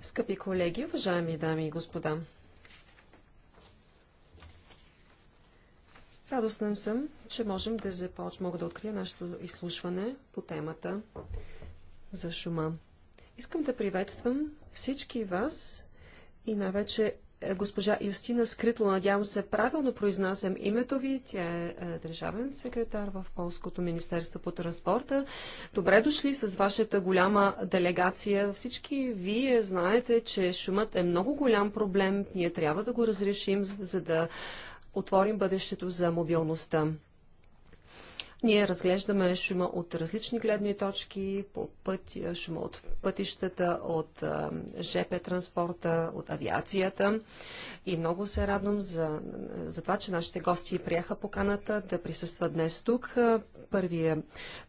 Скъпи колеги, уважаеми дами и господа! Радостен съм, че можем да започнем, мога да открия нашето изслушване по темата за шума. Искам да приветствам всички вас и най-вече е, госпожа Юстина Скритло. Надявам се правилно произнасям името ви. Тя е, е държавен секретар в Полското Министерство по транспорта. Добре дошли с вашата голяма делегация. Всички вие знаете, че шумът е много голям проблем. Ние трябва да го разрешим, за да отворим бъдещето за мобилността. Ние разглеждаме шума от различни гледни точки, по пътя, шума от пътищата, от ЖП транспорта, от авиацията. И много се радвам за, за това, че нашите гости приеха поканата да присъстват днес тук. Първия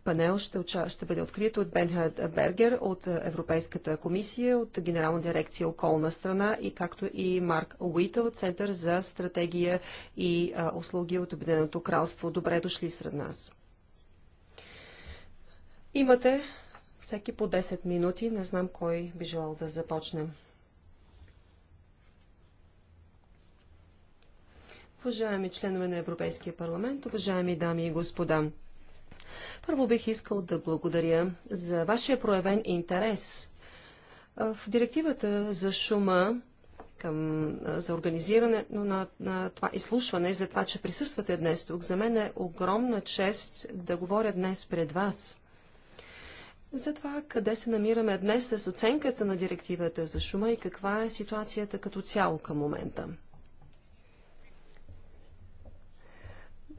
панел ще, уча... ще бъде открит от Бенхард Бергер от Европейската комисия, от Генерална дирекция околна страна и както и Марк Уита от Център за стратегия и услуги от Обединеното кралство. Добре дошли сред нас. Имате всеки по 10 минути. Не знам кой би желал да започнем. Уважаеми членове на Европейския парламент, уважаеми дами и господа, първо бих искал да благодаря за вашия проявен интерес. В директивата за шума към, за организирането на, на това изслушване и за това, че присъствате днес тук. За мен е огромна чест да говоря днес пред вас за това къде се намираме днес с оценката на директивата за шума и каква е ситуацията като цяло към момента.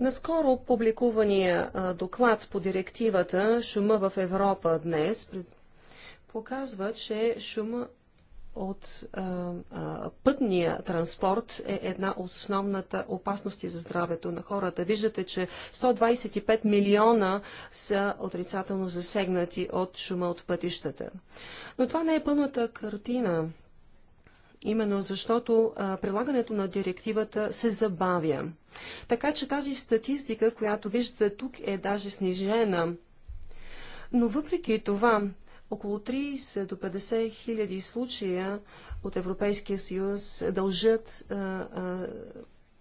Наскоро публикувания доклад по директивата Шума в Европа днес показва, че шума от а, а, пътния транспорт е една от основната опасности за здравето на хората. Виждате, че 125 милиона са отрицателно засегнати от шума от пътищата. Но това не е пълната картина. Именно защото а, прилагането на директивата се забавя. Така че тази статистика, която виждате тук, е даже снижена. Но въпреки това, около 30 до 50 хиляди случая от Европейския съюз дължат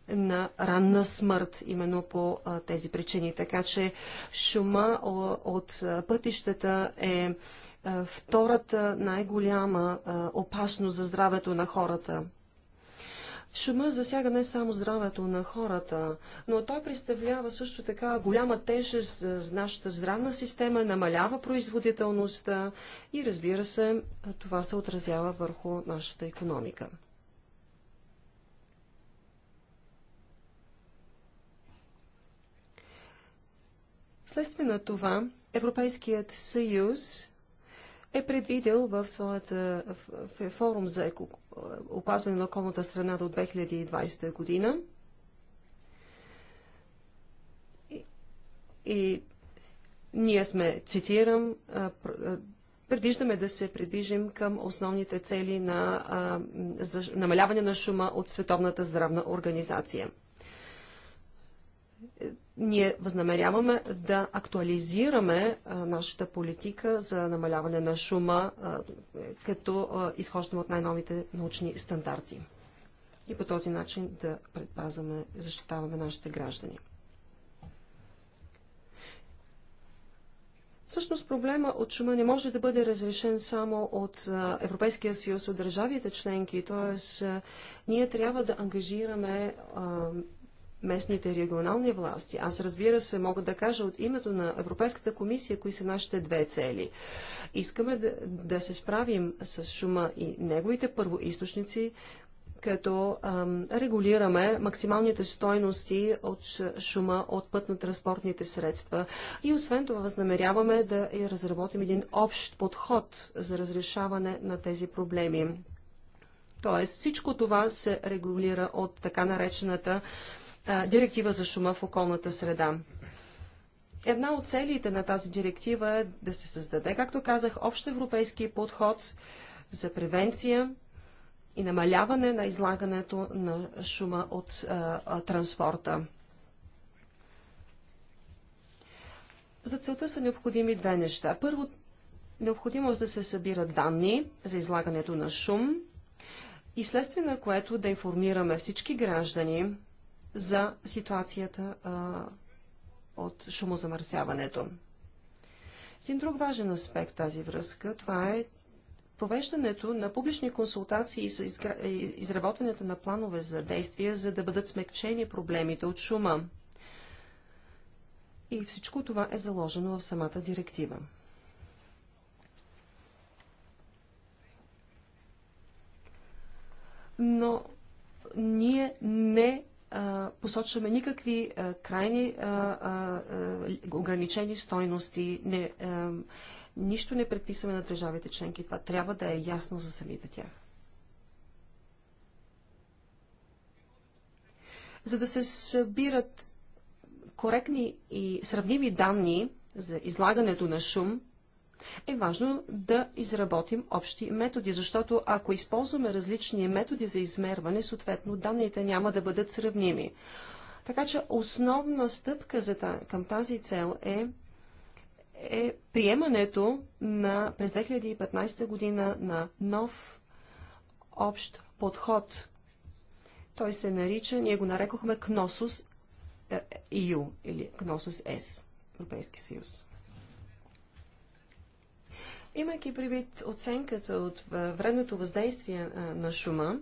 на ранна смърт, именно по а, тези причини. Така че шума о, от пътищата е втората най-голяма опасност за здравето на хората. Шума засяга не само здравето на хората, но той представлява също така голяма тежест за нашата здравна система, намалява производителността и разбира се, това се отразява върху нашата економика. Следствие на това, Европейският съюз е предвидел в своята в форум за еко, опазване на околната страна до 2020 година. И, и ние сме, цитирам, предвиждаме да се придвижим към основните цели на а, за, намаляване на шума от Световната здравна организация – ние възнамеряваме да актуализираме а, нашата политика за намаляване на шума, а, като а, изхождаме от най-новите научни стандарти. И по този начин да предпазваме, защитаваме нашите граждани. Всъщност проблема от шума не може да бъде разрешен само от Европейския съюз, от държавите членки, т.е. ние трябва да ангажираме местните регионални власти. Аз разбира се мога да кажа от името на Европейската комисия, кои са нашите две цели. Искаме да, да се справим с шума и неговите първоисточници, като ам, регулираме максималните стойности от шума от пътно-транспортните средства. И освен това възнамеряваме да разработим един общ подход за разрешаване на тези проблеми. Тоест всичко това се регулира от така наречената а, директива за шума в околната среда. Една от целите на тази директива е да се създаде, както казах, общ европейски подход за превенция и намаляване на излагането на шума от а, а, транспорта. За целта са необходими две неща. Първо, необходимо да се събират данни за излагането на шум и вследствие на което да информираме всички граждани за ситуацията а, от шумозамърсяването. Един друг важен аспект тази връзка, това е провеждането на публични консултации и изработването на планове за действия, за да бъдат смекчени проблемите от шума. И всичко това е заложено в самата директива. Но ние не посочваме никакви крайни ограничени стойности, не, нищо не предписваме на държавите членки. Това трябва да е ясно за самите тях. За да се събират коректни и сравними данни за излагането на шум, е важно да изработим общи методи, защото ако използваме различни методи за измерване, съответно данните няма да бъдат сравними. Така че основна стъпка за, към тази цел е е приемането на през 2015 година на нов общ подход. Той се нарича, ние го нарекохме Кносус EU е, е, или Кносус S, Европейски съюз. Имайки предвид оценката от вредното въздействие на шума,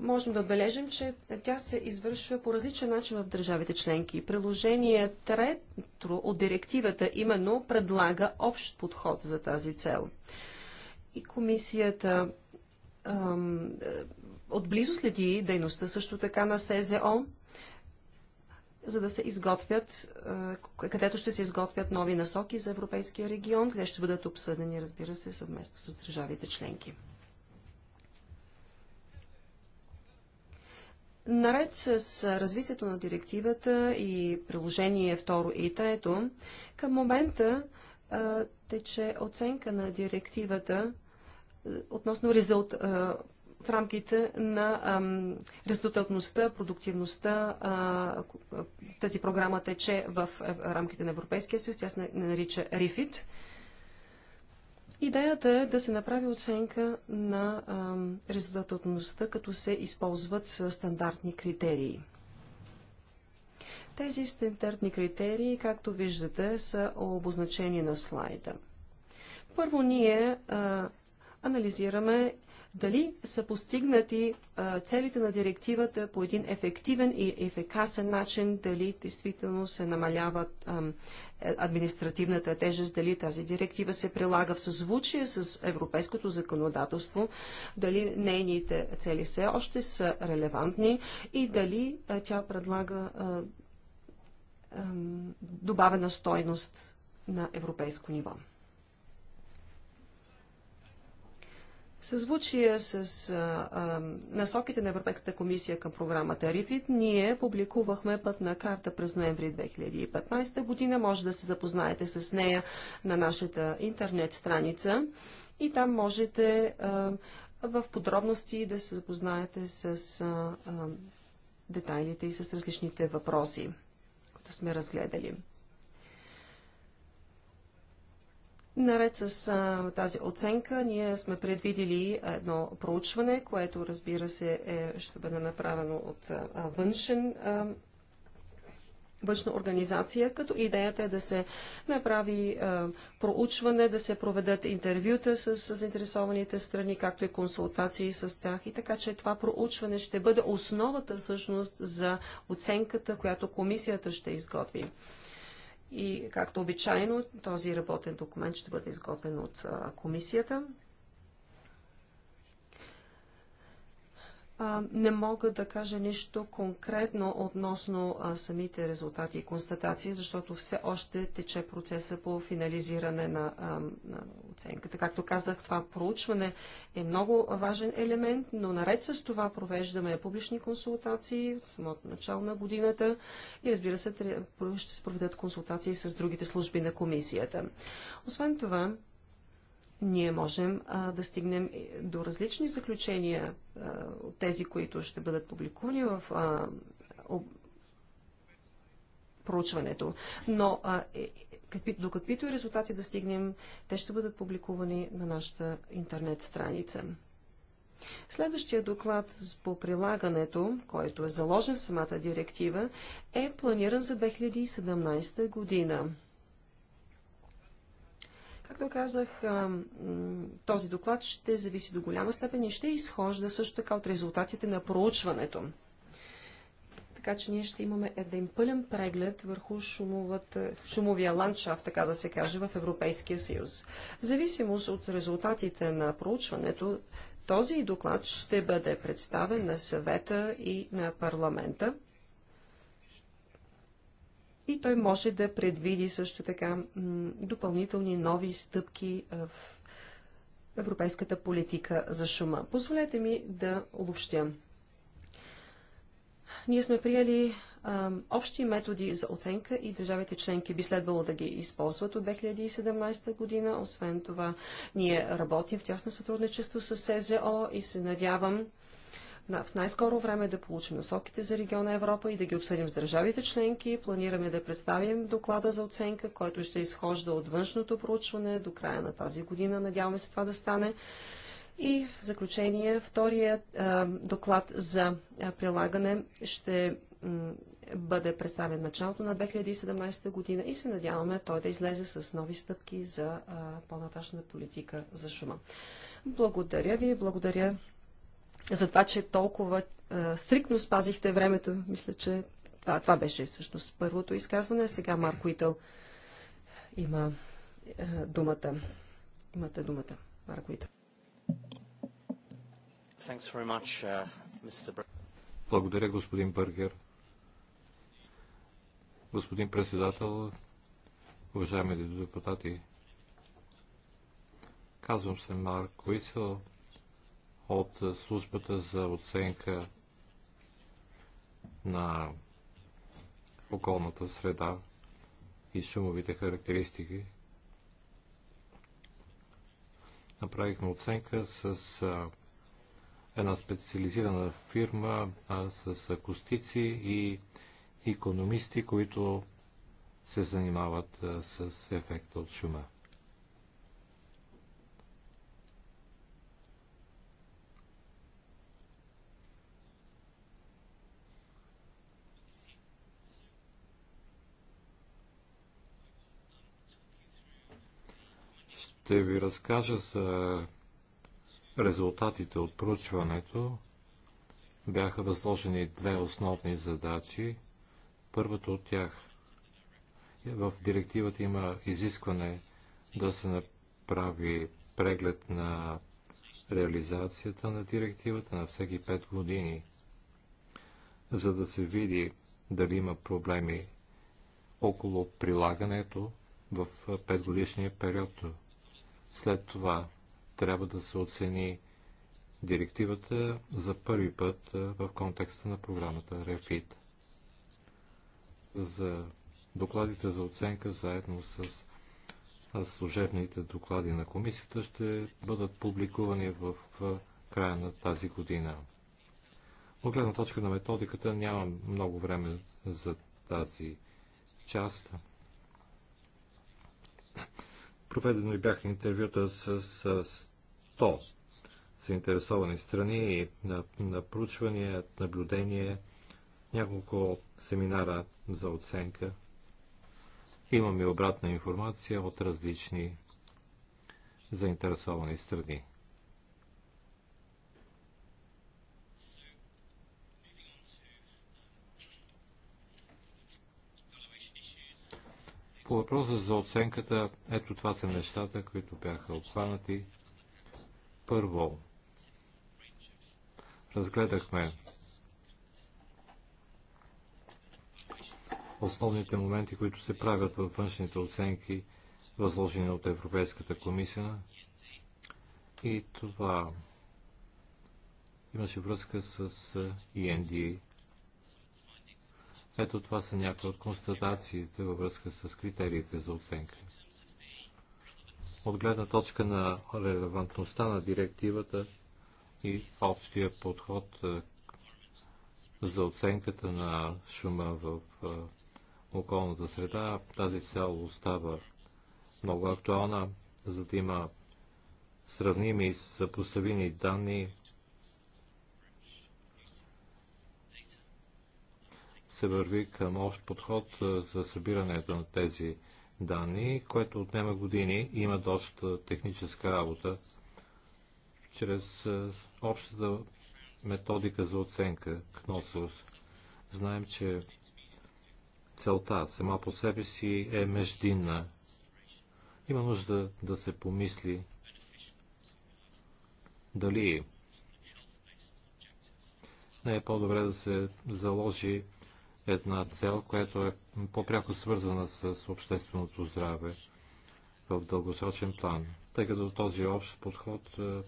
можем да отбележим, че тя се извършва по различен начин в държавите членки. Приложение трето от директивата именно предлага общ подход за тази цел. И комисията е, отблизо следи дейността също така на СЗО за да се изготвят, е, където ще се изготвят нови насоки за Европейския регион, къде ще бъдат обсъдени, разбира се, съвместно с държавите членки. Наред с развитието на директивата и приложение 2 и 3, към момента е, тече оценка на директивата е, относно резултат в рамките на ам, резултатността, продуктивността. А, тази програма тече в е, рамките на Европейския съюз, тя се нарича REFIT. Идеята е да се направи оценка на ам, резултатността, като се използват стандартни критерии. Тези стандартни критерии, както виждате, са обозначени на слайда. Първо ние а, анализираме дали са постигнати а, целите на директивата по един ефективен и ефикасен начин, дали действително се намалява е, административната тежест, дали тази директива се прилага в съзвучие с европейското законодателство, дали нейните цели все още са релевантни и дали а, тя предлага добавена стойност на европейско ниво. съзвучие с а, а, насоките на Европейската комисия към програмата РИФИТ, ние публикувахме пътна карта през ноември 2015 година. Може да се запознаете с нея на нашата интернет страница и там можете а, в подробности да се запознаете с а, а, детайлите и с различните въпроси, които сме разгледали. Наред с а, тази оценка, ние сме предвидили едно проучване, което разбира се е, ще бъде направено от а, външен а, външна организация, като идеята е да се направи а, проучване, да се проведат интервюта с, с заинтересованите страни, както и консултации с тях. И така, че това проучване ще бъде основата всъщност за оценката, която комисията ще изготви. И както обичайно, този работен документ ще бъде изготвен от комисията. не мога да кажа нищо конкретно относно а, самите резултати и констатации, защото все още тече процеса по финализиране на, а, на оценката. Както казах, това проучване е много важен елемент, но наред с това провеждаме публични консултации от самото начало на годината и разбира се, ще се проведат консултации с другите служби на комисията. Освен това, ние можем а, да стигнем до различни заключения а, от тези, които ще бъдат публикувани в а, об... проучването. Но а, е, какви, до каквито и резултати да стигнем, те ще бъдат публикувани на нашата интернет страница. Следващия доклад по прилагането, който е заложен в самата директива, е планиран за 2017 година. Както казах, този доклад ще зависи до голяма степен и ще изхожда също така от резултатите на проучването. Така че ние ще имаме един пълен преглед върху шумовата, шумовия ландшафт, така да се каже, в Европейския съюз. В зависимост от резултатите на проучването, този доклад ще бъде представен на съвета и на парламента и той може да предвиди също така допълнителни нови стъпки в европейската политика за шума. Позволете ми да обобщя. Ние сме приели а, общи методи за оценка и държавите членки би следвало да ги използват от 2017 година. Освен това, ние работим в тясно сътрудничество с СЗО и се надявам в най-скоро време е да получим насоките за региона Европа и да ги обсъдим с държавите членки. Планираме да представим доклада за оценка, който ще изхожда от външното проучване до края на тази година. Надяваме се това да стане. И в заключение, вторият доклад за а, прилагане ще бъде представен началото на 2017 година и се надяваме той да излезе с нови стъпки за по-нататъчна политика за шума. Благодаря ви, благодаря за това, че толкова а, стриктно спазихте времето. Мисля, че това, това беше всъщност първото изказване. Сега Марко Итъл има а, думата. Имате думата, Марко Итъл. Uh, Благодаря, господин Бъргер. Господин председател, уважаеми депутати, казвам се Марко Исел, от службата за оценка на околната среда и шумовите характеристики. Направихме оценка с една специализирана фирма с акустици и економисти, които се занимават с ефекта от шума. ще ви разкажа за резултатите от проучването. Бяха възложени две основни задачи. Първото от тях е в директивата има изискване да се направи преглед на реализацията на директивата на всеки 5 години, за да се види дали има проблеми около прилагането в 5 годишния период след това трябва да се оцени директивата за първи път в контекста на програмата REFIT. За докладите за оценка заедно с служебните доклади на комисията ще бъдат публикувани в края на тази година. От гледна точка на методиката нямам много време за тази част. Проведено и бяха интервюта с 100 заинтересовани страни на, на проучвания, наблюдение, няколко семинара за оценка. Имаме обратна информация от различни заинтересовани страни. По въпроса за оценката, ето това са нещата, които бяха обхванати. Първо, разгледахме основните моменти, които се правят във външните оценки, възложени от Европейската комисия. И това имаше връзка с END е, ето това са някои от констатациите във връзка с критериите за оценка. От гледна точка на релевантността на директивата и общия подход за оценката на шума в околната среда, тази цел остава много актуална, за да има сравними и съпоставими данни се върви към общ подход за събирането на тези данни, което отнема години и има доста техническа работа чрез общата методика за оценка КНОСОС. Знаем, че целта сама по себе си е междинна. Има нужда да се помисли дали не е по-добре да се заложи една цел, която е по-пряко свързана с общественото здраве в дългосрочен план, тъй като този общ подход е,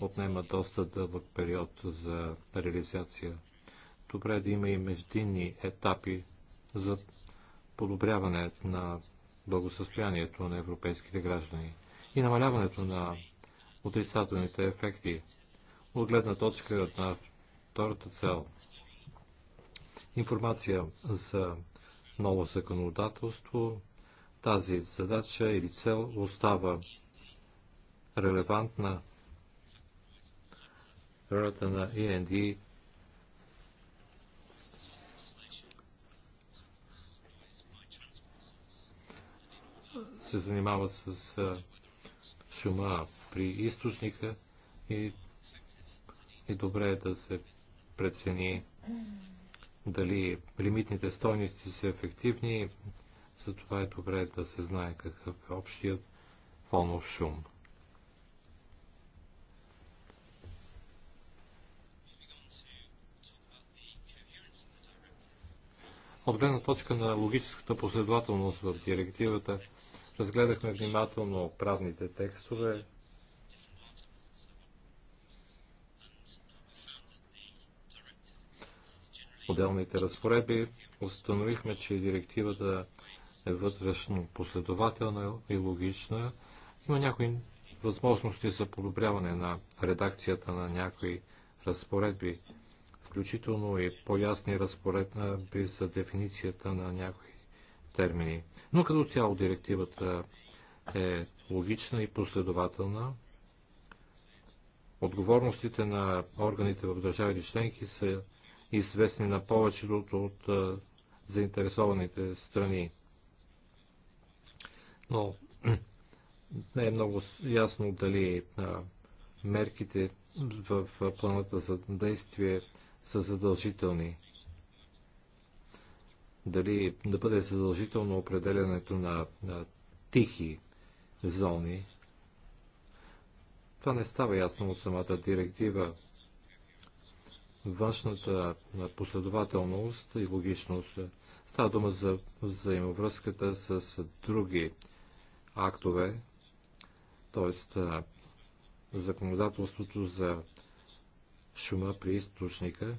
отнема доста дълъг период за реализация. Добре е да има и междинни етапи за подобряване на благосъстоянието на европейските граждани и намаляването на отрицателните ефекти от гледна точка на втората цел – информация за ново законодателство, тази задача или цел остава релевантна. Ролята на ИНД се занимава с шума при източника и, и добре е да се прецени дали лимитните стойности са ефективни, затова е добре да се знае какъв е общият фонов шум. От гледна точка на логическата последователност в директивата, разгледахме внимателно правните текстове, отделните разпоредби, установихме, че директивата е вътрешно последователна и логична. Има някои възможности за подобряване на редакцията на някои разпоредби, включително и по-ясни разпоредби за дефиницията на някои термини. Но като цяло директивата е логична и последователна. Отговорностите на органите в държавите членки са известни на повечето от заинтересованите страни. Но не е много ясно дали мерките в планата за действие са задължителни. Дали да бъде задължително определянето на, на тихи зони. Това не става ясно от самата директива. Външната последователност и логичност. Става дума за взаимовръзката с други актове, т.е. законодателството за шума при източника.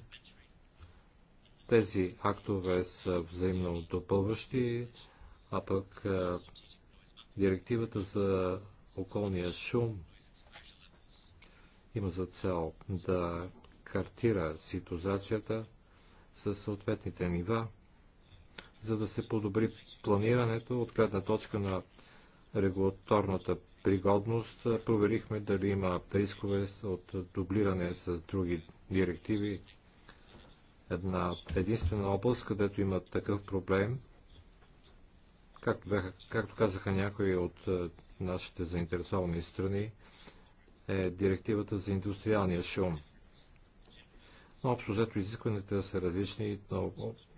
Тези актове са взаимно допълващи, а пък директивата за околния шум има за цел да картира ситуацията със съответните нива, за да се подобри планирането от гледна точка на регулаторната пригодност. Проверихме дали има рискове от дублиране с други директиви. Една единствена област, където има такъв проблем, както, бяха, както казаха някои от е, нашите заинтересовани страни, е директивата за индустриалния шум – но общо взето изискванията са различни, но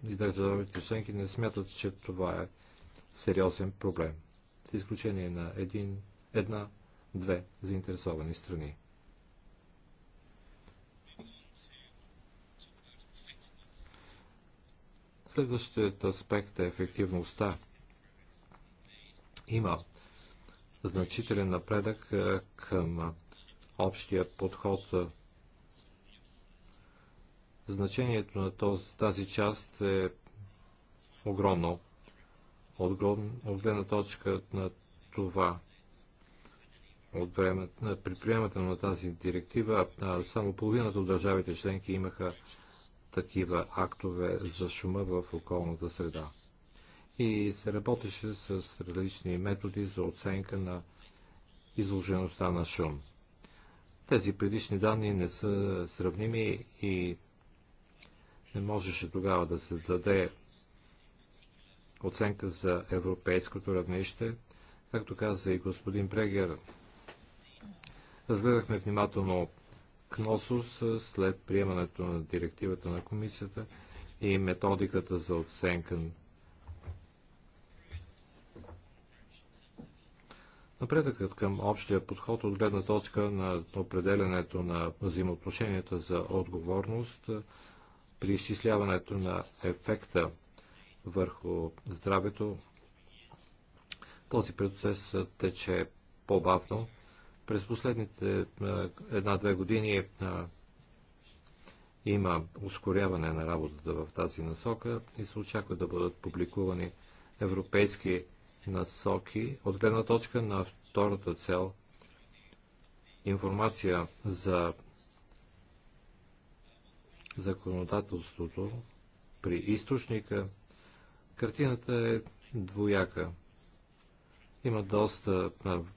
и държавите членки не смятат, че това е сериозен проблем. С изключение на един, една, две заинтересовани страни. Следващият аспект е ефективността. Има значителен напредък към общия подход Значението на тази част е огромно от, гледна точка на това, от предприемата при на тази директива, само половината от държавите членки имаха такива актове за шума в околната среда. И се работеше с различни методи за оценка на изложеността на шум. Тези предишни данни не са сравними и не можеше тогава да се даде оценка за европейското равнище. Както каза и господин Брегер, разгледахме внимателно КНОСОС след приемането на директивата на комисията и методиката за оценка. Напредъкът към общия подход от гледна точка на определенето на взаимоотношенията за отговорност при изчисляването на ефекта върху здравето. Този процес тече по-бавно. През последните една-две години има ускоряване на работата в тази насока и се очаква да бъдат публикувани европейски насоки от гледна точка на втората цел информация за законодателството при източника, картината е двояка. Има доста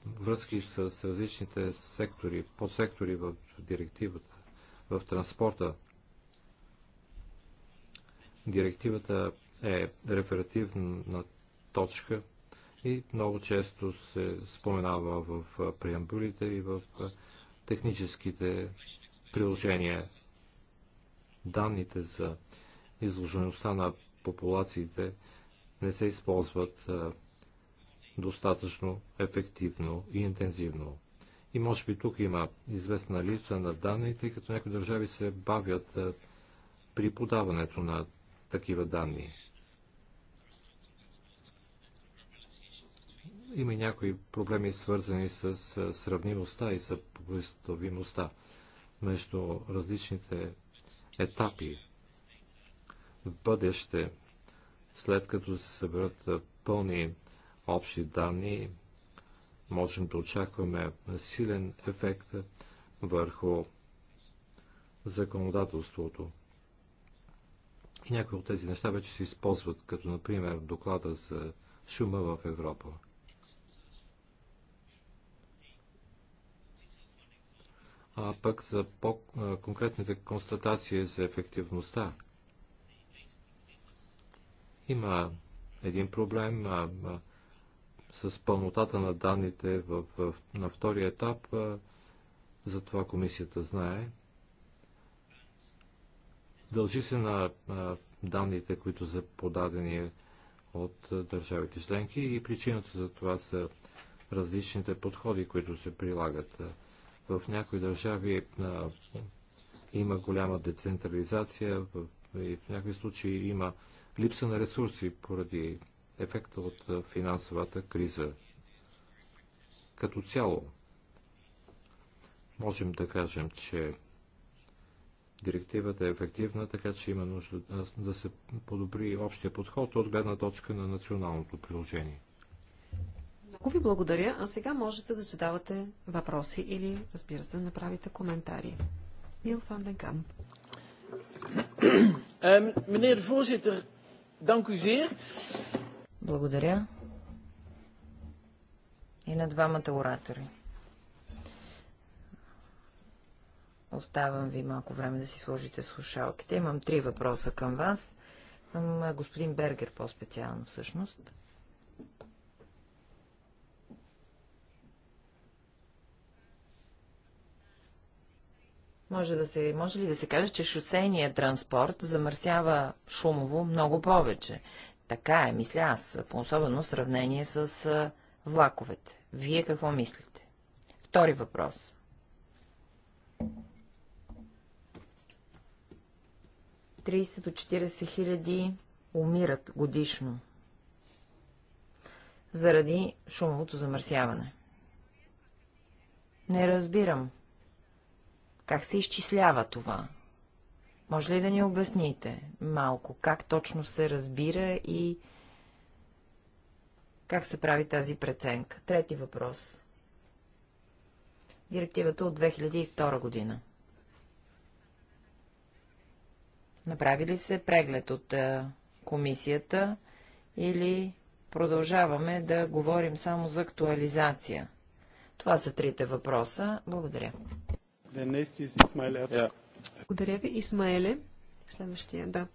връзки с различните сектори, подсектори в директивата, в транспорта. Директивата е реферативна точка и много често се споменава в преамбюлите и в техническите приложения данните за изложеността на популациите не се използват достатъчно ефективно и интензивно. И може би тук има известна липса на данни, тъй като някои държави се бавят при подаването на такива данни. Има и някои проблеми свързани с сравнимостта и съпоставимостта между различните етапи. В бъдеще, след като се съберат пълни общи данни, можем да очакваме силен ефект върху законодателството. И някои от тези неща вече се използват, като например доклада за шума в Европа. а пък за по-конкретните констатации за ефективността. Има един проблем а, а, с пълнотата на данните в, в, на втори етап. А, за това комисията знае. Дължи се на а, данните, които са подадени от държавите членки и причината за това са различните подходи, които се прилагат. В някои държави а, има голяма децентрализация в, и в някои случаи има липса на ресурси поради ефекта от финансовата криза. Като цяло, можем да кажем, че директивата е ефективна, така че има нужда да се подобри общия подход от гледна точка на националното приложение. Много ви благодаря, а сега можете да задавате въпроси или, разбира се, да направите коментари. Мил Фанденкам. Meneer de voorzitter, dank u zeer. Благодаря. И на двамата оратори. Оставам ви малко време да си сложите слушалките. Имам три въпроса към вас. Към е, господин Бергер по-специално всъщност. Може, да се, може ли да се каже, че шосейният транспорт замърсява шумово много повече? Така е, мисля аз, по особено в сравнение с влаковете. Вие какво мислите? Втори въпрос. Тридесет до 40 хиляди умират годишно заради шумовото замърсяване. Не разбирам. Как се изчислява това? Може ли да ни обясните малко как точно се разбира и как се прави тази преценка? Трети въпрос. Директивата от 2002 година. Направи ли се преглед от е, комисията или продължаваме да говорим само за актуализация? Това са трите въпроса. Благодаря. Yeah. Благодаря ви, Исмаеле. Следващия, да.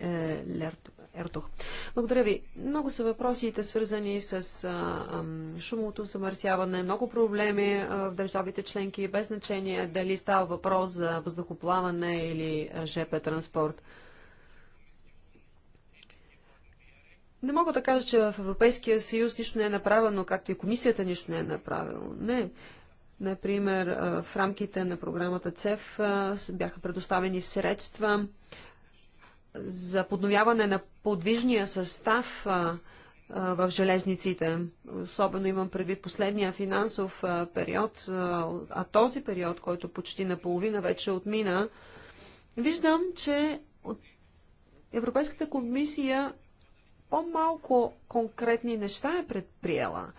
Е, ертух. Благодаря ви. Много са въпросите свързани с а, шумото замърсяване, много проблеми а, в държавите членки, без значение дали става въпрос за въздухоплаване или ЖП транспорт. Не мога да кажа, че в Европейския съюз нищо не е направено, както и комисията нищо не е направила. Не. Например, в рамките на програмата ЦЕФ бяха предоставени средства за подновяване на подвижния състав в железниците. Особено имам предвид последния финансов период, а този период, който почти наполовина вече отмина, виждам, че Европейската комисия по-малко конкретни неща е предприела.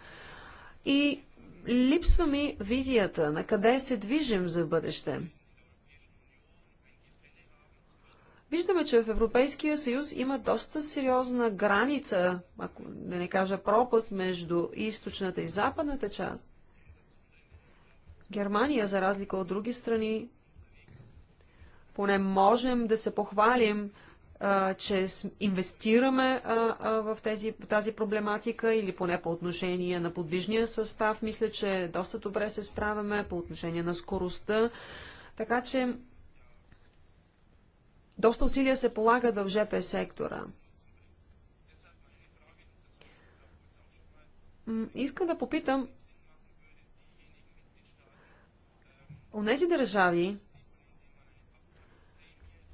И липсва ми визията на къде се движим за бъдеще. Виждаме, че в Европейския съюз има доста сериозна граница, ако да не кажа пропаст, между източната и западната част. Германия, за разлика от други страни, поне можем да се похвалим че инвестираме в тези, тази проблематика или поне по отношение на подвижния състав. Мисля, че доста добре се справяме по отношение на скоростта. Така че доста усилия се полагат в ЖП сектора. Искам да попитам, онези държави,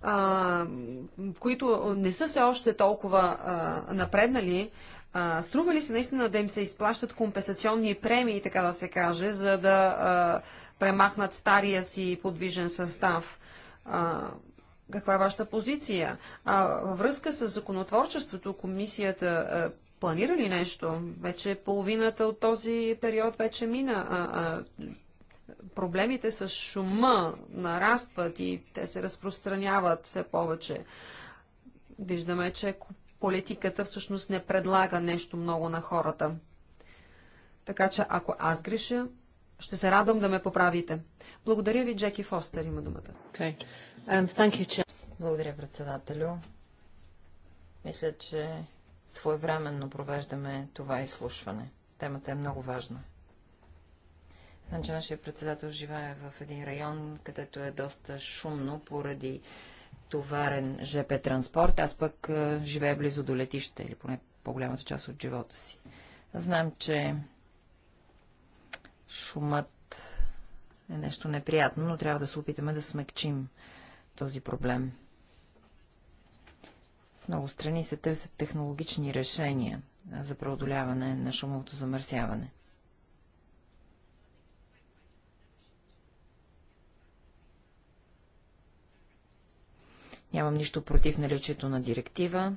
а, които не са все още толкова а, напреднали, а, струва ли се наистина да им се изплащат компенсационни премии, така да се каже, за да а, премахнат стария си подвижен състав? А, каква е вашата позиция? А, във връзка с законотворчеството, комисията а, планира ли нещо? Вече половината от този период вече мина. А, а, проблемите с шума нарастват и те се разпространяват все повече. Виждаме, че политиката всъщност не предлага нещо много на хората. Така че, ако аз греша, ще се радвам да ме поправите. Благодаря ви, Джеки Фостер има думата. Okay. Um, you, Благодаря, председателю. Мисля, че своевременно провеждаме това изслушване. Темата е много важна. Значи нашия председател живее в един район, където е доста шумно поради товарен ЖП транспорт. Аз пък е, живея близо до летище или поне по-голямата част от живота си. Знам, че шумът е нещо неприятно, но трябва да се опитаме да смекчим този проблем. В много страни се търсят технологични решения за преодоляване на шумовото замърсяване. Нямам нищо против наличието на директива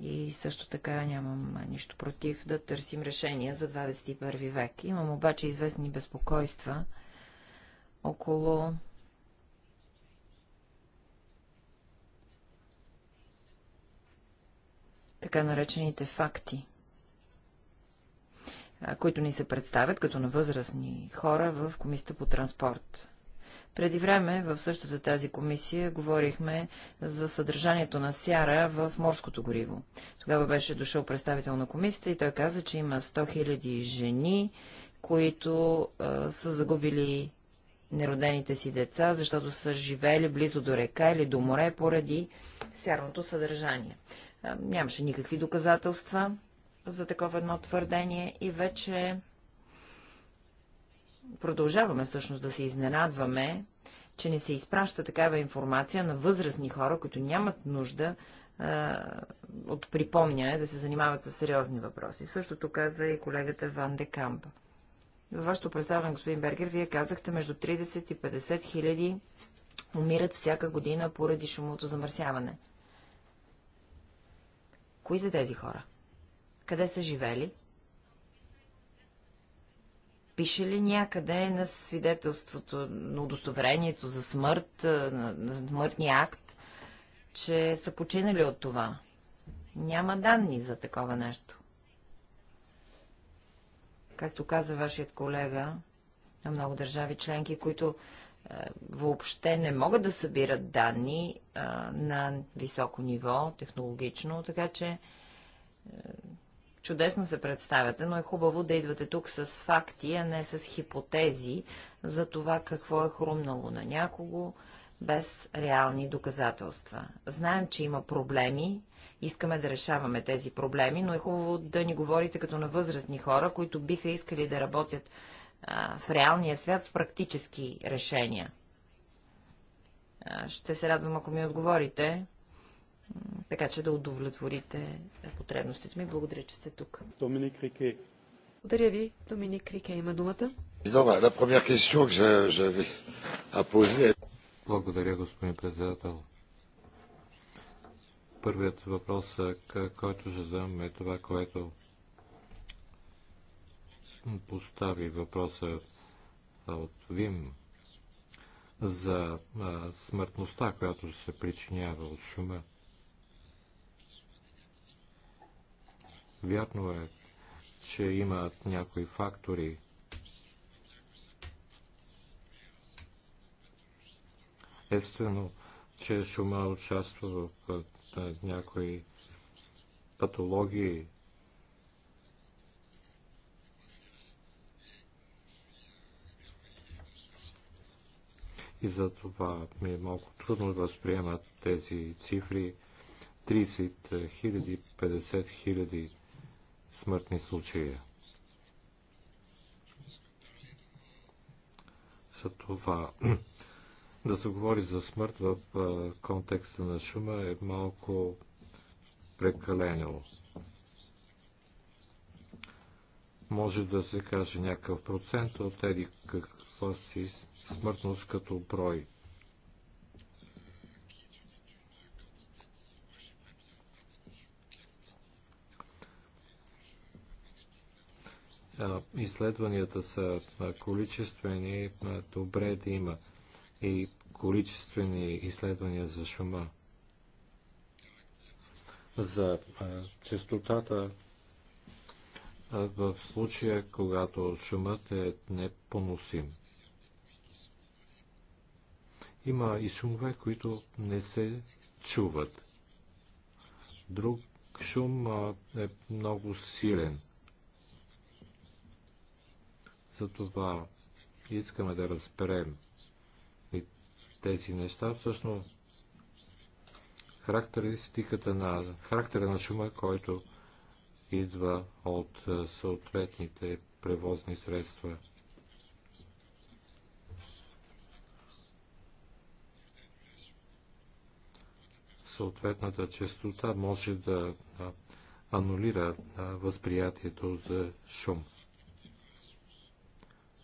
и също така нямам нищо против да търсим решения за 21 век. Имам обаче известни безпокойства около така наречените факти, които ни се представят като на възрастни хора в Комисията по транспорт. Преди време в същата тази комисия говорихме за съдържанието на сяра в морското гориво. Тогава беше дошъл представител на комисията и той каза, че има 100 000 жени, които а, са загубили неродените си деца, защото са живели близо до река или до море поради сярното съдържание. А, нямаше никакви доказателства за такова едно твърдение и вече Продължаваме всъщност да се изненадваме, че не се изпраща такава информация на възрастни хора, които нямат нужда а, от припомняне да се занимават с сериозни въпроси. Същото каза и колегата Ван де Кампа. Във вашето представяне, господин Бергер, вие казахте между 30 и 50 хиляди умират всяка година поради шумото замърсяване. Кои са тези хора? Къде са живели? Пише ли някъде на свидетелството, на удостоверението за смърт, на смъртния акт, че са починали от това? Няма данни за такова нещо. Както каза вашият колега, на много държави членки, които е, въобще не могат да събират данни е, на високо ниво, технологично, така че е, чудесно се представяте, но е хубаво да идвате тук с факти, а не с хипотези за това какво е хрумнало на някого, без реални доказателства. Знаем, че има проблеми, искаме да решаваме тези проблеми, но е хубаво да ни говорите като на възрастни хора, които биха искали да работят а, в реалния свят с практически решения. А, ще се радвам, ако ми отговорите така че да удовлетворите потребностите ми. Благодаря, че сте тук. Доминик Рике. Благодаря ви. Доминик Рике има думата. Благодаря, господин председател. Първият въпрос, който ще задам е това, което постави въпроса от Вим за смъртността, която се причинява от шума. Вярно е, че имат някои фактори, Естествено, че шума участва в някои патологии. И за това ми е малко трудно да възприемат тези цифри. 30 000, 50 000 смъртни случаи. За това да се говори за смърт в контекста на шума е малко прекалено. Може да се каже някакъв процент от еди каква си смъртност като брой изследванията са количествени, добре да има и количествени изследвания за шума. За частотата в случая, когато шумът е непоносим. Има и шумове, които не се чуват. Друг шум е много силен – затова искаме да разберем и тези неща. Всъщност характеристиката на характера на шума, който идва от е, съответните превозни средства. Съответната частота може да анулира възприятието за шум.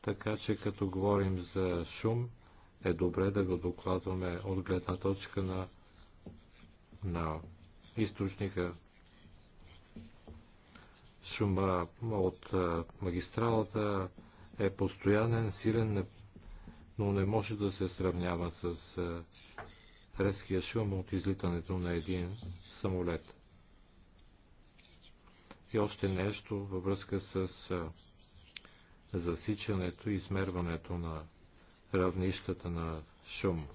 Така че като говорим за шум, е добре да го докладваме от гледна точка на, на източника. Шума от магистралата е постоянен, силен, но не може да се сравнява с резкия шум от излитането на един самолет. И още нещо във връзка с засичането и измерването на равнищата на шум.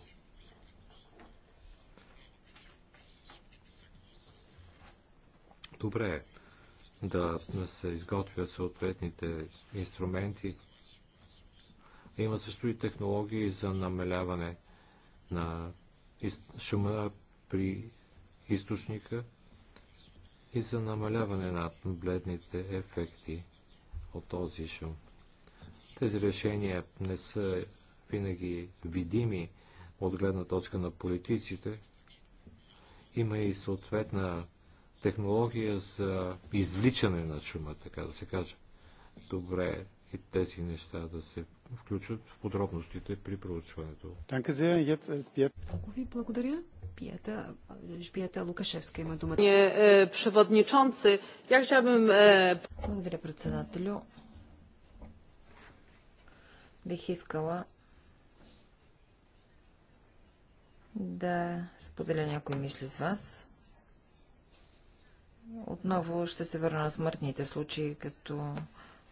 Добре е да се изготвят съответните инструменти. Има също и технологии за намаляване на шума при източника и за намаляване на бледните ефекти от този шум. Тези решения не са винаги видими от гледна точка на политиците. Има и съответна технология за извличане на шума, така да се каже. Добре е и тези неща да се включат в подробностите при проучването. Много ви благодаря. Пията, Жбията Лукашевска има думата. E, e, благодаря, председателю бих искала да споделя някои мисли с вас. Отново ще се върна на смъртните случаи, като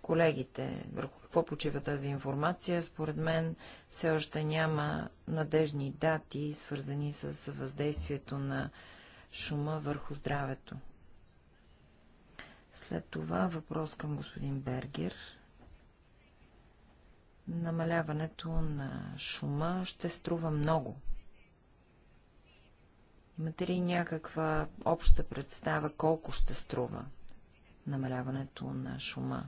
колегите. Върху какво почива тази информация? Според мен все още няма надежни дати, свързани с въздействието на шума върху здравето. След това въпрос към господин Бергер намаляването на шума ще струва много. Имате ли някаква обща представа колко ще струва намаляването на шума?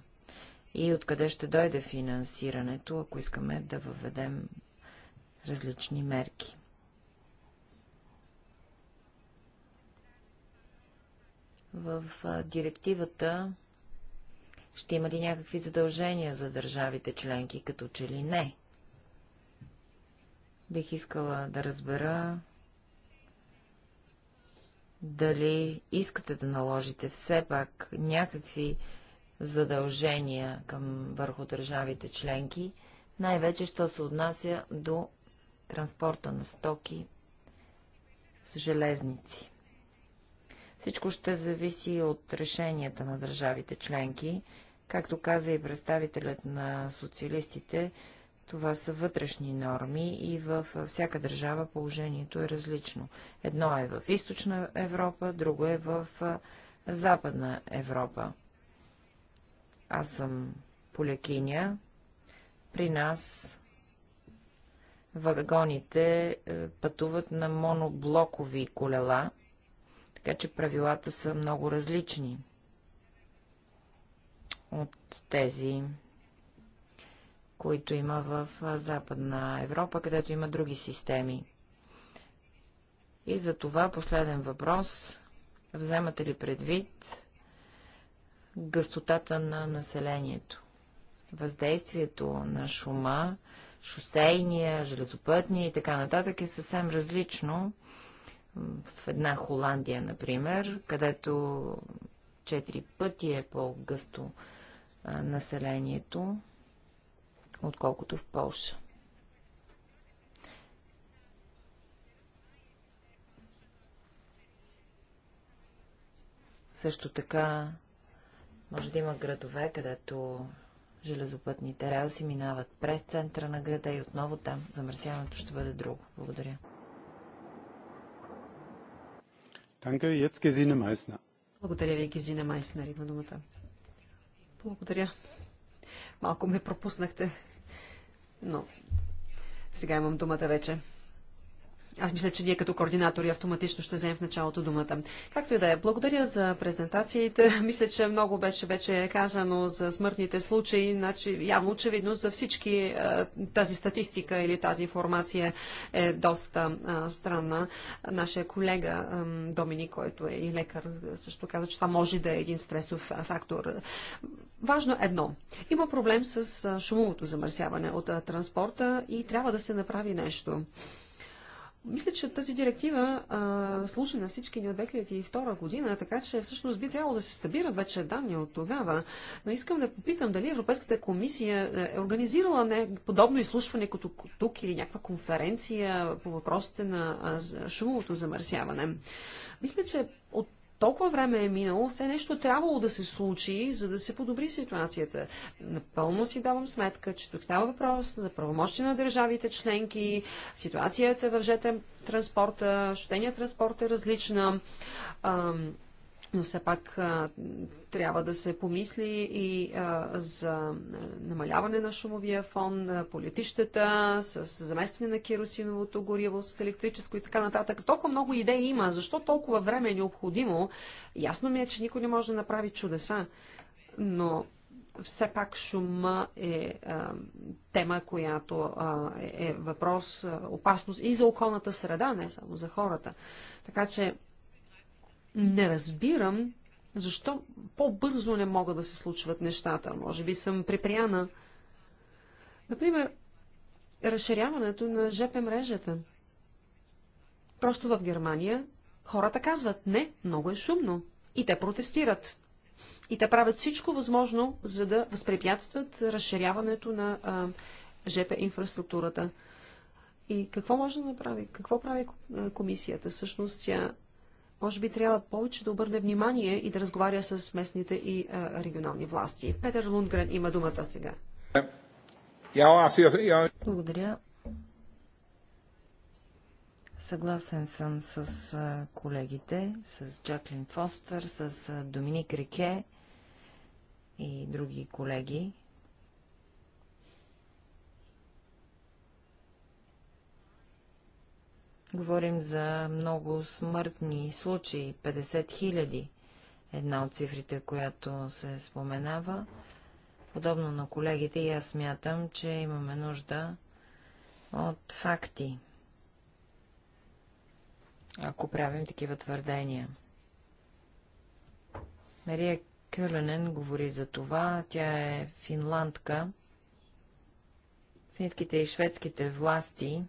И откъде ще дойде финансирането, ако искаме да въведем различни мерки? В директивата ще има ли някакви задължения за държавите членки, като че ли не? Бих искала да разбера дали искате да наложите все пак някакви задължения към върху държавите членки, най-вече, що се отнася до транспорта на стоки с железници. Всичко ще зависи от решенията на държавите членки. Както каза и представителят на социалистите, това са вътрешни норми и във всяка държава положението е различно. Едно е в източна Европа, друго е в западна Европа. Аз съм полякиня. При нас вагоните е, пътуват на моноблокови колела – така че правилата са много различни от тези, които има в Западна Европа, където има други системи. И за това последен въпрос. Вземате ли предвид гъстотата на населението? Въздействието на шума, шосейния, железопътния и така нататък е съвсем различно в една Холандия, например, където четири пъти е по-гъсто населението, отколкото в Польша. Също така може да има градове, където железопътните релси минават през центъра на града и отново там замърсяването ще бъде друго. Благодаря. Danke, jetzt Gesine Meissner. Благодаря ви, Гезина Майснер има думата. Благодаря. Малко ме пропуснахте, но сега имам думата вече. Аз мисля, че ние като координатори автоматично ще вземем в началото думата. Както и да е, благодаря за презентациите. Мисля, че много беше вече казано за смъртните случаи. Значи, явно очевидно за всички е, тази статистика или тази информация е доста странна. Нашия колега Домини, Доминик, който е и лекар, също каза, че това може да е един стресов фактор. Важно е едно. Има проблем с шумовото замърсяване от транспорта и трябва да се направи нещо. Мисля, че тази директива а, служи на всички ни от 2002 година, така че всъщност би трябвало да се събират вече данни от тогава. Но искам да попитам дали Европейската комисия е, е организирала не, подобно изслушване като тук или някаква конференция по въпросите на шумовото замърсяване. Мисля, че от толкова време е минало, все нещо трябвало да се случи, за да се подобри ситуацията. Напълно си давам сметка, че тук става въпрос за правомощи на държавите членки, ситуацията в жетен транспорта, щения транспорт е различна. Ам, но все пак а, трябва да се помисли и а, за намаляване на шумовия фон, политищата, с, с заместване на керосиновото гориво, с електрическо и така нататък. Толкова много идеи има. Защо толкова време е необходимо? Ясно ми е, че никой не може да направи чудеса, но все пак шума е а, тема, която а, е, е въпрос, а, опасност и за околната среда, не само за хората. Така че не разбирам защо по-бързо не могат да се случват нещата. Може би съм препряна. Например, разширяването на ЖП мрежата. Просто в Германия хората казват, не, много е шумно. И те протестират. И те правят всичко възможно, за да възпрепятстват разширяването на а, ЖП инфраструктурата. И какво може да направи? Какво прави комисията? Всъщност тя може би трябва повече да обърне внимание и да разговаря с местните и а, регионални власти. Петър Лундгрен има думата сега. Благодаря. Съгласен съм с колегите, с Джаклин Фостър, с Доминик Реке и други колеги. Говорим за много смъртни случаи, 50 хиляди, една от цифрите, която се споменава. Подобно на колегите, и аз смятам, че имаме нужда от факти, ако правим такива твърдения. Мария Кюленен говори за това. Тя е финландка. Финските и шведските власти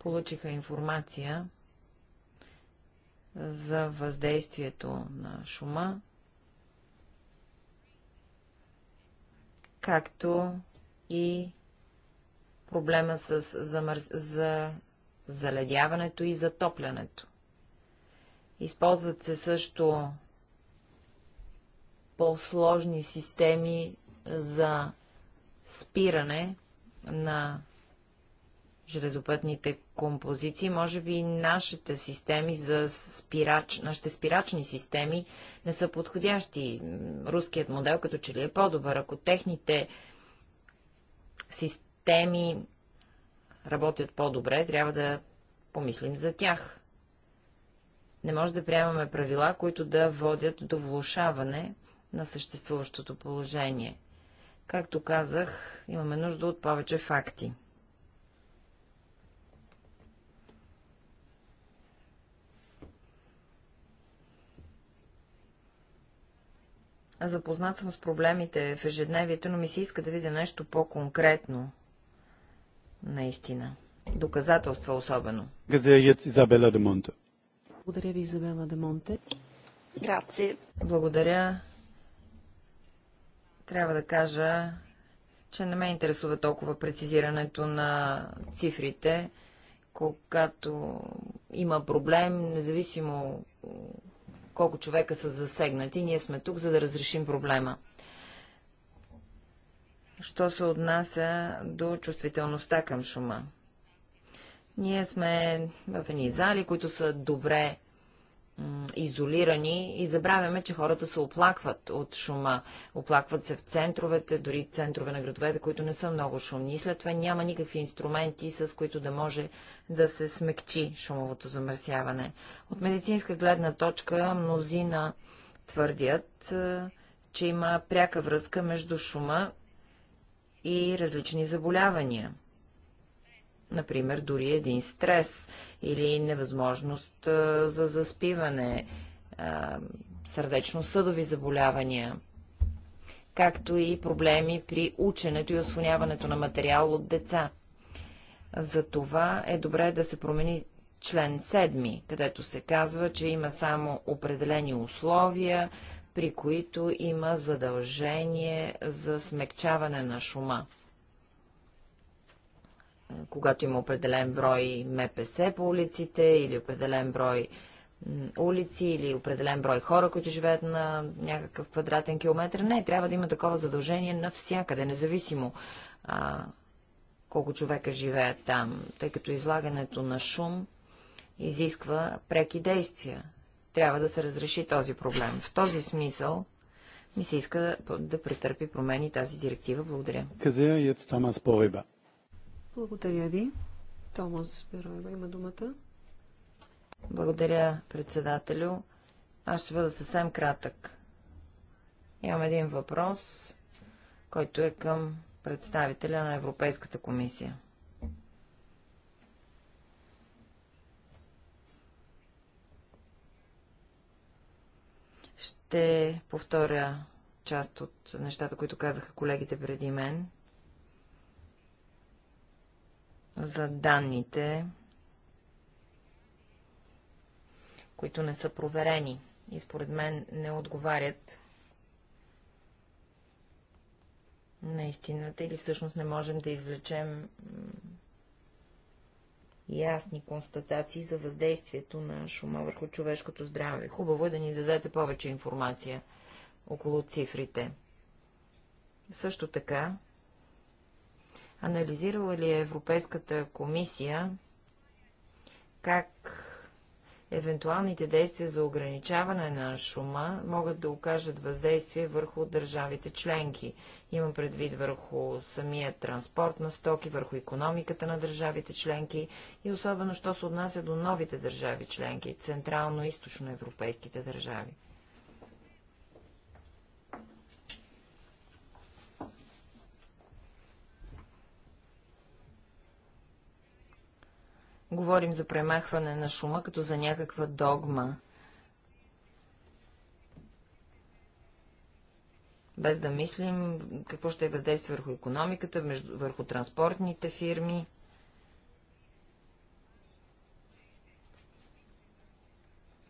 получиха информация за въздействието на шума, както и проблема с замърз... за заледяването и затоплянето. Използват се също по-сложни системи за спиране на железопътните композиции. Може би нашите системи за спирач, нашите спирачни системи не са подходящи. Руският модел като че ли е по-добър. Ако техните системи работят по-добре, трябва да помислим за тях. Не може да приемаме правила, които да водят до влушаване на съществуващото положение. Както казах, имаме нужда от повече факти. Запознат съм с проблемите в ежедневието, но ми се иска да видя нещо по-конкретно. Наистина. Доказателства особено. Изабела де Монте. Благодаря ви, Изабела де Монте. Граци. Благодаря. Трябва да кажа, че не ме интересува толкова прецизирането на цифрите, когато има проблем, независимо колко човека са засегнати. Ние сме тук, за да разрешим проблема. Що се отнася до чувствителността към шума? Ние сме в едни зали, които са добре изолирани и забравяме, че хората се оплакват от шума. Оплакват се в центровете, дори центрове на градовете, които не са много шумни. И след това няма никакви инструменти, с които да може да се смекчи шумовото замърсяване. От медицинска гледна точка мнозина твърдят, е, че има пряка връзка между шума и различни заболявания. Например, дори един стрес или невъзможност за заспиване, сърдечно-съдови заболявания, както и проблеми при ученето и освоняването на материал от деца. За това е добре да се промени член 7, където се казва, че има само определени условия, при които има задължение за смекчаване на шума когато има определен брой МПС по улиците или определен брой улици или определен брой хора, които живеят на някакъв квадратен километр. Не, трябва да има такова задължение навсякъде, независимо а, колко човека живеят там, тъй като излагането на шум изисква преки действия. Трябва да се разреши този проблем. В този смисъл ми се иска да, да претърпи промени тази директива. Благодаря. Казея Тамас Повеба. Благодаря ви. Томас Бероева има думата. Благодаря, председателю. Аз ще бъда съвсем кратък. Имам един въпрос, който е към представителя на Европейската комисия. Ще повторя част от нещата, които казаха колегите преди мен за данните, които не са проверени и според мен не отговарят на истината или всъщност не можем да извлечем ясни констатации за въздействието на шума върху човешкото здраве. Хубаво е да ни дадете повече информация около цифрите. Също така, Анализирала ли е Европейската комисия как евентуалните действия за ограничаване на шума могат да окажат въздействие върху държавите членки. Има предвид върху самия транспорт на стоки, върху економиката на държавите членки и особено, що се отнася до новите държави членки, централно-источно европейските държави. говорим за премахване на шума като за някаква догма. Без да мислим какво ще е въздействие върху економиката, между, върху транспортните фирми.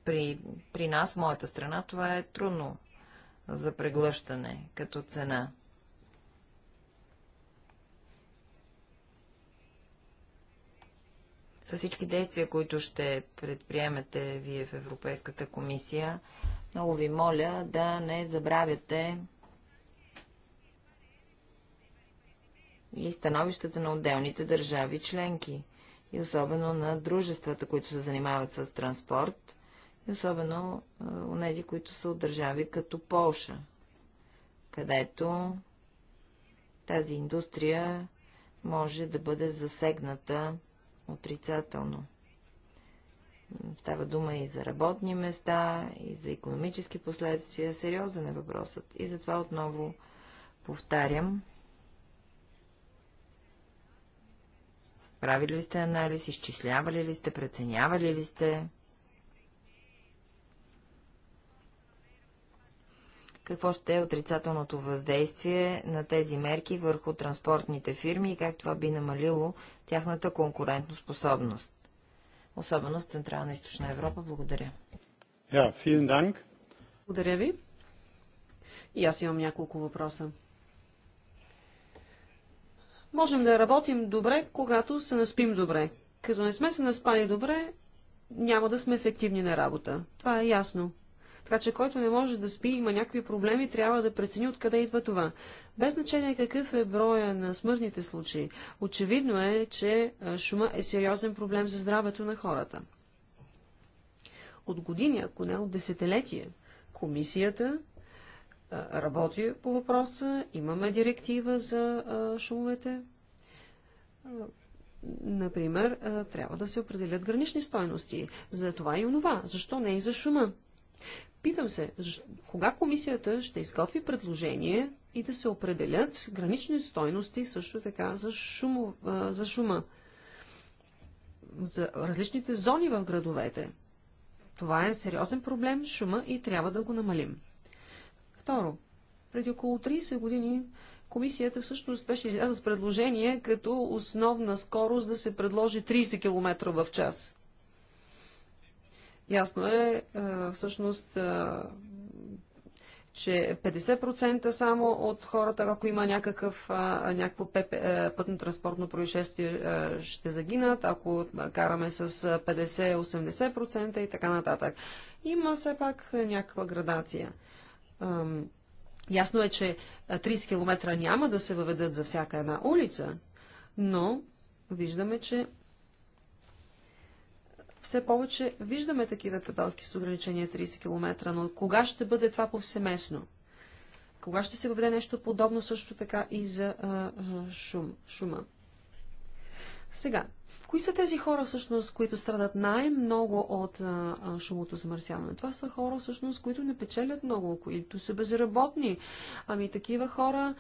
При, при нас, моята страна, това е трудно за преглъщане като цена. с всички действия, които ще предприемете вие в Европейската комисия, много ви моля да не забравяте и становищата на отделните държави членки, и особено на дружествата, които се занимават с транспорт, и особено у нези, които са от държави като Полша, където тази индустрия може да бъде засегната отрицателно. Става дума и за работни места, и за економически последствия. Сериозен е въпросът. И затова отново повтарям. Правили ли сте анализ, изчислявали ли сте, преценявали ли сте? какво ще е отрицателното въздействие на тези мерки върху транспортните фирми и как това би намалило тяхната конкурентоспособност. Особено в Централна и Източна Европа. Благодаря. Ja, vielen Dank. Благодаря ви. И аз имам няколко въпроса. Можем да работим добре, когато се наспим добре. Като не сме се наспали добре, няма да сме ефективни на работа. Това е ясно. Така че който не може да спи, има някакви проблеми, трябва да прецени откъде идва това. Без значение какъв е броя на смъртните случаи, очевидно е, че шума е сериозен проблем за здравето на хората. От години, ако не от десетилетия, комисията работи по въпроса, имаме директива за шумовете. например, трябва да се определят гранични стойности за това и онова. Защо не и за шума? Питам се, кога комисията ще изготви предложение и да се определят гранични стойности също така за, шумо, за шума, за различните зони в градовете. Това е сериозен проблем, шума и трябва да го намалим. Второ, преди около 30 години комисията всъщност беше изляза с предложение като основна скорост да се предложи 30 км в час. Ясно е, всъщност, че 50% само от хората, ако има някакъв, някакво пътно-транспортно происшествие, ще загинат, ако караме с 50-80% и така нататък. Има все пак някаква градация. Ясно е, че 30 км няма да се въведат за всяка една улица, но виждаме, че все повече виждаме такива табелки с ограничение 30 км, но кога ще бъде това повсеместно? Кога ще се въведе нещо подобно също така и за а, шум, шума? Сега, Кои са тези хора всъщност, които страдат най-много от шумото замърсяване? Това са хора всъщност, които не печелят много, които са безработни. Ами такива хора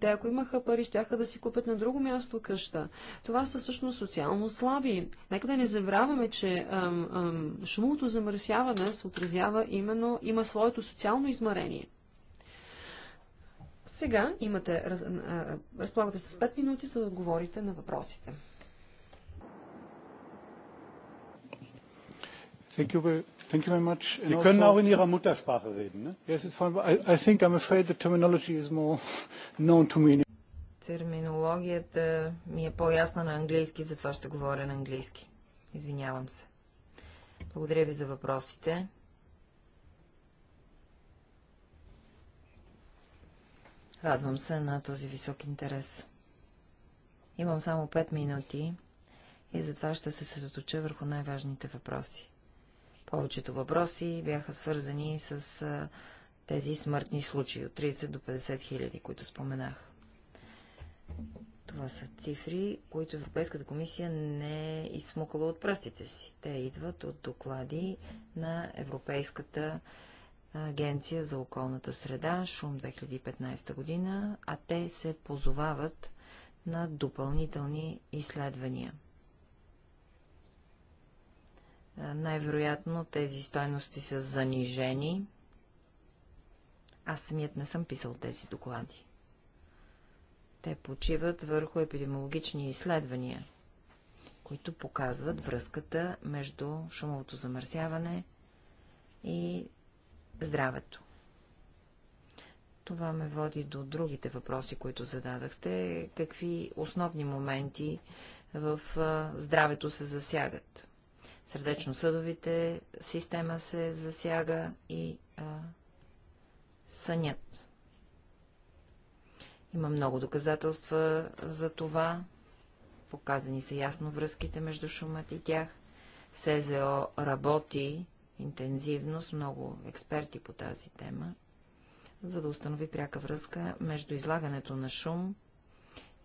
те, ако имаха пари, щяха да си купят на друго място къща. Това са всъщност социално слаби. Нека да не забравяме, че ам, ам, замърсяване се отразява именно, има своето социално измерение. Сега имате, разполагате с 5 минути, за да отговорите на въпросите. Thank you very, thank you very much. And Sie können also, auch in Ihrer Muttersprache reden. Ne? Yes, it's fine. But I, I think I'm afraid the terminology is more known to me. Терминологията ми е по-ясна на английски, затова ще говоря на английски. Извинявам се. Благодаря ви за въпросите. Радвам се на този висок интерес. Имам само 5 минути и затова ще се съсредоточа върху най-важните въпроси. Повечето въпроси бяха свързани с а, тези смъртни случаи от 30 до 50 хиляди, които споменах. Това са цифри, които Европейската комисия не е изсмукала от пръстите си. Те идват от доклади на Европейската агенция за околната среда, Шум 2015 година, а те се позовават на допълнителни изследвания – най-вероятно тези стойности са занижени. Аз самият не съм писал тези доклади. Те почиват върху епидемиологични изследвания, които показват връзката между шумовото замърсяване и здравето. Това ме води до другите въпроси, които зададахте. Какви основни моменти в здравето се засягат? сърдечно-съдовите система се засяга и а, сънят. Има много доказателства за това. Показани са ясно връзките между шумът и тях. СЗО работи интензивно с много експерти по тази тема, за да установи пряка връзка между излагането на шум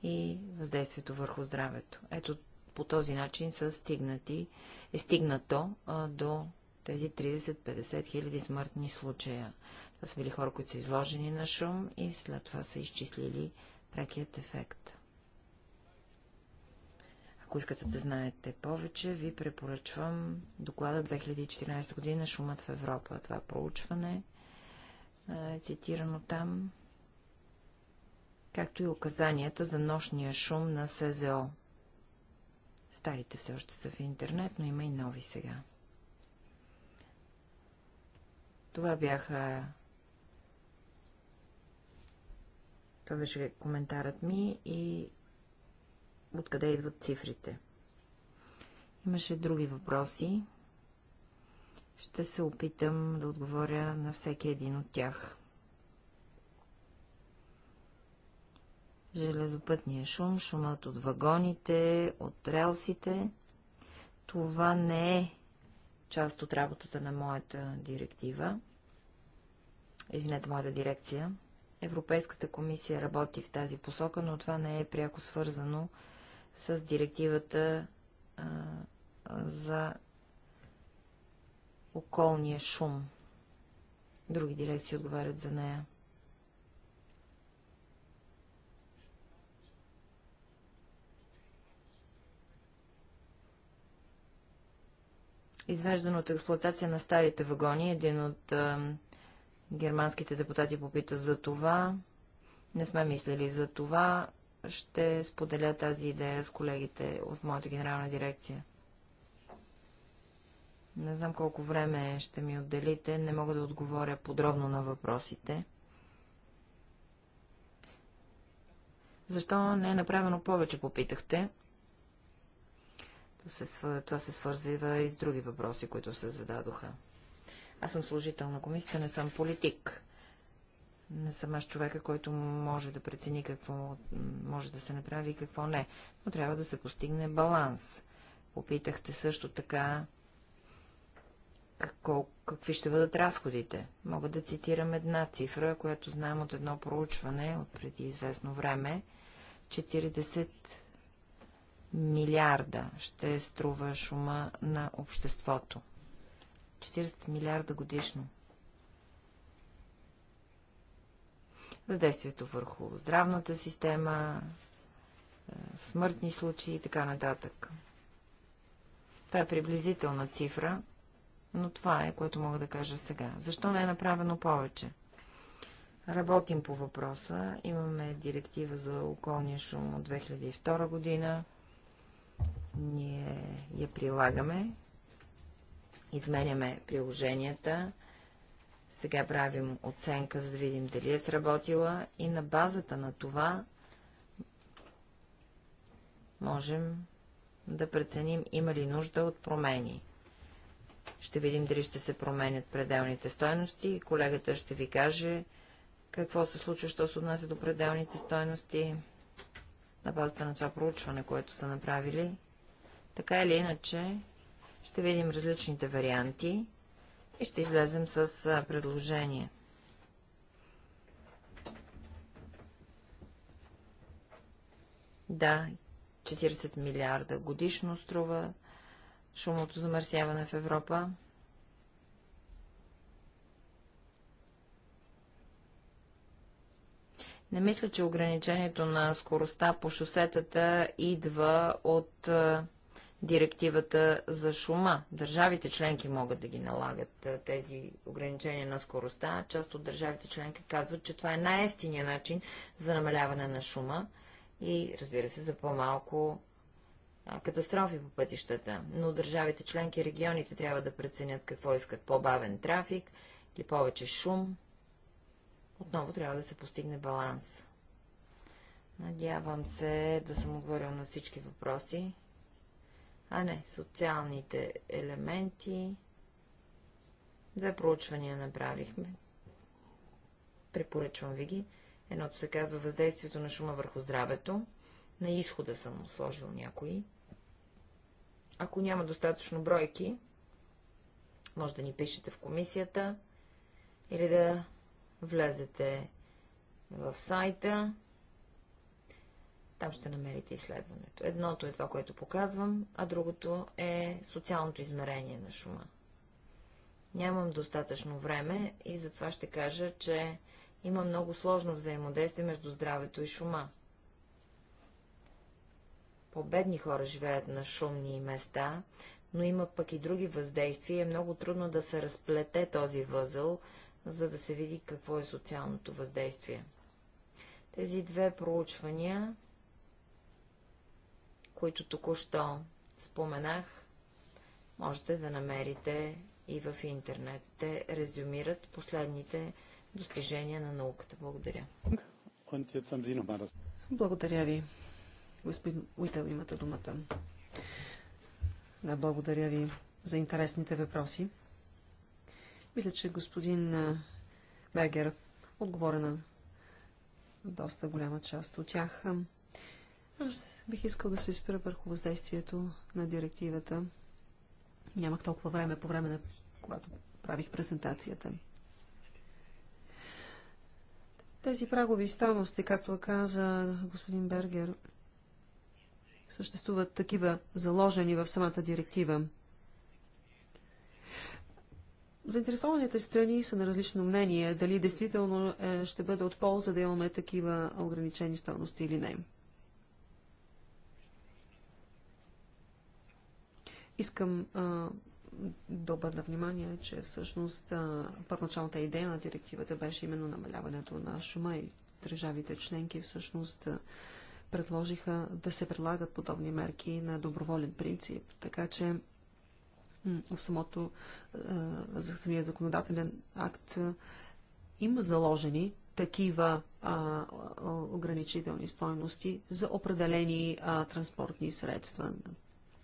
и въздействието върху здравето. Ето по този начин са стигнати, е стигнато а, до тези 30-50 хиляди смъртни случая. Това са били хора, които са изложени на шум и след това са изчислили прекият ефект. Ако искате да знаете повече, ви препоръчвам доклада 2014 година Шумът в Европа. Това проучване е цитирано там, както и указанията за нощния шум на СЗО. Старите все още са в интернет, но има и нови сега. Това бяха... Това беше коментарът ми и откъде идват цифрите. Имаше други въпроси. Ще се опитам да отговоря на всеки един от тях. железопътния шум, шумът от вагоните, от релсите. Това не е част от работата на моята директива. Извинете, моята дирекция. Европейската комисия работи в тази посока, но това не е пряко свързано с директивата а, за околния шум. Други дирекции отговарят за нея. извеждане от експлуатация на старите вагони. Един от е, германските депутати попита за това. Не сме мислили за това. Ще споделя тази идея с колегите от моята генерална дирекция. Не знам колко време ще ми отделите. Не мога да отговоря подробно на въпросите. Защо не е направено повече, попитахте се, това се свързива и с други въпроси, които се зададоха. Аз съм служител на комисията, не съм политик. Не съм аз човека, който може да прецени какво може да се направи и какво не. Но трябва да се постигне баланс. Попитахте също така какво, какви ще бъдат разходите. Мога да цитирам една цифра, която знам от едно проучване от преди известно време. 40 милиарда ще струва шума на обществото. 40 милиарда годишно. Въздействието върху здравната система, е, смъртни случаи и така нататък. Това е приблизителна цифра, но това е, което мога да кажа сега. Защо не е направено повече? Работим по въпроса. Имаме директива за околния шум от 2002 година. Ние я прилагаме, изменяме приложенията, сега правим оценка, за да видим дали е сработила и на базата на това можем да преценим има ли нужда от промени. Ще видим дали ще се променят пределните стойности и колегата ще ви каже какво се случва, що се отнася до пределните стойности на базата на това проучване, което са направили така или иначе, ще видим различните варианти и ще излезем с предложение. Да, 40 милиарда годишно струва шумното замърсяване в Европа. Не мисля, че ограничението на скоростта по шосетата идва от а, директивата за шума. Държавите членки могат да ги налагат тези ограничения на скоростта. Част от държавите членки казват, че това е най-ефтиният начин за намаляване на шума и, разбира се, за по-малко катастрофи по пътищата. Но държавите членки и регионите трябва да преценят какво искат по-бавен трафик или повече шум. Отново трябва да се постигне баланс. Надявам се да съм отговорил на всички въпроси а не социалните елементи. Две проучвания направихме. Препоръчвам ви ги. Едното се казва въздействието на шума върху здравето. На изхода съм сложил някои. Ако няма достатъчно бройки, може да ни пишете в комисията или да влезете в сайта там ще намерите изследването. Едното е това, което показвам, а другото е социалното измерение на шума. Нямам достатъчно време и затова ще кажа, че има много сложно взаимодействие между здравето и шума. Победни хора живеят на шумни места, но има пък и други въздействия и е много трудно да се разплете този възъл, за да се види какво е социалното въздействие. Тези две проучвания които току-що споменах, можете да намерите и в интернет. Те резюмират последните достижения на науката. Благодаря. Благодаря ви. Господин Уител, имате думата. Да, благодаря ви за интересните въпроси. Мисля, че господин Бергер отговори на доста голяма част от тях. Аз бих искал да се спра върху въздействието на директивата. Нямах толкова време по време на когато правих презентацията. Тези прагови стойности, както каза господин Бергер, съществуват такива заложени в самата директива. Заинтересованите страни са на различно мнение, дали действително е, ще бъде от полза да имаме такива ограничени стойности или не. Искам а, да обърна внимание, че всъщност а, първоначалната идея на директивата беше именно намаляването на шума и държавите членки всъщност а, предложиха да се предлагат подобни мерки на доброволен принцип. Така че в самото, за самия законодателен акт има заложени такива а, ограничителни стойности за определени а, транспортни средства,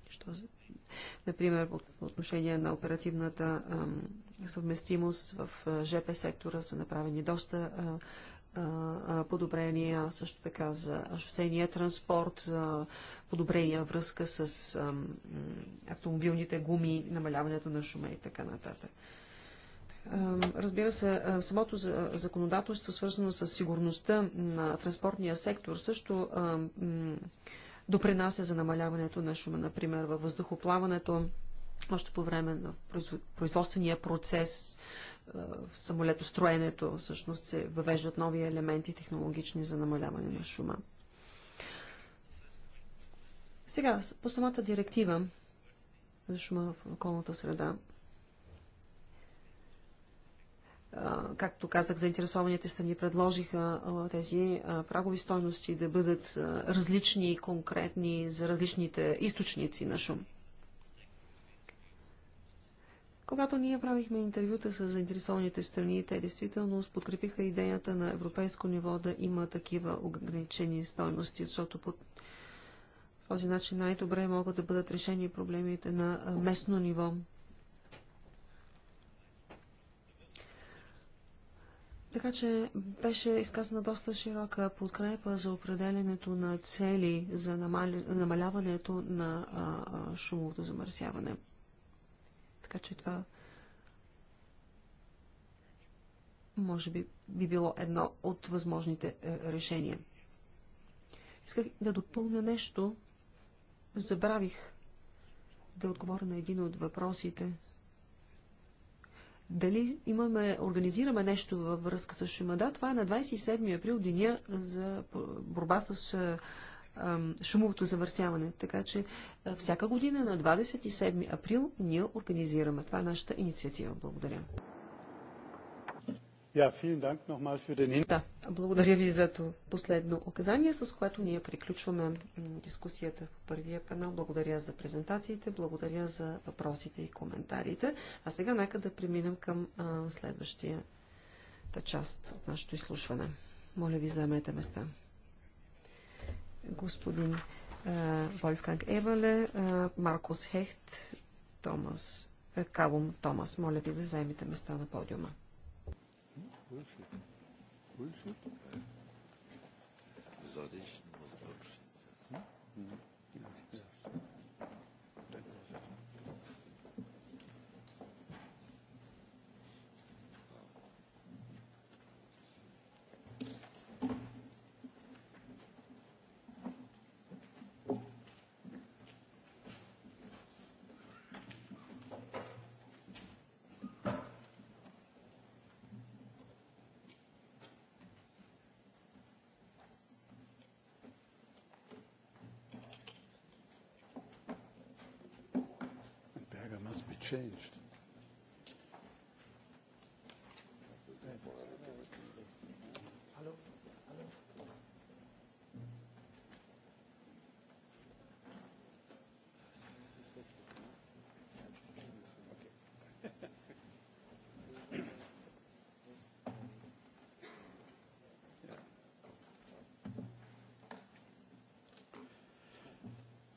що Например, по, отношение на оперативната съвместимост в ЖП сектора са направени доста подобрения, също така за шосейния транспорт, подобрения връзка с автомобилните гуми, намаляването на шума и така нататък. Разбира се, самото законодателство, свързано с сигурността на транспортния сектор, също допринася за намаляването на шума, например във въздухоплаването, още по време на производствения процес, е, в самолетостроенето всъщност се въвеждат нови елементи технологични за намаляване на шума. Сега, по самата директива за шума в околната среда, както казах, заинтересованите страни предложиха тези прагови стойности да бъдат различни и конкретни за различните източници на шум. Когато ние правихме интервюта с заинтересованите страни, те действително подкрепиха идеята на европейско ниво да има такива ограничени стойности, защото по този начин най-добре могат да бъдат решени проблемите на местно ниво. Така че беше изказана доста широка подкрепа за определенето на цели за намали... намаляването на а, а, шумовото замърсяване. Така че това може би би било едно от възможните е, решения. Исках да допълня нещо. Забравих да отговоря на един от въпросите дали имаме, организираме нещо във връзка с шумада, това е на 27 април деня за борба с шумовото завърсяване. Така че всяка година на 27 април ние организираме. Това е нашата инициатива. Благодаря благодаря ви за последно указание, с което ние приключваме дискусията по първия канал. Благодаря за презентациите, благодаря за въпросите и коментарите. А сега нека да преминем към следващия част от нашето изслушване. Моля ви, заемете места. Господин Вольфганг Евале, Маркус Хехт, Томас, а, Калум Томас, моля ви да заемете места на подиума. Bullshit. Sorry. changed.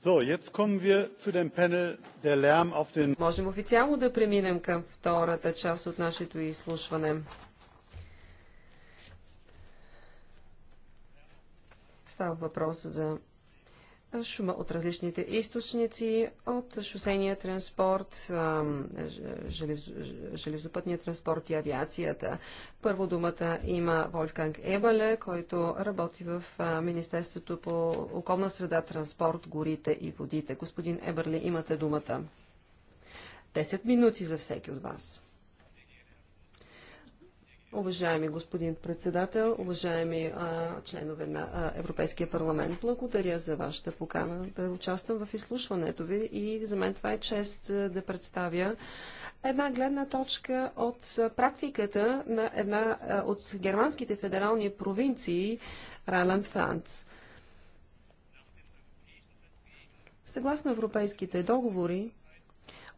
So, jetzt kommen wir zu dem Panel der Lärm auf den... Можем официално да преминем към втората част от нашето изслушване. Става въпрос за шума от различните източници, от шосения транспорт, железопътния транспорт и авиацията. Първо думата има Вольфганг Ебале, който работи в Министерството по околна среда, транспорт, горите и водите. Господин Ебърли, имате думата. 10 минути за всеки от вас. Уважаеми господин председател, уважаеми а, членове на а, Европейския парламент, благодаря за вашата покана да участвам в изслушването ви и за мен това е чест а, да представя една гледна точка от практиката на една от германските федерални провинции Райланд-Франц. Съгласно европейските договори,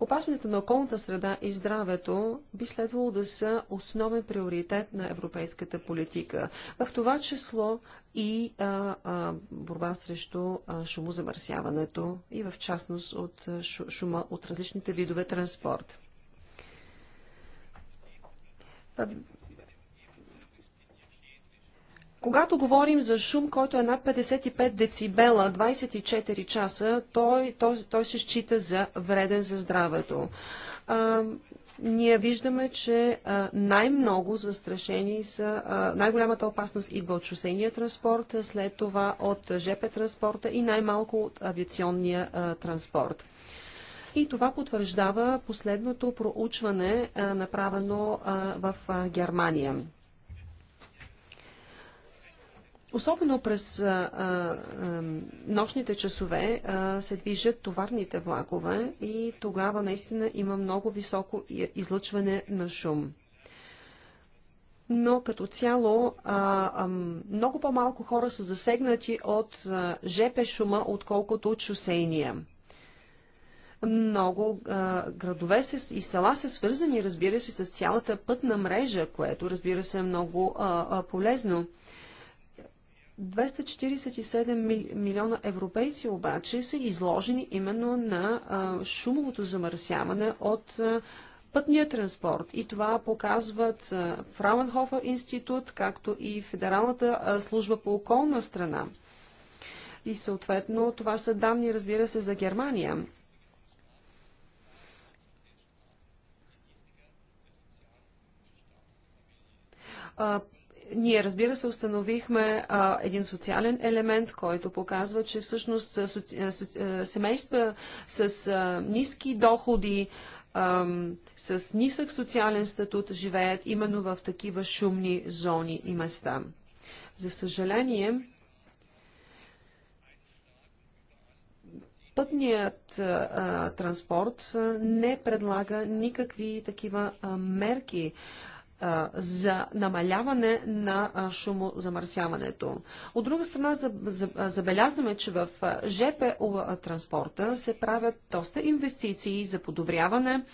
Опазването на околната среда и здравето би следвало да са основен приоритет на европейската политика. В това число и а, а, борба срещу а, шумозамърсяването и в частност от а, шума от различните видове транспорт. Когато говорим за шум, който е над 55 децибела 24 часа, той, той, той се счита за вреден за здравето. А, ние виждаме, че най-много застрашени са, най-голямата опасност идва от шосейния транспорт, след това от ЖП транспорта и най-малко от авиационния а, транспорт. И това потвърждава последното проучване, а, направено а, в Германия. Особено през а, а, нощните часове а, се движат товарните влакове и тогава наистина има много високо излъчване на шум. Но като цяло а, а, много по-малко хора са засегнати от а, ЖП шума, отколкото от шосейния. Много а, градове се, и села са свързани, разбира се, с цялата пътна мрежа, което, разбира се, е много а, а, полезно. 247 милиона европейци обаче са изложени именно на шумовото замърсяване от пътния транспорт. И това показват Фрауенхофер институт, както и Федералната служба по околна страна. И съответно това са данни, разбира се, за Германия. Ние, разбира се, установихме а, един социален елемент, който показва, че всъщност соци... Соци... семейства с а, ниски доходи, а, с нисък социален статут живеят именно в такива шумни зони и места. За съжаление, пътният а, транспорт не предлага никакви такива а, мерки за намаляване на шумозамърсяването. От друга страна, забелязваме, че в ЖП транспорта се правят доста инвестиции за подобряване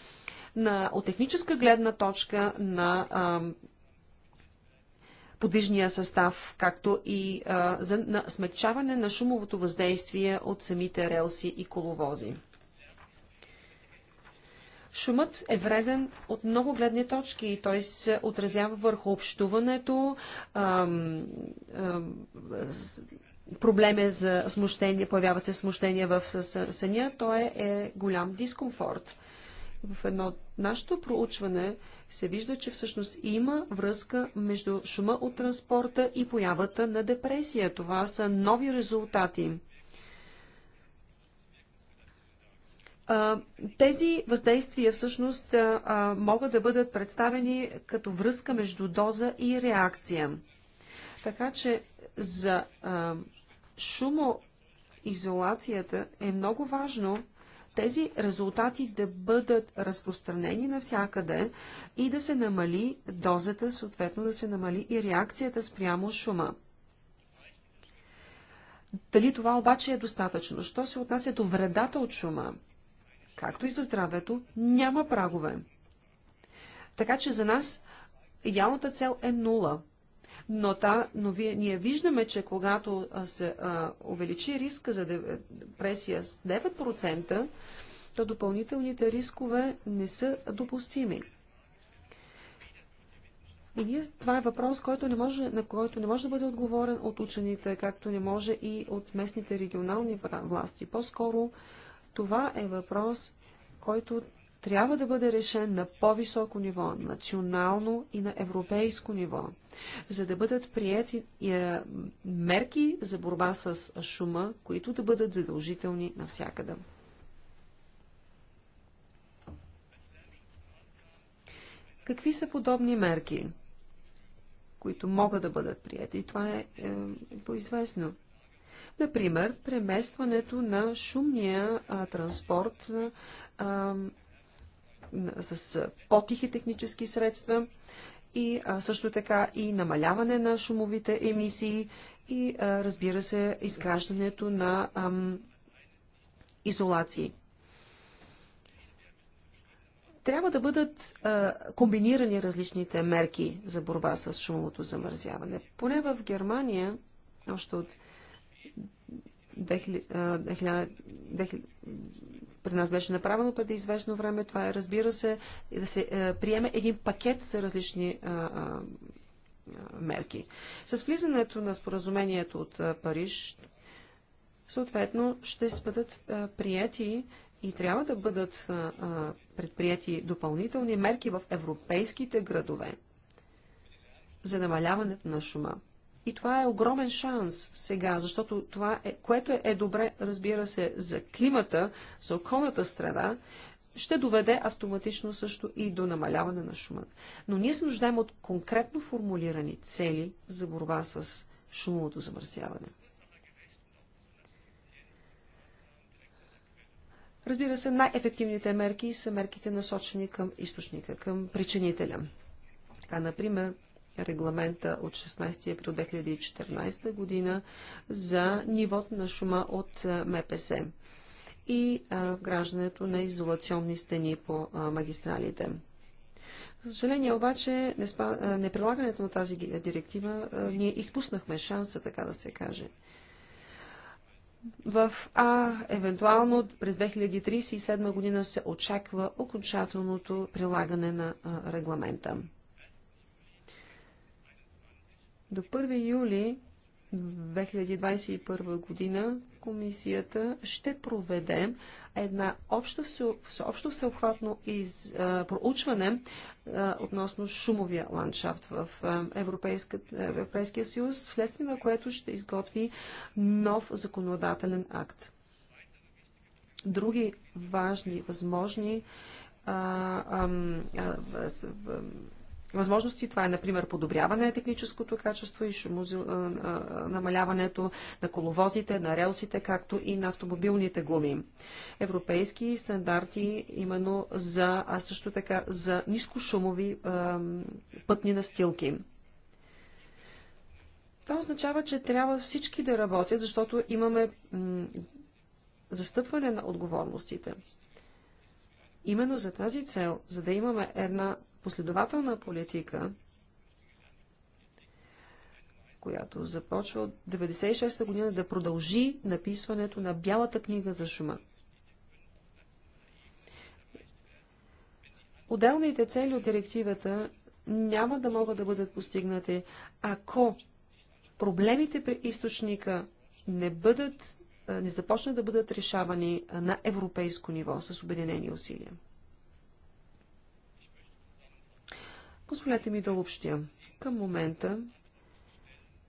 на, от техническа гледна точка на подвижния състав, както и а, за на смягчаване на шумовото въздействие от самите релси и коловози. Шумът е вреден от много гледни точки и той се отразява върху общуването, ам, ам, с проблеми за смущение, появяват се смущения в съня, то е, е голям дискомфорт. В едно от нашето проучване се вижда, че всъщност има връзка между шума от транспорта и появата на депресия. Това са нови резултати. Тези въздействия всъщност могат да бъдат представени като връзка между доза и реакция. Така че за шумоизолацията е много важно тези резултати да бъдат разпространени навсякъде и да се намали дозата, съответно да се намали и реакцията спрямо шума. Дали това обаче е достатъчно? Що се отнася до вредата от шума? както и за здравето, няма прагове. Така че за нас идеалната цел е нула. Но, та, но вие, ние виждаме, че когато се а, увеличи риска за депресия с 9%, то допълнителните рискове не са допустими. И ние, това е въпрос, който не може, на който не може да бъде отговорен от учените, както не може и от местните регионални власти. По-скоро това е въпрос, който трябва да бъде решен на по-високо ниво, национално и на европейско ниво, за да бъдат приети е, мерки за борба с шума, които да бъдат задължителни навсякъде. Какви са подобни мерки, които могат да бъдат прияти? Това е, е по-известно. Например, преместването на шумния а, транспорт а, с по-тихи технически средства и а, също така и намаляване на шумовите емисии и а, разбира се изграждането на а, изолации. Трябва да бъдат а, комбинирани различните мерки за борба с шумовото замързяване. Поне в Германия, още от при нас беше направено преди известно време. Това е, разбира се, да се а, е, приеме един пакет за различни а, а, мерки. С влизането на споразумението от Париж, съответно, ще бъдат прияти и трябва да бъдат предприяти допълнителни мерки в европейските градове за намаляването на шума. И това е огромен шанс сега, защото това, е, което е, е добре, разбира се, за климата, за околната страна, ще доведе автоматично също и до намаляване на шума. Но ние се нуждаем от конкретно формулирани цели за борба с шумовото замърсяване. Разбира се, най-ефективните мерки са мерките насочени към източника, към причинителя. Така, например, регламента от 16 април 2014 година за нивото на шума от МПС и вграждането на изолационни стени по магистралите. За съжаление обаче, неприлагането на тази директива, ние изпуснахме шанса, така да се каже. В А, евентуално през 2037 година се очаква окончателното прилагане на регламента. До 1 юли 2021 година комисията ще проведе една общо, общо всеобхватно из, а, проучване а, относно шумовия ландшафт в а, Европейския съюз, вследствие на което ще изготви нов законодателен акт. Други важни, възможни а, а, а, възможности. Това е, например, подобряване на техническото качество и шумозил... намаляването на коловозите, на релсите, както и на автомобилните гуми. Европейски стандарти именно за, а също така за нискошумови пътни настилки. Това означава, че трябва всички да работят, защото имаме застъпване на отговорностите. Именно за тази цел, за да имаме една последователна политика, която започва от 1996 година да продължи написването на Бялата книга за шума. Отделните цели от директивата няма да могат да бъдат постигнати, ако проблемите при източника не бъдат, не започнат да бъдат решавани на европейско ниво с обединени усилия. Позволете ми да общя. Към момента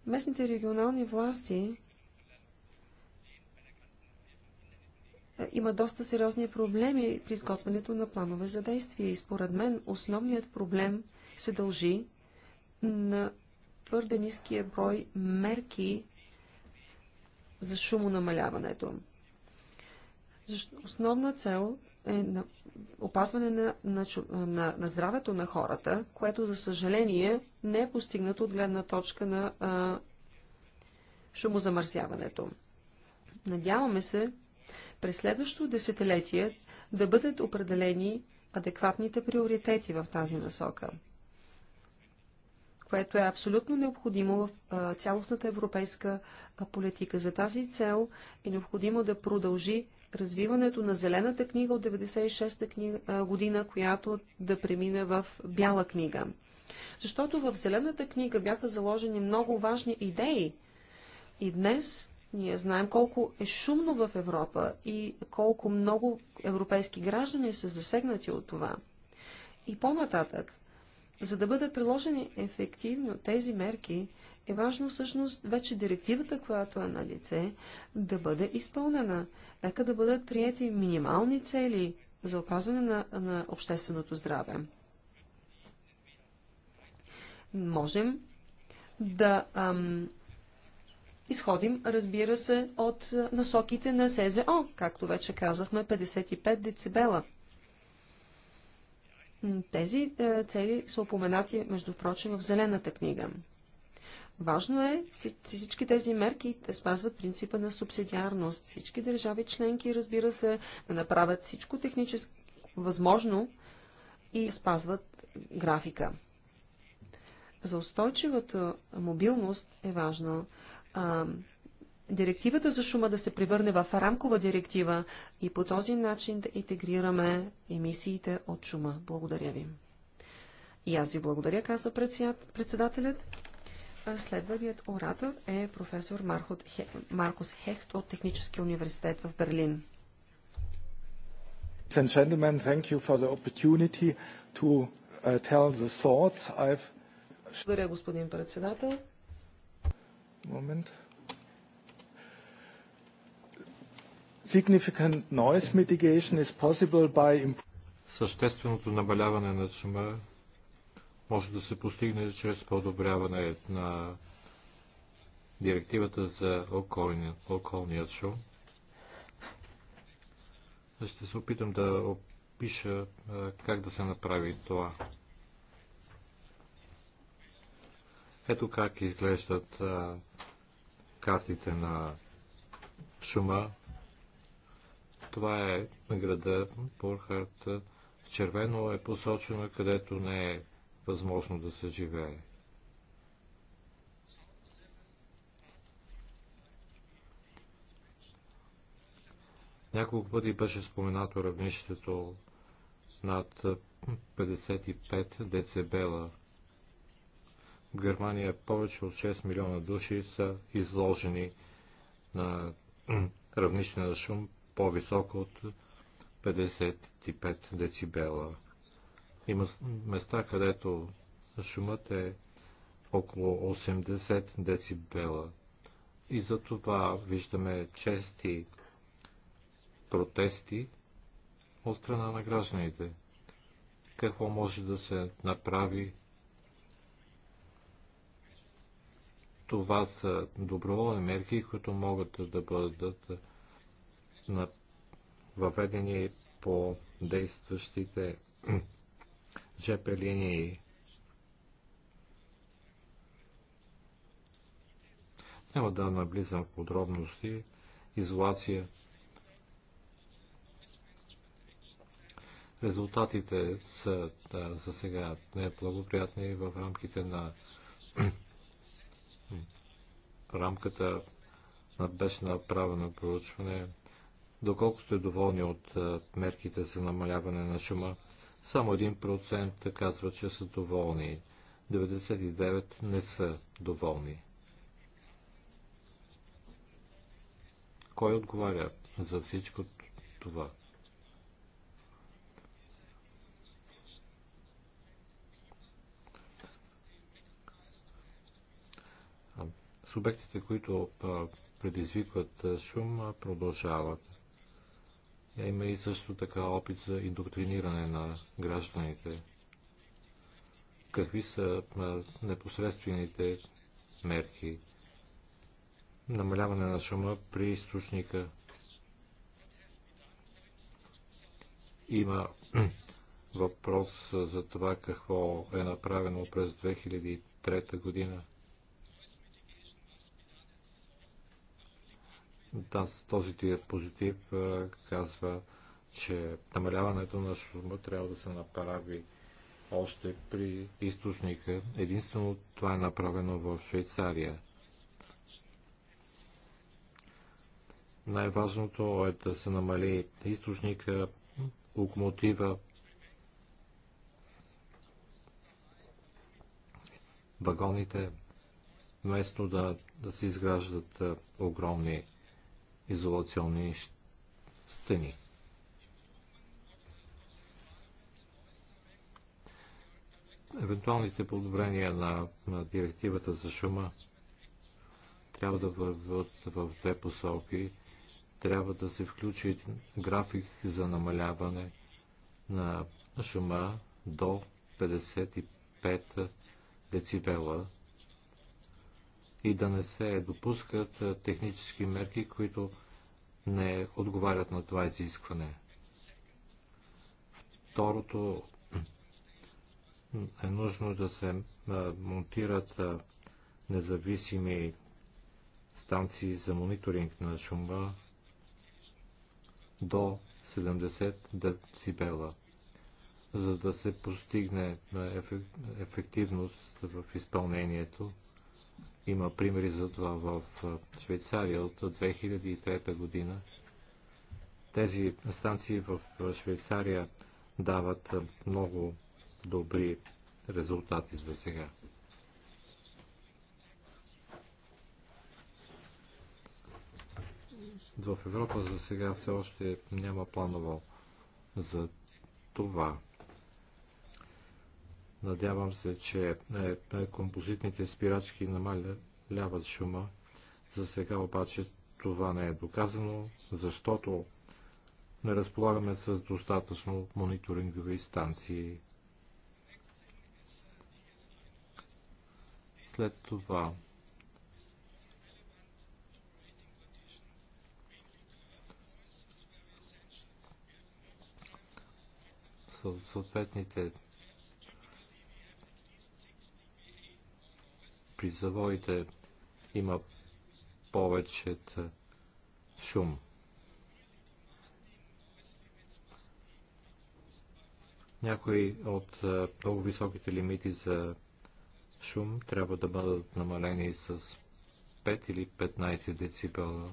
местните регионални власти е, има доста сериозни проблеми при изготвянето на планове за действие и според мен основният проблем се дължи на твърде ниския брой мерки за шумонамаляването. Защо основна цел е на опазване на, на, на, на здравето на хората, което, за съжаление, не е постигнато от гледна точка на а, шумозамърсяването. Надяваме се през следващото десетилетие да бъдат определени адекватните приоритети в тази насока, което е абсолютно необходимо в а, цялостната европейска политика. За тази цел е необходимо да продължи развиването на зелената книга от 96-та година, която да премине в бяла книга. Защото в зелената книга бяха заложени много важни идеи. И днес ние знаем колко е шумно в Европа и колко много европейски граждани са засегнати от това. И по-нататък, за да бъдат приложени ефективно тези мерки, е важно всъщност вече директивата, която е на лице, да бъде изпълнена. Нека да бъдат прияти минимални цели за опазване на, на общественото здраве. Можем да ам, изходим, разбира се, от насоките на СЗО, както вече казахме, 55 децибела. Тези е, цели са упоменати, между прочим, в Зелената книга. Важно е всички тези мерки да спазват принципа на субсидиарност. Всички държави членки, разбира се, да направят всичко технически възможно и да спазват графика. За устойчивата мобилност е важно а, директивата за шума да се превърне в рамкова директива и по този начин да интегрираме емисиите от шума. Благодаря ви. И аз ви благодаря, казва председателят. Следващият оратор е професор Маркус Хехт от Техническия университет в Берлин. And gentlemen, thank you for the opportunity to uh, tell the thoughts I've... Благодаря, господин председател. Момент. Significant noise mitigation is possible by... Същественото намаляване на шума може да се постигне чрез подобряване на директивата за околния, околният шум. Ще се опитам да опиша как да се направи това. Ето как изглеждат а, картите на шума. Това е града Бурхарт. В червено е посочено, където не е възможно да се живее. Няколко пъти беше споменато равнището над 55 децибела. В Германия повече от 6 милиона души са изложени на равнище на шум по-високо от 55 децибела. Има места, където шумът е около 80 децибела. И за това виждаме чести протести от страна на гражданите. Какво може да се направи? Това са доброволни мерки, които могат да бъдат въведени по действащите ЖП линии. Няма да наблизам в подробности. Изолация. Резултатите са да, за сега неблагоприятни в рамките на рамката на беше направено проучване. Доколко сте доволни от мерките за намаляване на шума, само 1% казва, че са доволни. 99% не са доволни. Кой отговаря за всичко това? Субектите, които предизвикват шум, продължават е, има и също така опит за индоктриниране на гражданите. Какви са непосредствените мерки? Намаляване на шума при източника. Има въпрос за това какво е направено през 2003 година – този диапозитив казва, че намаляването на шума трябва да се направи още при източника. Единствено това е направено в Швейцария. Най-важното е да се намали източника, локомотива, вагоните, вместо да, да се изграждат огромни изолационни стени. Евентуалните подобрения на, на директивата за шума трябва да вървят в две посоки. Трябва да се включи график за намаляване на шума до 55 децибела и да не се допускат е, технически мерки, които не отговарят на това изискване. Второто е нужно да се е, монтират е, независими станции за мониторинг на шума до 70 децибела, за да се постигне ефективност в изпълнението има примери за това в Швейцария от 2003 година. Тези станции в Швейцария дават много добри резултати за сега. В Европа за сега все още няма планово за това. Надявам се, че е, е, композитните спирачки намаляват шума. За сега обаче това не е доказано, защото не разполагаме с достатъчно мониторингови станции. След това съответните при завоите има повече шум. Някои от много високите лимити за шум трябва да бъдат намалени с 5 или 15 децибела.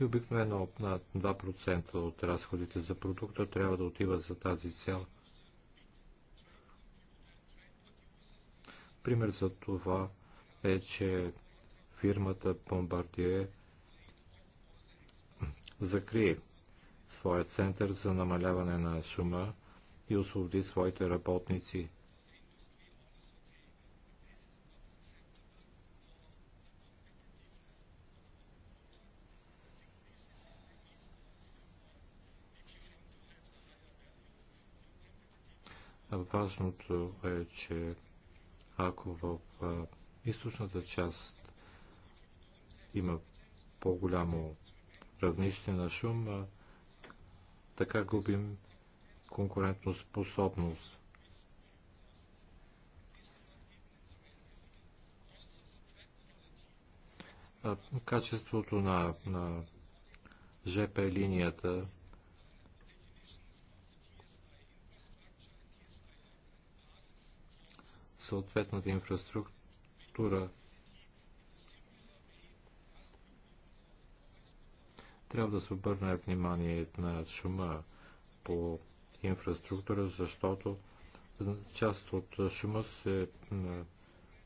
и обикновено над 2% от разходите за продукта трябва да отива за тази цел. Пример за това е, че фирмата Bombardier закри своя център за намаляване на шума и освободи своите работници. Важното е, че ако в източната част има по-голямо равнище на шум, така губим конкурентно способност. Качеството на, на ЖП линията съответната инфраструктура. Трябва да се обърне внимание на шума по инфраструктура, защото част от шума се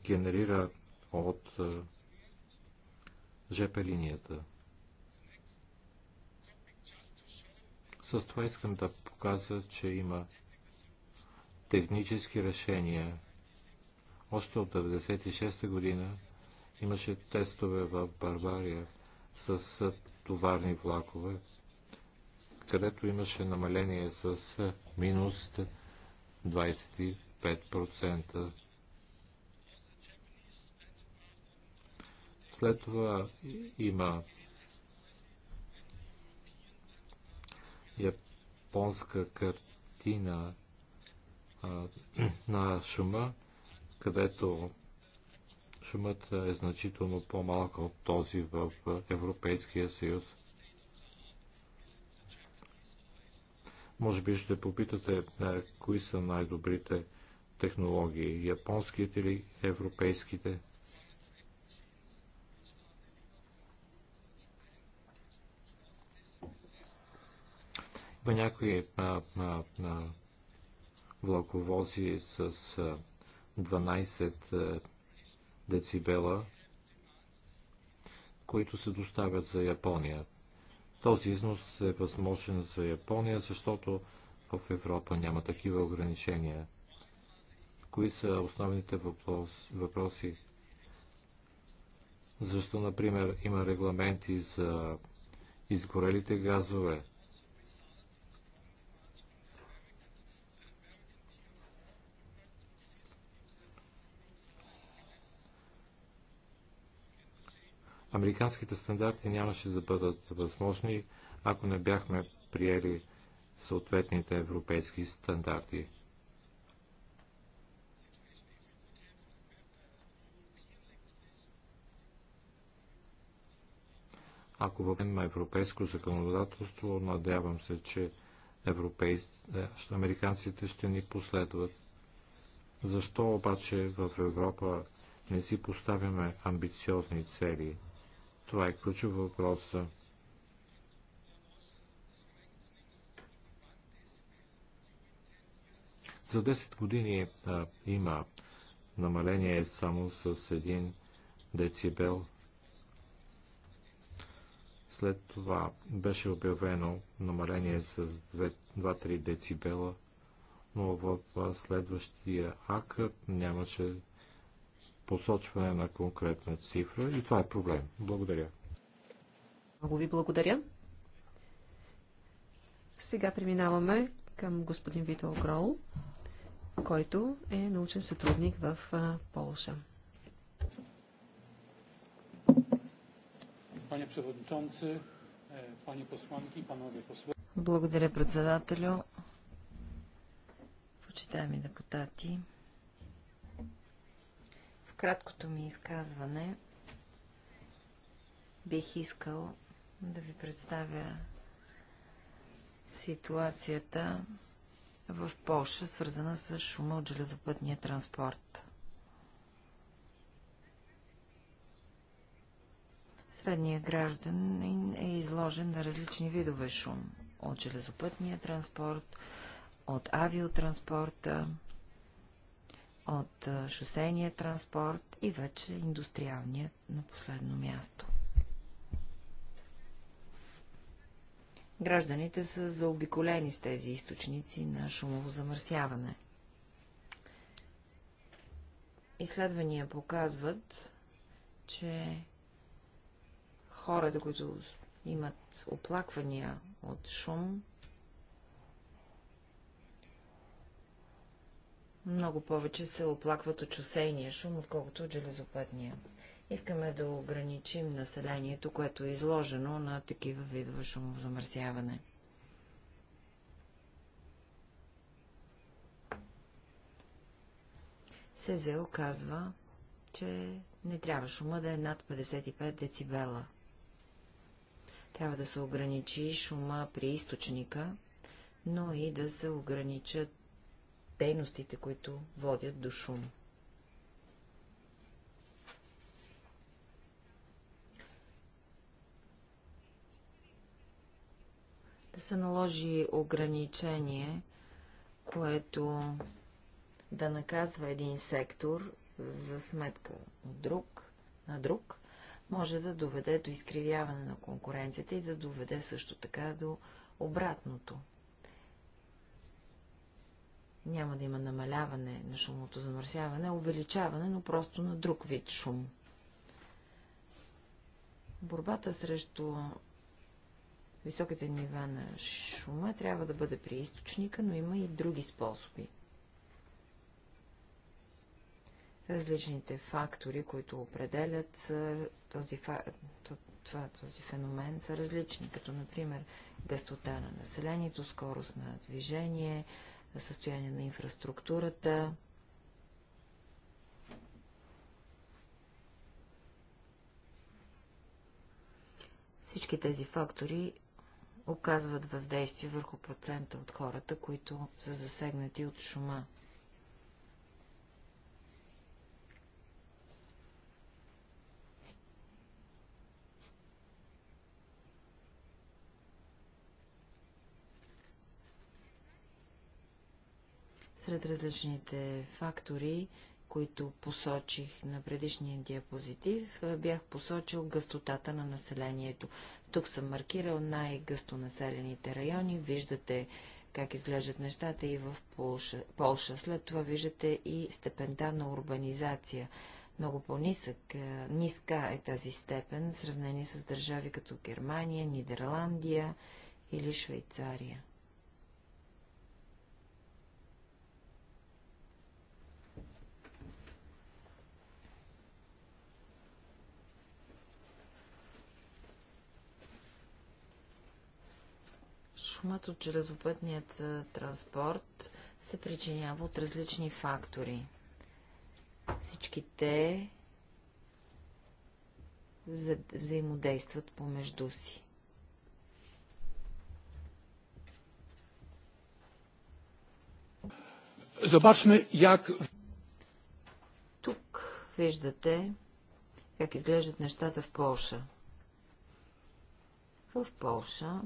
генерира от ЖП линията. С това искам да покажа, че има технически решения още от 1996 година имаше тестове в Барбария с товарни влакове, където имаше намаление с минус 25%. След това има японска картина а, на шума, където шумът е значително по-малък от този в Европейския съюз. Може би ще попитате е, кои са най-добрите технологии, японските или европейските. Има някои а, а, а, влаковози с а, 12 е, децибела, които се доставят за Япония. Този износ е възможен за Япония, защото в Европа няма такива ограничения. Кои са основните въпрос, въпроси? Защо, например, има регламенти за изгорелите газове? Американските стандарти нямаше да бъдат възможни, ако не бяхме приели съответните европейски стандарти. Ако на европейско законодателство, надявам се, че европейс... Е, американците ще ни последват. Защо обаче в Европа не си поставяме амбициозни цели? Това е ключов въпрос. За 10 години а, има намаление само с 1 децибел. След това беше обявено намаление с 2-3 децибела, но в следващия акт нямаше посочване на конкретна цифра и това е проблем. Благодаря. Много ви благодаря. Сега преминаваме към господин Витал Грол, който е научен сътрудник в Полша. Пане Przewodniczący, е, пани посланки, панове Posłowie. Благодаря председателю, почитаеми депутати краткото ми изказване бих искал да ви представя ситуацията в Польша, свързана с шума от железопътния транспорт. Средният граждан е изложен на различни видове шум от железопътния транспорт, от авиотранспорта, от шосейния транспорт и вече индустриалният на последно място. Гражданите са заобиколени с тези източници на шумово замърсяване. Изследвания показват, че хората, които имат оплаквания от шум, много повече се оплакват от чусейния шум, отколкото от железопътния. Искаме да ограничим населението, което е изложено на такива видове шумозамърсяване. Сезе казва, че не трябва шума да е над 55 децибела. Трябва да се ограничи шума при източника, но и да се ограничат дейностите, които водят до шум. Да се наложи ограничение, което да наказва един сектор за сметка на друг, на друг, може да доведе до изкривяване на конкуренцията и да доведе също така до обратното – няма да има намаляване на шумното замърсяване, а увеличаване, но просто на друг вид шум. Борбата срещу високите нива на шума трябва да бъде при източника, но има и други способи. Различните фактори, които определят този, това, този феномен, са различни, като например гъстота на населението, скорост на движение, състояние на инфраструктурата. Всички тези фактори оказват въздействие върху процента от хората, които са засегнати от шума. Сред различните фактори, които посочих на предишния диапозитив, бях посочил гъстотата на населението. Тук съм маркирал най-гъстонаселените райони. Виждате как изглеждат нещата и в Полша. Полша. След това виждате и степента на урбанизация. Много по-нисък, ниска е тази степен, в сравнение с държави като Германия, Нидерландия или Швейцария. Шумът от железопътният транспорт се причинява от различни фактори. Всички те вза... взаимодействат помежду си. Забачме як... Тук виждате как изглеждат нещата в Полша. В Полша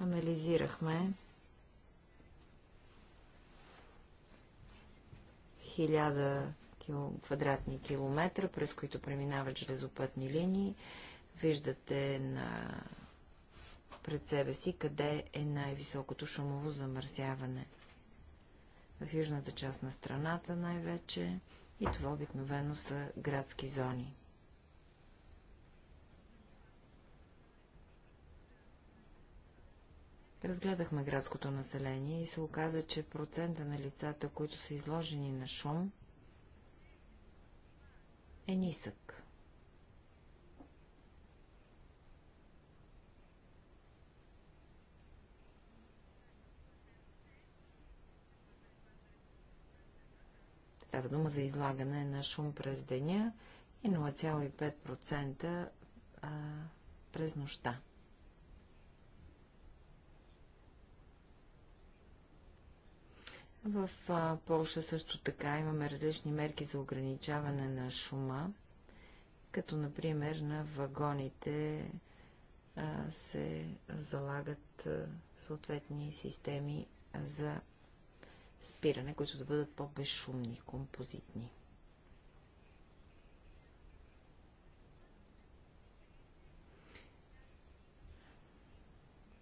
анализирахме хиляда квадратни километра, през които преминават железопътни линии. Виждате на пред себе си къде е най-високото шумово замърсяване. В южната част на страната най-вече и това обикновено са градски зони. Разгледахме градското население и се оказа, че процента на лицата, които са изложени на шум, е нисък. Става дума за излагане на шум през деня и 0,5% през нощта. В Польша също така имаме различни мерки за ограничаване на шума, като например на вагоните се залагат съответни системи за спиране, които да бъдат по-безшумни, композитни.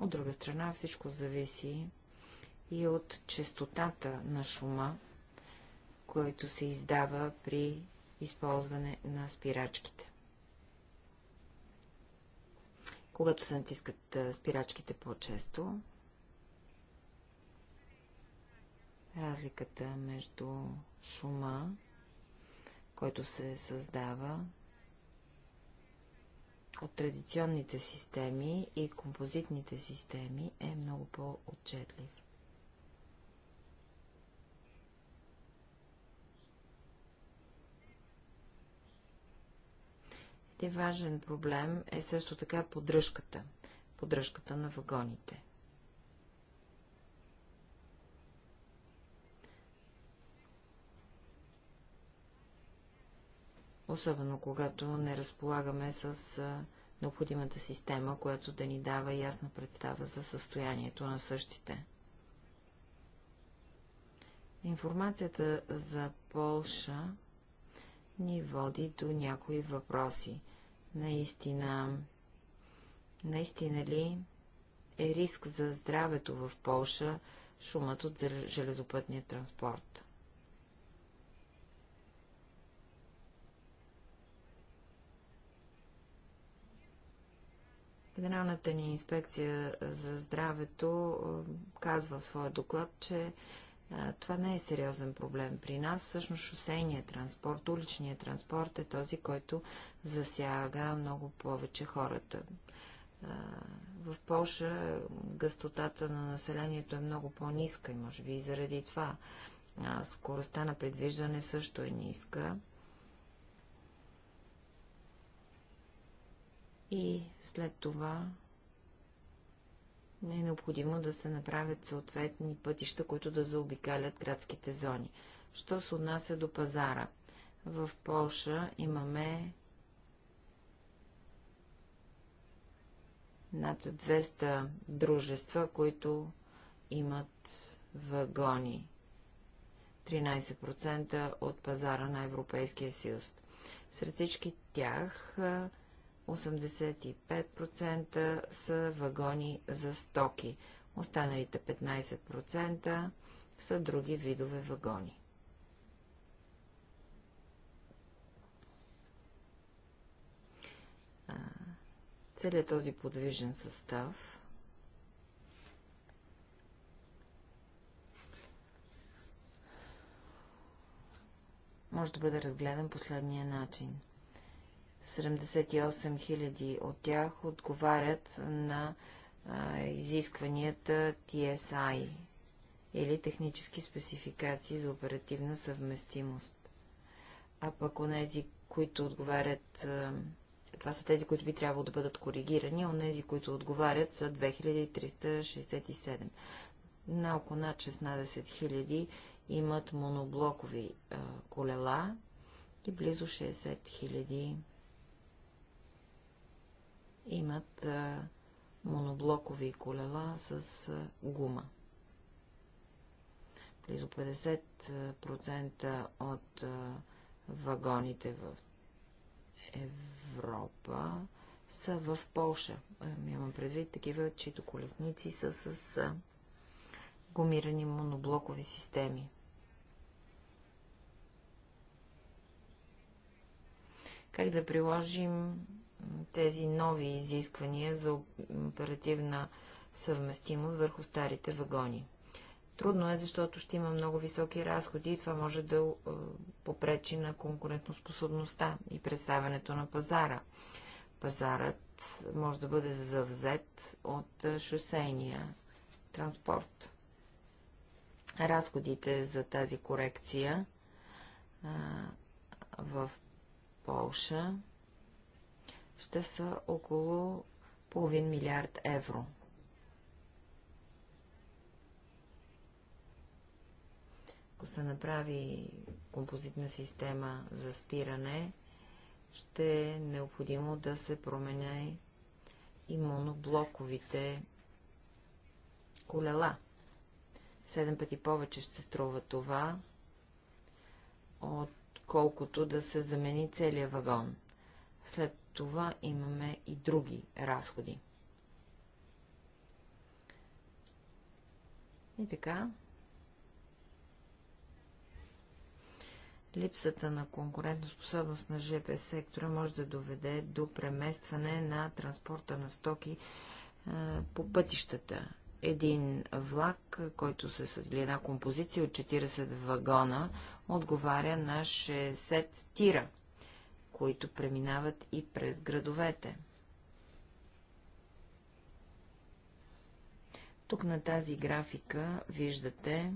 От друга страна всичко зависи и от частотата на шума, който се издава при използване на спирачките. Когато се натискат спирачките по-често, разликата между шума, който се създава от традиционните системи и композитните системи е много по-отчетлив. Те важен проблем е също така поддръжката. Поддръжката на вагоните. Особено когато не разполагаме с необходимата система, която да ни дава ясна представа за състоянието на същите. Информацията за Полша ни води до някои въпроси. Наистина, наистина ли е риск за здравето в Полша шумът от железопътния транспорт? Генералната ни инспекция за здравето казва в своя доклад, че това не е сериозен проблем при нас. Всъщност шосейният транспорт, уличният транспорт е този, който засяга много повече хората. в Польша гъстотата на населението е много по-ниска и може би и заради това. скоростта на предвиждане също е ниска. И след това не е необходимо да се направят съответни пътища, които да заобикалят градските зони. Що се отнася до пазара? В Польша имаме над 200 дружества, които имат вагони. 13% от пазара на Европейския съюз. Сред всички тях 85% са вагони за стоки, останалите 15% са други видове вагони. Целият този подвижен състав може да бъде разгледан последния начин – 78 000 от тях отговарят на а, изискванията TSI или технически спецификации за оперативна съвместимост. А пък онези, които отговарят, а, това са тези, които би трябвало да бъдат коригирани, а онези, които отговарят са 2367. На около над 16 000 имат моноблокови а, колела и близо 60 000 имат моноблокови колела с гума. Близо 50% от вагоните в Европа са в Полша. Имам предвид такива, чието колесници са с гумирани моноблокови системи. Как да приложим тези нови изисквания за оперативна съвместимост върху старите вагони. Трудно е, защото ще има много високи разходи и това може да е, попречи на конкурентоспособността и представянето на пазара. Пазарът може да бъде завзет от е, шосейния транспорт. Разходите за тази корекция в Полша ще са около половин милиард евро. Ако се направи композитна система за спиране, ще е необходимо да се променя и моноблоковите колела. Седем пъти повече ще струва това, отколкото да се замени целият вагон. След това имаме и други разходи. И така. Липсата на конкурентоспособност на ЖП сектора може да доведе до преместване на транспорта на стоки е, по пътищата. Един влак, който се съдли една композиция от 40 вагона, отговаря на 60 тира които преминават и през градовете. Тук на тази графика виждате,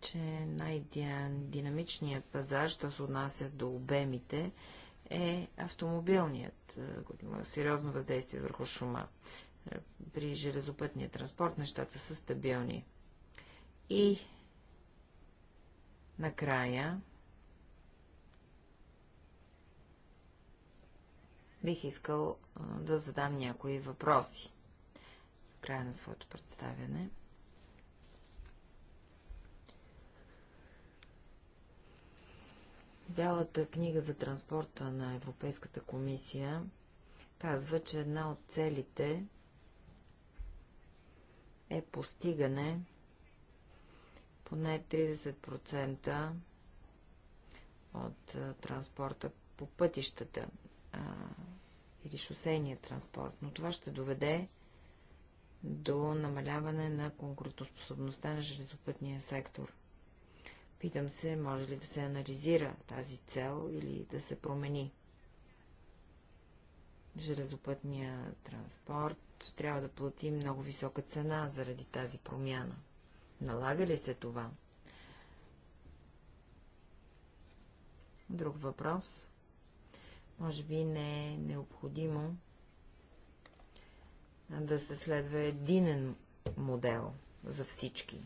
че най-динамичният пазар, що се отнася до обемите, е автомобилният, е, който има сериозно въздействие върху шума. Е, при железопътния транспорт нещата са стабилни. И накрая бих искал да задам някои въпроси в края на своето представяне. Бялата книга за транспорта на Европейската комисия казва, че една от целите е постигане поне 30% от транспорта по пътищата или шосейния транспорт, но това ще доведе до намаляване на конкурентоспособността на железопътния сектор. Питам се, може ли да се анализира тази цел или да се промени. Железопътния транспорт трябва да плати много висока цена заради тази промяна. Налага ли се това? Друг въпрос може би не е необходимо да се следва единен модел за всички.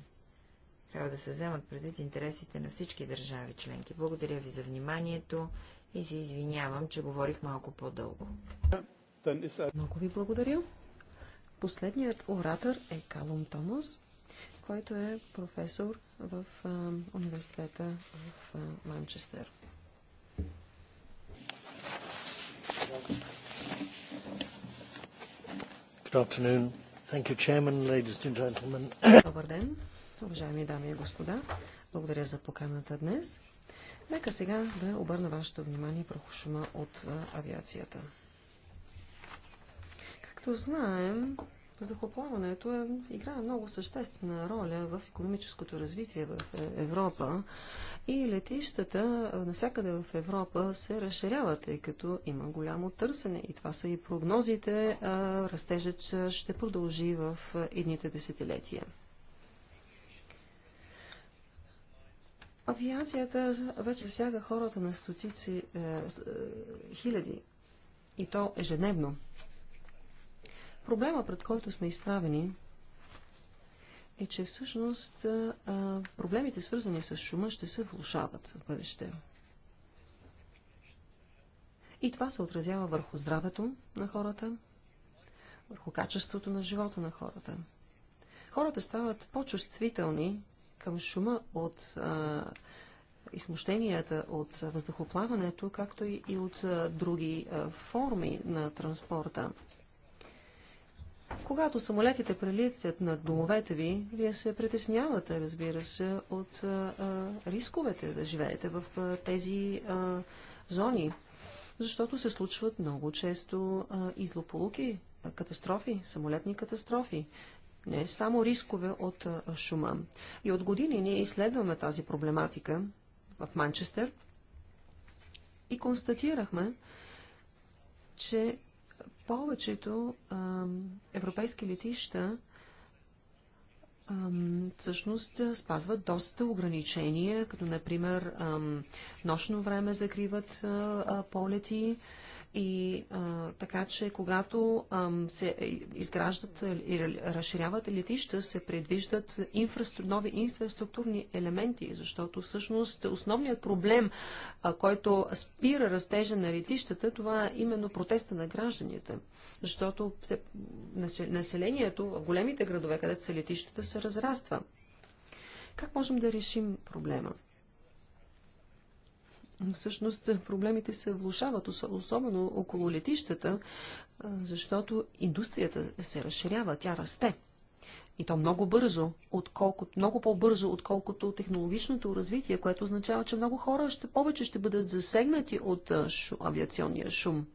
Трябва да се вземат предвид интересите на всички държави членки. Благодаря ви за вниманието и се извинявам, че говорих малко по-дълго. Много ви благодаря. Последният оратор е Калум Томас, който е професор в университета в а, Манчестър. Добър ден, уважаеми дами и господа. Благодаря за поканата днес. Нека сега да обърна вашето внимание върху шума от авиацията. Както знаем, Въздухоплаването е, играе много съществена роля в економическото развитие в е, Европа и летищата насякъде в Европа се разширяват, тъй като има голямо търсене и това са и прогнозите, растежът ще продължи в едните десетилетия. Авиацията вече засяга хората на стотици е, е хиляди и то ежедневно. Проблема, пред който сме изправени, е, че всъщност проблемите, свързани с шума, ще се влушават в бъдеще. И това се отразява върху здравето на хората, върху качеството на живота на хората. Хората стават по-чувствителни към шума от а, измущенията, от въздухоплаването, както и, и от а, други а, форми на транспорта. Когато самолетите прелитят над домовете ви, вие се притеснявате, разбира се, от а, рисковете да живеете в а, тези а, зони, защото се случват много често а, излополуки, а, катастрофи, самолетни катастрофи. Не само рискове от а, шума. И от години ние изследваме тази проблематика в Манчестър и констатирахме, че повечето а, европейски летища всъщност спазват доста ограничения, като например а, нощно време закриват полети, и а, така, че когато а, се изграждат и разширяват летища, се предвиждат инфраструк... нови инфраструктурни елементи, защото всъщност основният проблем, а, който спира растежа на летищата, това е именно протеста на гражданите. Защото се... населението в големите градове, където са летищата, се разраства. Как можем да решим проблема? Но всъщност проблемите се влушават, особено около летищата, защото индустрията се разширява, тя расте. И то много бързо, отколкото, много по-бързо, отколкото технологичното развитие, което означава, че много хора ще повече ще бъдат засегнати от шу, авиационния шум.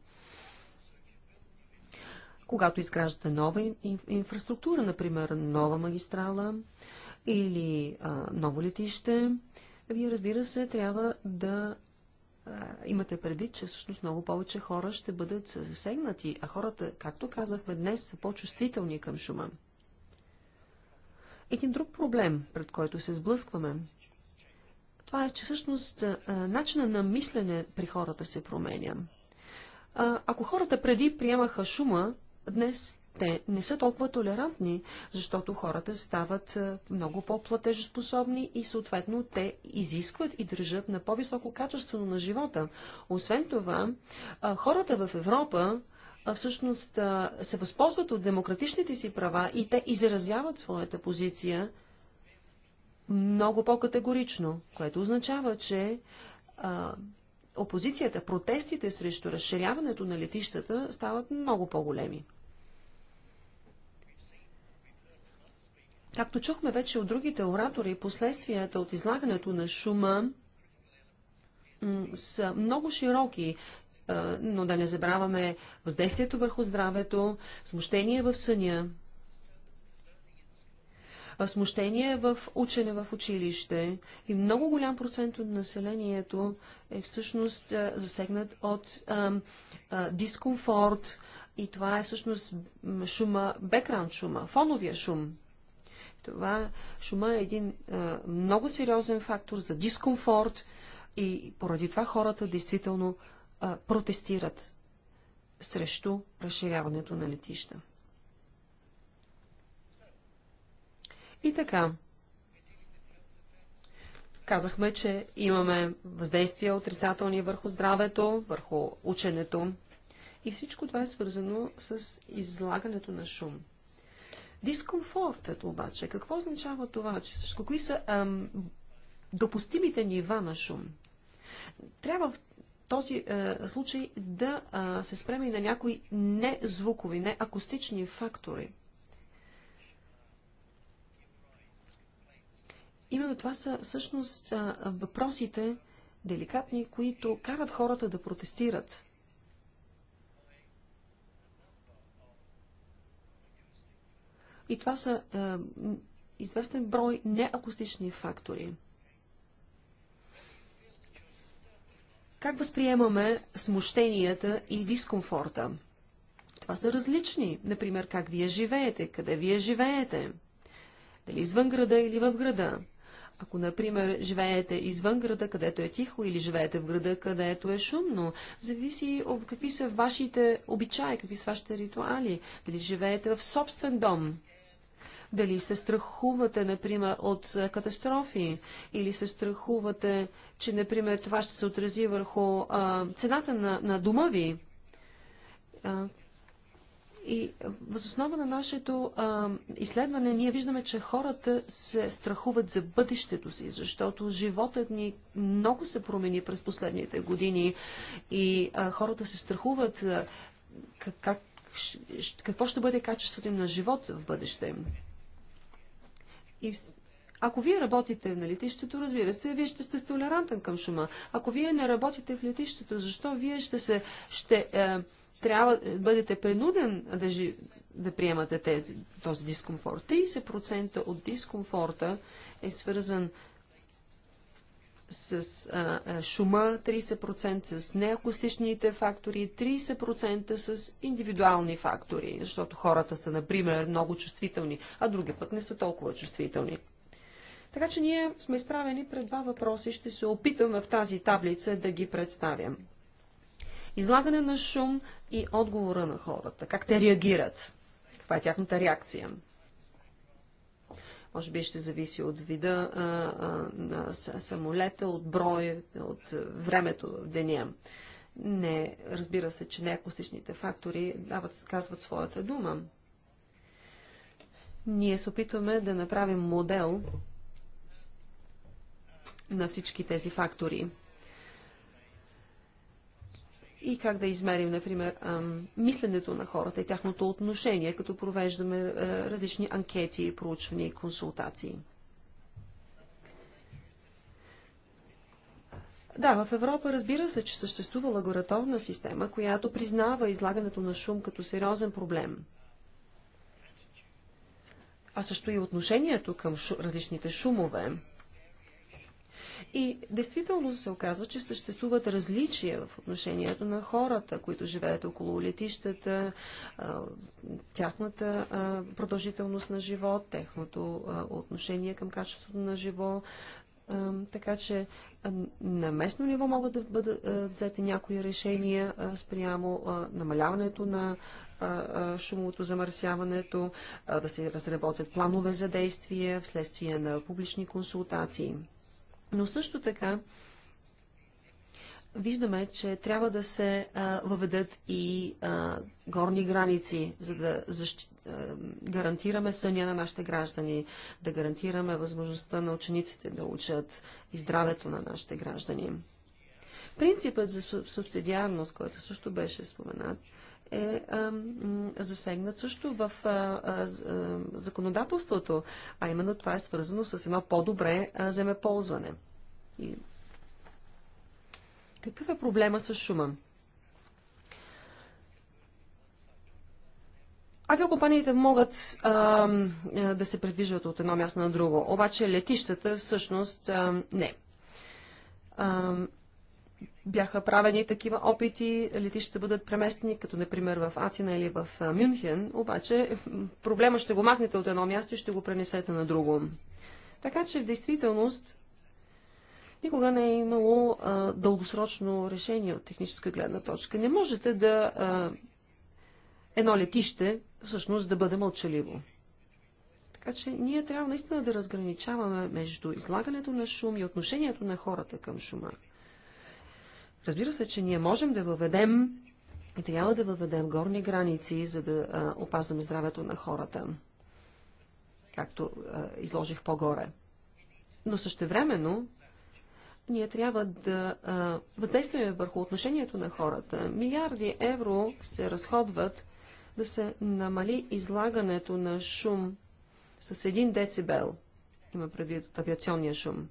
Когато изграждате нова инфраструктура, например нова магистрала или а, ново летище, вие разбира се трябва да имате предвид, че всъщност много повече хора ще бъдат засегнати, а хората, както казахме днес, са по-чувствителни към шума. Един друг проблем, пред който се сблъскваме, това е, че всъщност начина на мислене при хората се променя. Ако хората преди приемаха шума, днес те не са толкова толерантни, защото хората стават е, много по платежеспособни и съответно те изискват и държат на по-високо качество на живота. Освен това, е, хората в Европа е, всъщност се възползват от демократичните си права и те изразяват своята позиция много по-категорично, което означава, че а, опозицията, протестите срещу разширяването на летищата стават много по-големи. Както чухме вече от другите оратори, последствията от излагането на шума са много широки, но да не забравяме въздействието върху здравето, смущение в съня, смущение в учене в училище и много голям процент от населението е всъщност засегнат от дискомфорт и това е всъщност шума, бекраунд шума, фоновия шум. Това шума е един а, много сериозен фактор за дискомфорт и поради това хората действително а, протестират срещу разширяването на летища. И така. Казахме, че имаме въздействия отрицателни върху здравето, върху ученето. И всичко това е свързано с излагането на шум. Дискомфортът обаче, какво означава това? Че кои са ам, допустимите нива на шум? Трябва в този а, е, случай да а, се спреме и на някои незвукови, неакустични фактори. Именно това са всъщност а, въпросите деликатни, които карат хората да протестират. И това са е, известен брой неакустични фактори. Как възприемаме смущенията и дискомфорта? Това са различни. Например, как вие живеете, къде вие живеете. Дали извън града или в града. Ако, например, живеете извън града, където е тихо, или живеете в града, където е шумно, зависи от какви са вашите обичаи, какви са вашите ритуали. Дали живеете в собствен дом, дали се страхувате, например, от е, катастрофи или се страхувате, че, например, това ще се отрази върху а, цената на, на дома ви. А, и основа на нашето а, изследване ние виждаме, че хората се страхуват за бъдещето си, защото животът ни много се промени през последните години и а, хората се страхуват а, как, как, какво ще бъде качеството им на живот в бъдеще. И в... Ако вие работите на летището, разбира се, вие ще сте толерантен към шума. Ако вие не работите в летището, защо вие ще се, ще, е, трябва, бъдете принуден да, жи, да приемате тези, този дискомфорт? 30% от дискомфорта е свързан с а, шума, 30% с неакустичните фактори, 30% с индивидуални фактори, защото хората са, например, много чувствителни, а други пък не са толкова чувствителни. Така че ние сме изправени пред два въпроса и ще се опитам в тази таблица да ги представям. Излагане на шум и отговора на хората, как те реагират, каква е тяхната реакция. Може би ще зависи от вида а, а, на самолета, от броя, от времето в деня. Не, разбира се, че неакустичните фактори дават, казват своята дума. Ние се опитваме да направим модел на всички тези фактори и как да измерим, например, мисленето на хората и тяхното отношение, като провеждаме е, различни анкети, проучвания и консултации. Да, в Европа разбира се, че съществува лабораторна система, която признава излагането на шум като сериозен проблем. А също и отношението към шу... различните шумове. И действително се оказва, че съществуват различия в отношението на хората, които живеят около летищата, тяхната продължителност на живот, техното отношение към качеството на живот, така че на местно ниво могат да бъдат взети някои решения спрямо намаляването на шумовото замърсяването, да се разработят планове за действие вследствие на публични консултации. Но също така виждаме, че трябва да се а, въведат и а, горни граници, за да защи... а, гарантираме съня на нашите граждани, да гарантираме възможността на учениците да учат и здравето на нашите граждани. Принципът за субсидиарност, който също беше споменат, е засегнат също в законодателството, а именно това е свързано с едно по-добре земеползване. И... Какъв е проблема с шума? Авиокомпаниите могат а, да се предвижват от едно място на друго, обаче летищата всъщност а, не. А, бяха правени такива опити, летищата бъдат преместени, като например в Атина или в Мюнхен, обаче проблема ще го махнете от едно място и ще го пренесете на друго. Така че в действителност никога не е имало а, дългосрочно решение от техническа гледна точка. Не можете да а, едно летище всъщност да бъде мълчаливо. Така че ние трябва наистина да разграничаваме между излагането на шум и отношението на хората към шума. Разбира се, че ние можем да въведем и трябва да въведем горни граници, за да а, опазваме здравето на хората, както а, изложих по-горе. Но същевременно ние трябва да а, въздействаме върху отношението на хората. Милиарди евро се разходват да се намали излагането на шум с един децибел. Има предвид авиационния шум.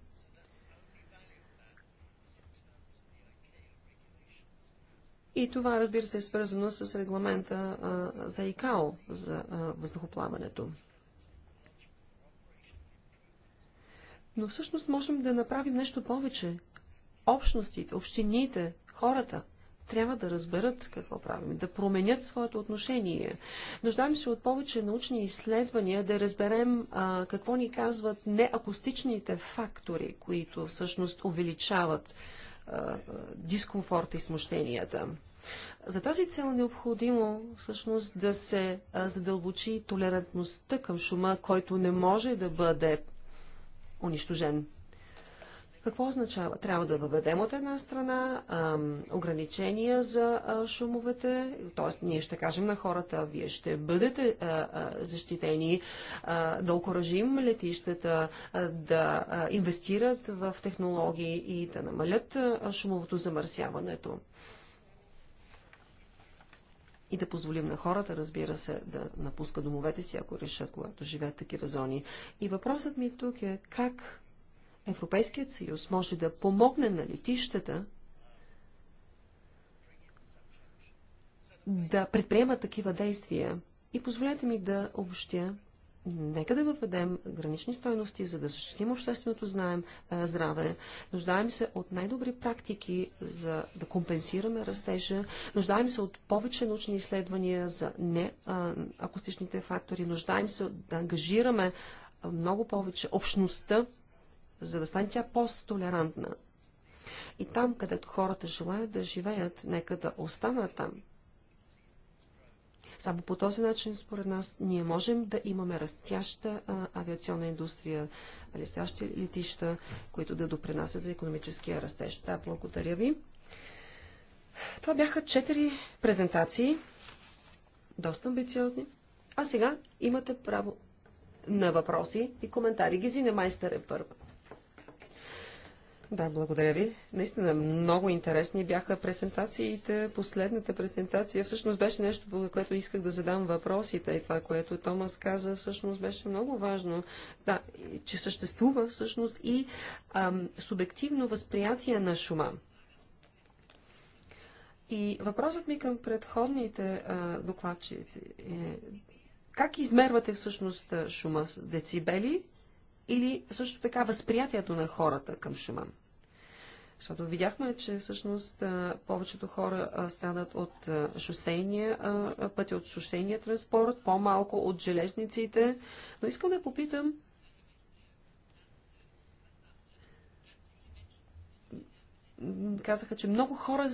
И това, разбира се, е свързано с регламента а, за ИКАО, за а, въздухоплаването. Но всъщност можем да направим нещо повече. Общностите, общините, хората трябва да разберат какво правим, да променят своето отношение. Нуждаем се от повече научни изследвания, да разберем а, какво ни казват неакустичните фактори, които всъщност увеличават дискомфорта и смущенията. За тази цел е необходимо всъщност да се задълбочи толерантността към шума, който не може да бъде унищожен какво означава? Трябва да въведем от една страна ам, ограничения за а, шумовете, т.е. ние ще кажем на хората, вие ще бъдете а, а, защитени, а, да окоръжим летищата, а, да а, инвестират в технологии и да намалят а, шумовото замърсяването. И да позволим на хората, разбира се, да напускат домовете си, ако решат, когато живеят такива зони. И въпросът ми тук е как Европейският съюз може да помогне на летищата да предприемат такива действия. И позволете ми да обобщя. Нека да въведем гранични стойности, за да защитим общественото знаем, здраве. Нуждаем се от най-добри практики, за да компенсираме растежа. Нуждаем се от повече научни изследвания за неакустичните фактори. Нуждаем се да ангажираме много повече общността за да стане тя по-толерантна. И там, където хората желаят да живеят, нека да останат там. Само по този начин, според нас, ние можем да имаме растяща а, авиационна индустрия, растящи летища, които да допринасят за економическия растеж. Да, благодаря ви. Това бяха четири презентации, доста амбициозни. А сега имате право на въпроси и коментари. Гизине Майстър е първа. Да, благодаря ви. Наистина много интересни бяха презентациите. Последната презентация всъщност беше нещо, по което исках да задам въпросите и това, което Томас каза, всъщност беше много важно. Да, че съществува всъщност и ам, субективно възприятие на шума. И въпросът ми към предходните а, докладчици е как измервате всъщност шума с децибели или също така възприятието на хората към шума? Защото видяхме, че всъщност повечето хора страдат от шосейния пътя, от шосейния транспорт, по-малко от железниците. Но искам да попитам, казаха, че много хора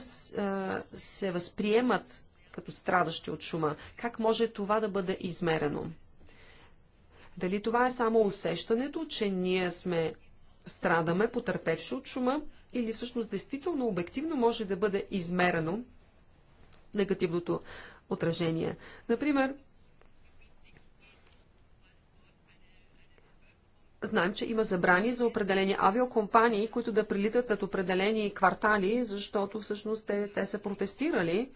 се възприемат като страдащи от шума. Как може това да бъде измерено? Дали това е само усещането, че ние сме страдаме, потърпевши от шума, или всъщност действително обективно може да бъде измерено негативното отражение. Например, Знаем, че има забрани за определени авиокомпании, които да прилитат над определени квартали, защото всъщност те, те са протестирали.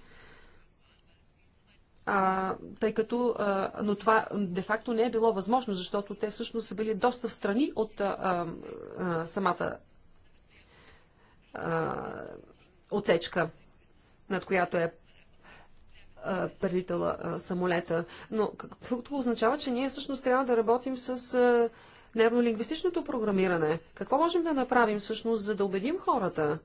А, тъй като, а, но това де-факто не е било възможно, защото те всъщност са били доста в страни от а, а, самата отсечка, над която е прелитала самолета. Но това означава, че ние всъщност трябва да работим с невролингвистичното програмиране. Какво можем да направим всъщност, за да убедим хората?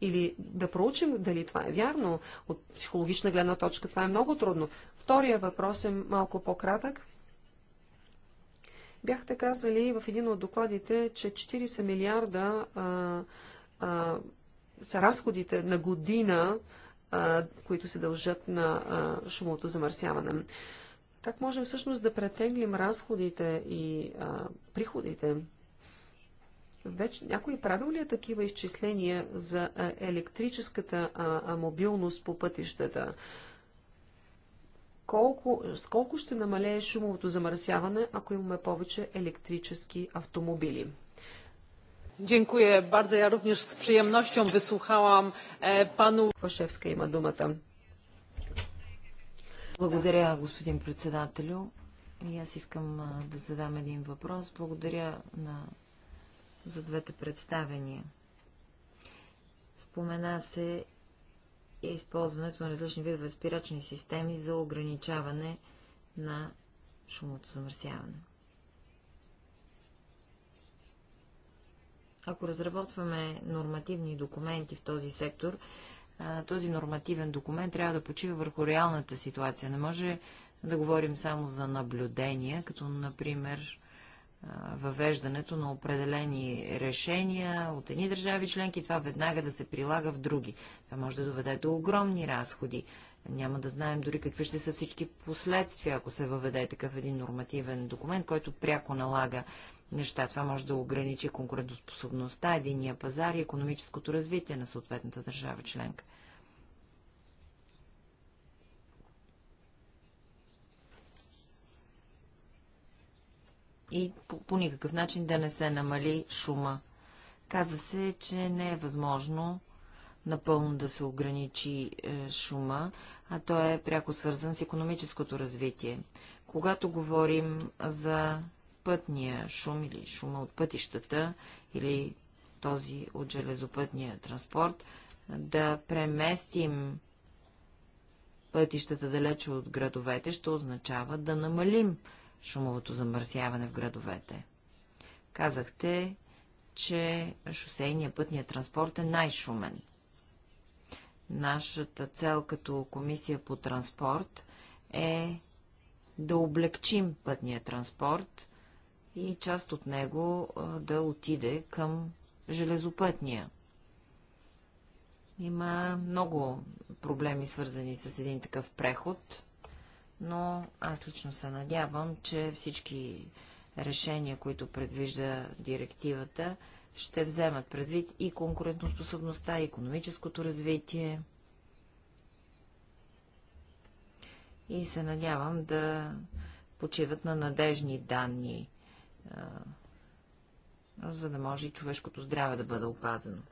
Или да проучим дали това е вярно. От психологична гледна точка това е много трудно. Втория въпрос е малко по-кратък. Бяхте казали в един от докладите, че 40 милиарда а, а, са разходите на година, а, които се дължат на а, шумото замърсяване. Как можем всъщност да претеглим разходите и а, приходите? Вече някой правил ли е такива изчисления за а, електрическата а, а, мобилност по пътищата? Колко, колко ще намалее шумовото замърсяване, ако имаме повече електрически автомобили? Dziękuję bardzo. Ja również z przyjemnością wysłuchałam e, panu... Пашевска има думата. Благодаря, господин председателю. И аз искам да задам един въпрос. Благодаря на... за двете представения. Спомена се е използването на различни видове спирачни системи за ограничаване на шумото замърсяване. Ако разработваме нормативни документи в този сектор, този нормативен документ трябва да почива върху реалната ситуация. Не може да говорим само за наблюдения, като, например, въвеждането на определени решения от едни държави членки, това веднага да се прилага в други. Това може да доведе до огромни разходи. Няма да знаем дори какви ще са всички последствия, ако се въведе такъв един нормативен документ, който пряко налага неща. Това може да ограничи конкурентоспособността, единия пазар и економическото развитие на съответната държава членка. И по, по никакъв начин да не се намали шума. Каза се, че не е възможно напълно да се ограничи е, шума, а той е пряко свързан с економическото развитие. Когато говорим за пътния шум или шума от пътищата или този от железопътния транспорт, да преместим пътищата далече от градовете, ще означава да намалим шумовото замърсяване в градовете. Казахте, че шосейният пътният транспорт е най-шумен. Нашата цел като комисия по транспорт е да облегчим пътния транспорт и част от него да отиде към железопътния. Има много проблеми, свързани с един такъв преход, но аз лично се надявам, че всички решения, които предвижда директивата, ще вземат предвид и конкурентоспособността, и економическото развитие. И се надявам да почиват на надежни данни, за да може и човешкото здраве да бъде опазено.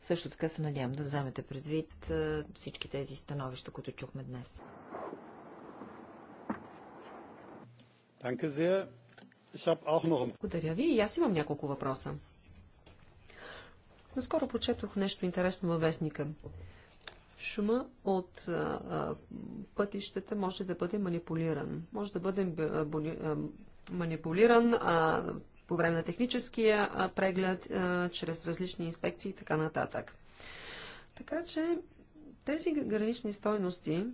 Също така се надявам да вземете предвид всички тези становища, които чухме днес. Danke sehr. Благодаря ви. И аз имам няколко въпроса. Наскоро прочетох нещо интересно във вестника. Шума от а, а, пътищата може да бъде манипулиран. Може да бъде а, манипулиран а, по време на техническия а, преглед, а, чрез различни инспекции и така нататък. Така че тези гранични стойности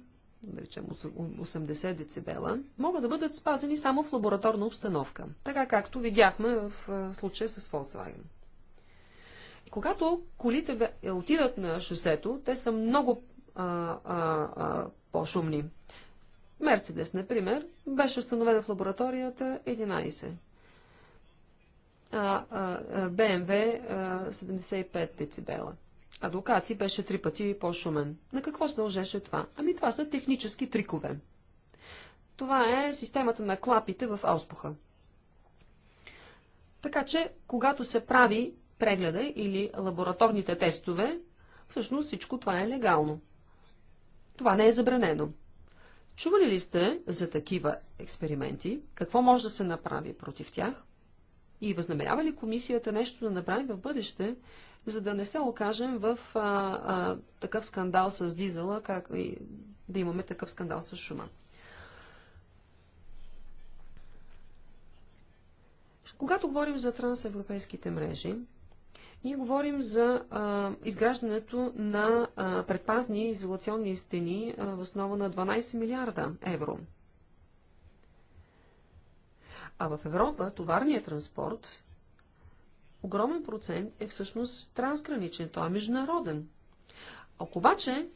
да речем 80 децибела, могат да бъдат спазени само в лабораторна обстановка, така както видяхме в случая с Volkswagen. И когато колите е, отидат на шосето, те са много по-шумни. Мерцедес, например, беше установена в лабораторията 11. А, а, БМВ а, 75 децибела адвокати беше три пъти по-шумен. На какво се дължеше това? Ами това са технически трикове. Това е системата на клапите в Ауспуха. Така че, когато се прави прегледа или лабораторните тестове, всъщност всичко това е легално. Това не е забранено. Чували ли сте за такива експерименти? Какво може да се направи против тях? И възнамерява ли комисията нещо да направи в бъдеще, за да не се окажем в а, а, такъв скандал с дизела, как и да имаме такъв скандал с шума. Когато говорим за трансевропейските мрежи, ние говорим за а, изграждането на а, предпазни изолационни стени в основа на 12 милиарда евро. А в Европа товарният транспорт огромен процент е всъщност трансграничен, той е международен. Ако обаче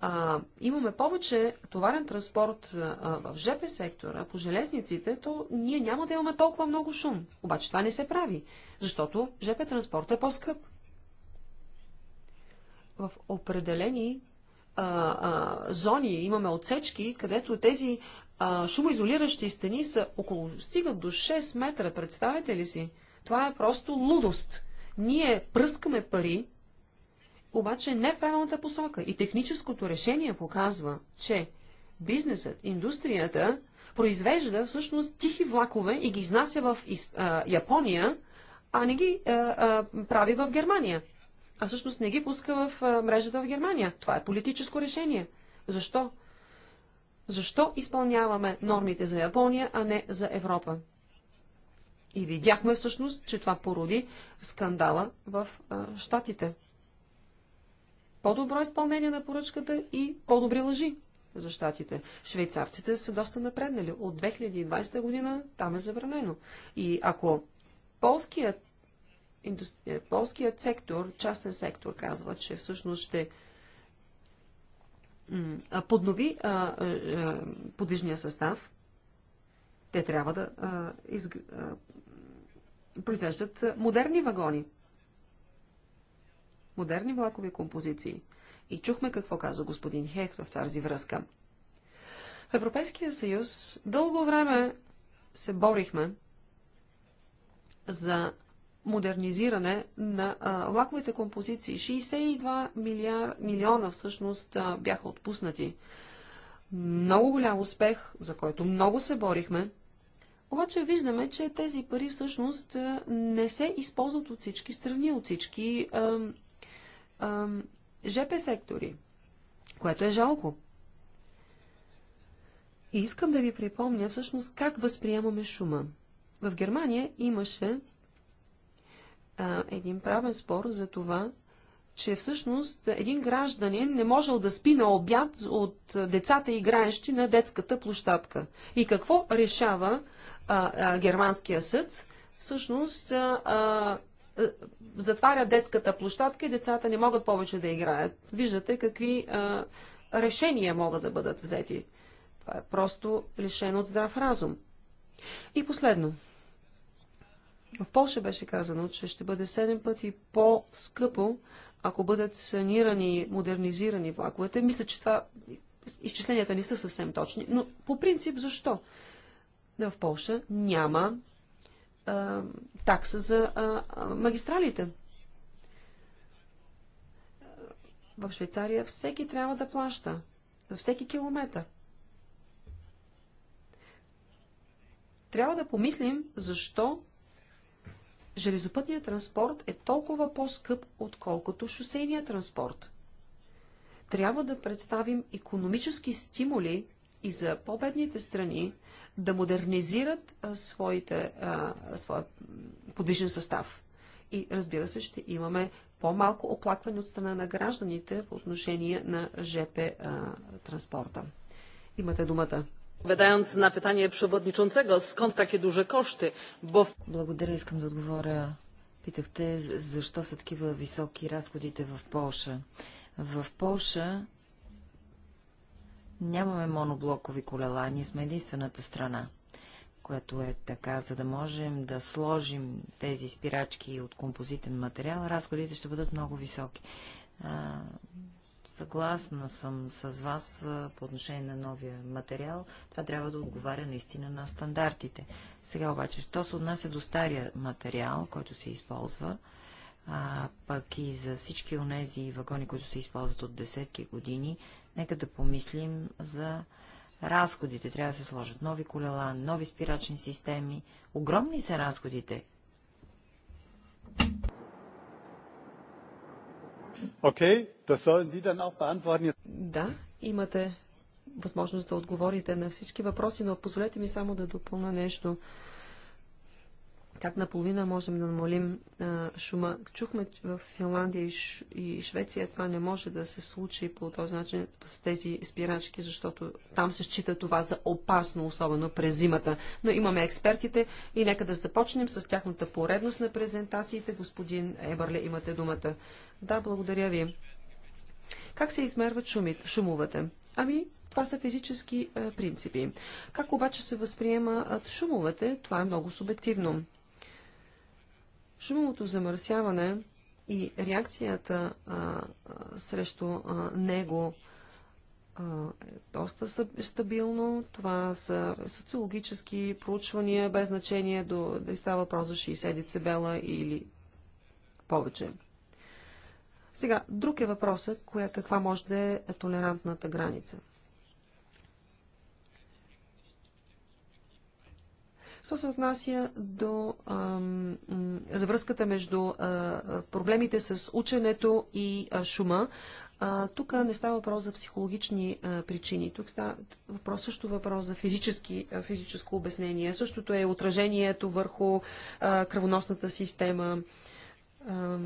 а, имаме повече товарен транспорт а, в ЖП сектора, по железниците, то ние няма да имаме толкова много шум. Обаче това не се прави, защото ЖП транспорт е по-скъп. В определени а, а, зони имаме отсечки, където тези а, шумоизолиращи стени са около, стигат до 6 метра, представете ли си? Това е просто лудост. Ние пръскаме пари, обаче не в правилната посока. И техническото решение показва, че бизнесът, индустрията произвежда всъщност тихи влакове и ги изнася в а, Япония, а не ги а, а, прави в Германия. А всъщност не ги пуска в а, мрежата в Германия. Това е политическо решение. Защо? Защо изпълняваме нормите за Япония, а не за Европа? И видяхме всъщност, че това породи скандала в а, щатите. По-добро изпълнение на поръчката и по-добри лъжи за щатите. Швейцарците са доста напреднали. От 2020 година там е забранено. И ако полският, индустри... Е, полският сектор, частен сектор, казва, че всъщност ще поднови а, а, подвижния състав, те трябва да а, изг произвеждат модерни вагони. Модерни влакови композиции. И чухме какво каза господин Хек в тази връзка. В Европейския съюз дълго време се борихме за модернизиране на а, лаковите композиции. 62 милиар, милиона всъщност а, бяха отпуснати. Много голям успех, за който много се борихме. Обаче виждаме, че тези пари всъщност не се използват от всички страни, от всички а, а, ЖП сектори, което е жалко. И искам да ви припомня всъщност как възприемаме шума. В Германия имаше а, един правен спор за това, че всъщност един гражданин не можел да спи на обяд от децата играещи на детската площадка. И какво решава а, а, германския съд? Всъщност а, а, затваря детската площадка и децата не могат повече да играят. Виждате какви а, решения могат да бъдат взети. Това е просто лишено от здрав разум. И последно. В Польша беше казано, че ще бъде 7 пъти по-скъпо, ако бъдат санирани, модернизирани влаковете. Мисля, че това изчисленията не са съвсем точни, но по принцип защо? В Польша няма а, такса за а, а, магистралите. В Швейцария всеки трябва да плаща за всеки километър. Трябва да помислим защо железопътният транспорт е толкова по-скъп, отколкото шосейният транспорт. Трябва да представим економически стимули и за по-бедните страни да модернизират а, своите, а, своя подвижен състав. И разбира се, ще имаме по-малко оплакване от страна на гражданите по отношение на ЖП а, транспорта. Имате думата. Ведając на питание przewodniczącego, skąd takie дуже koszty, Бо... Благодаря, искам да отговоря. Питахте защо са такива високи разходите в Польша? В Польша нямаме моноблокови колела, ние сме единствената страна, която е така, за да можем да сложим тези спирачки от композитен материал, разходите ще бъдат много високи. Съгласна съм с вас по отношение на новия материал. Това трябва да отговаря наистина на стандартите. Сега обаче, що се отнася до стария материал, който се използва, а пък и за всички онези вагони, които се използват от десетки години, нека да помислим за разходите. Трябва да се сложат нови колела, нови спирачни системи. Огромни са разходите. Окей, да са die да auch beantworten. Да, имате възможност да отговорите на всички въпроси, но позволете ми само да допълна нещо как наполовина можем да намалим а, шума. Чухме в Финландия и, Ш... и Швеция, това не може да се случи по този начин с тези спирачки, защото там се счита това за опасно, особено през зимата. Но имаме експертите и нека да започнем с тяхната поредност на презентациите. Господин Ебърле, имате думата. Да, благодаря ви. Как се измерват шумите, шумовете? Ами, това са физически е, принципи. Как обаче се възприемат шумовете, това е много субективно. Шумовото замърсяване и реакцията а, а, срещу а, него а, е доста стабилно. Това са социологически проучвания, без значение до, да става въпрос за 60 децибела или повече. Сега, друг е въпросът, коя, каква може да е толерантната граница. Що се отнася до а, за връзката между а, проблемите с ученето и а, шума, а, тук не става въпрос за психологични а, причини. Тук става въпрос, също въпрос за физически, а, физическо обяснение. Същото е отражението върху а, кръвоносната система, а,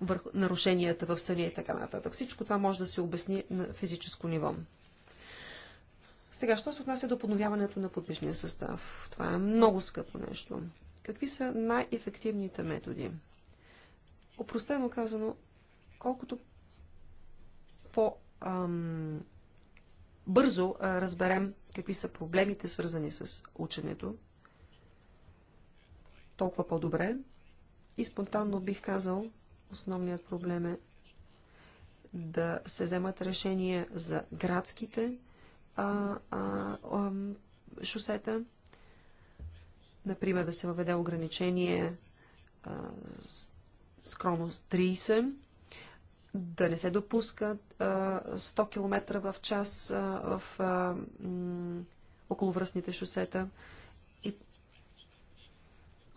върху нарушенията в съня и така нататък. Всичко това може да се обясни на физическо ниво. Сега, що се отнася до подновяването на подвижния състав? Това е много скъпо нещо. Какви са най-ефективните методи? Опростено казано, колкото по- бързо разберем какви са проблемите, свързани с ученето, толкова по-добре. И спонтанно бих казал, основният проблем е да се вземат решения за градските а, а, а, шосета. Например, да се въведе ограничение а, скромност 30, да не се допускат а, 100 км в час а, в а, околовръстните шосета. И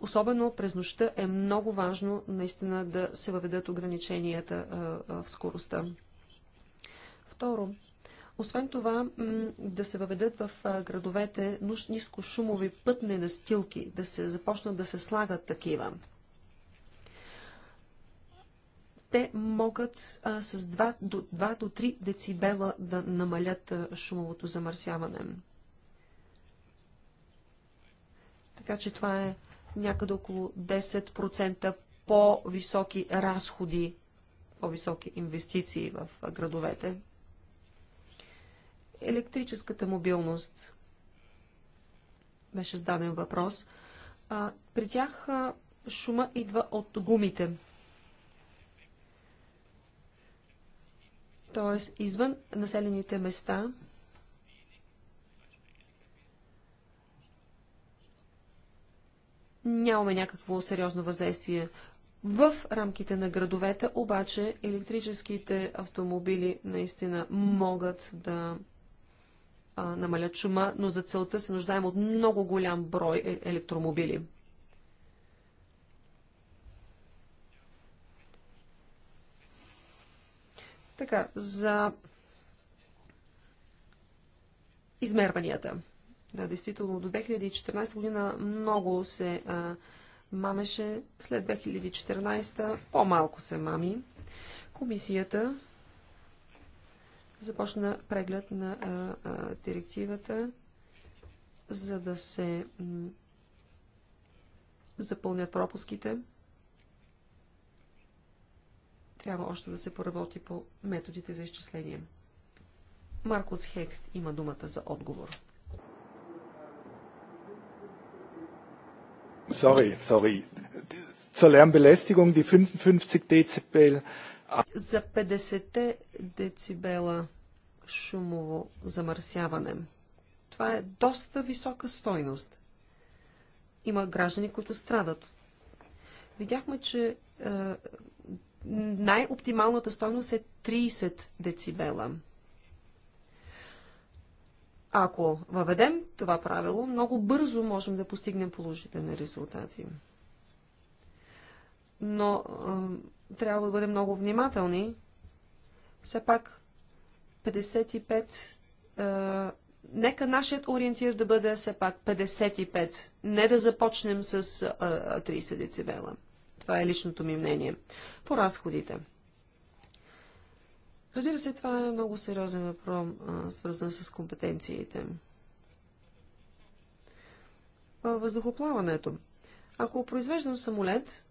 особено през нощта е много важно наистина да се въведат ограниченията а, а, в скоростта. Второ, освен това, да се въведат в градовете ниско шумови пътни настилки, да се започнат да се слагат такива. Те могат а, с 2 до, 2 до 3 децибела да намалят а, шумовото замърсяване. Така че това е някъде около 10% по-високи разходи, по-високи инвестиции в градовете електрическата мобилност. Беше зададен въпрос. А, при тях а, шума идва от гумите. Тоест, извън населените места нямаме някакво сериозно въздействие. В рамките на градовете обаче електрическите автомобили наистина могат да намалят шума, но за целта се нуждаем от много голям брой е, електромобили. Така, за измерванията. Да, действително, до 2014 година много се а, мамеше, след 2014 по-малко се мами. Комисията започна преглед на а, а, директивата, за да се запълнят пропуските. Трябва още да се поработи по методите за изчисление. Маркус Хекст има думата за отговор. Sorry, sorry. Zur Lärmbelästigung, die 55 Dezibel за 50 децибела шумово замърсяване. Това е доста висока стойност. Има граждани, които страдат. Видяхме, че е, най-оптималната стойност е 30 децибела. Ако въведем това правило, много бързо можем да постигнем положителни резултати но а, трябва да бъдем много внимателни. Все пак 55. А, нека нашият ориентир да бъде все пак 55. Не да започнем с а, 30 децибела. Това е личното ми мнение. По разходите. Разбира се, това е много сериозен въпрос, свързан с компетенциите. Въздухоплаването. Ако произвеждам самолет,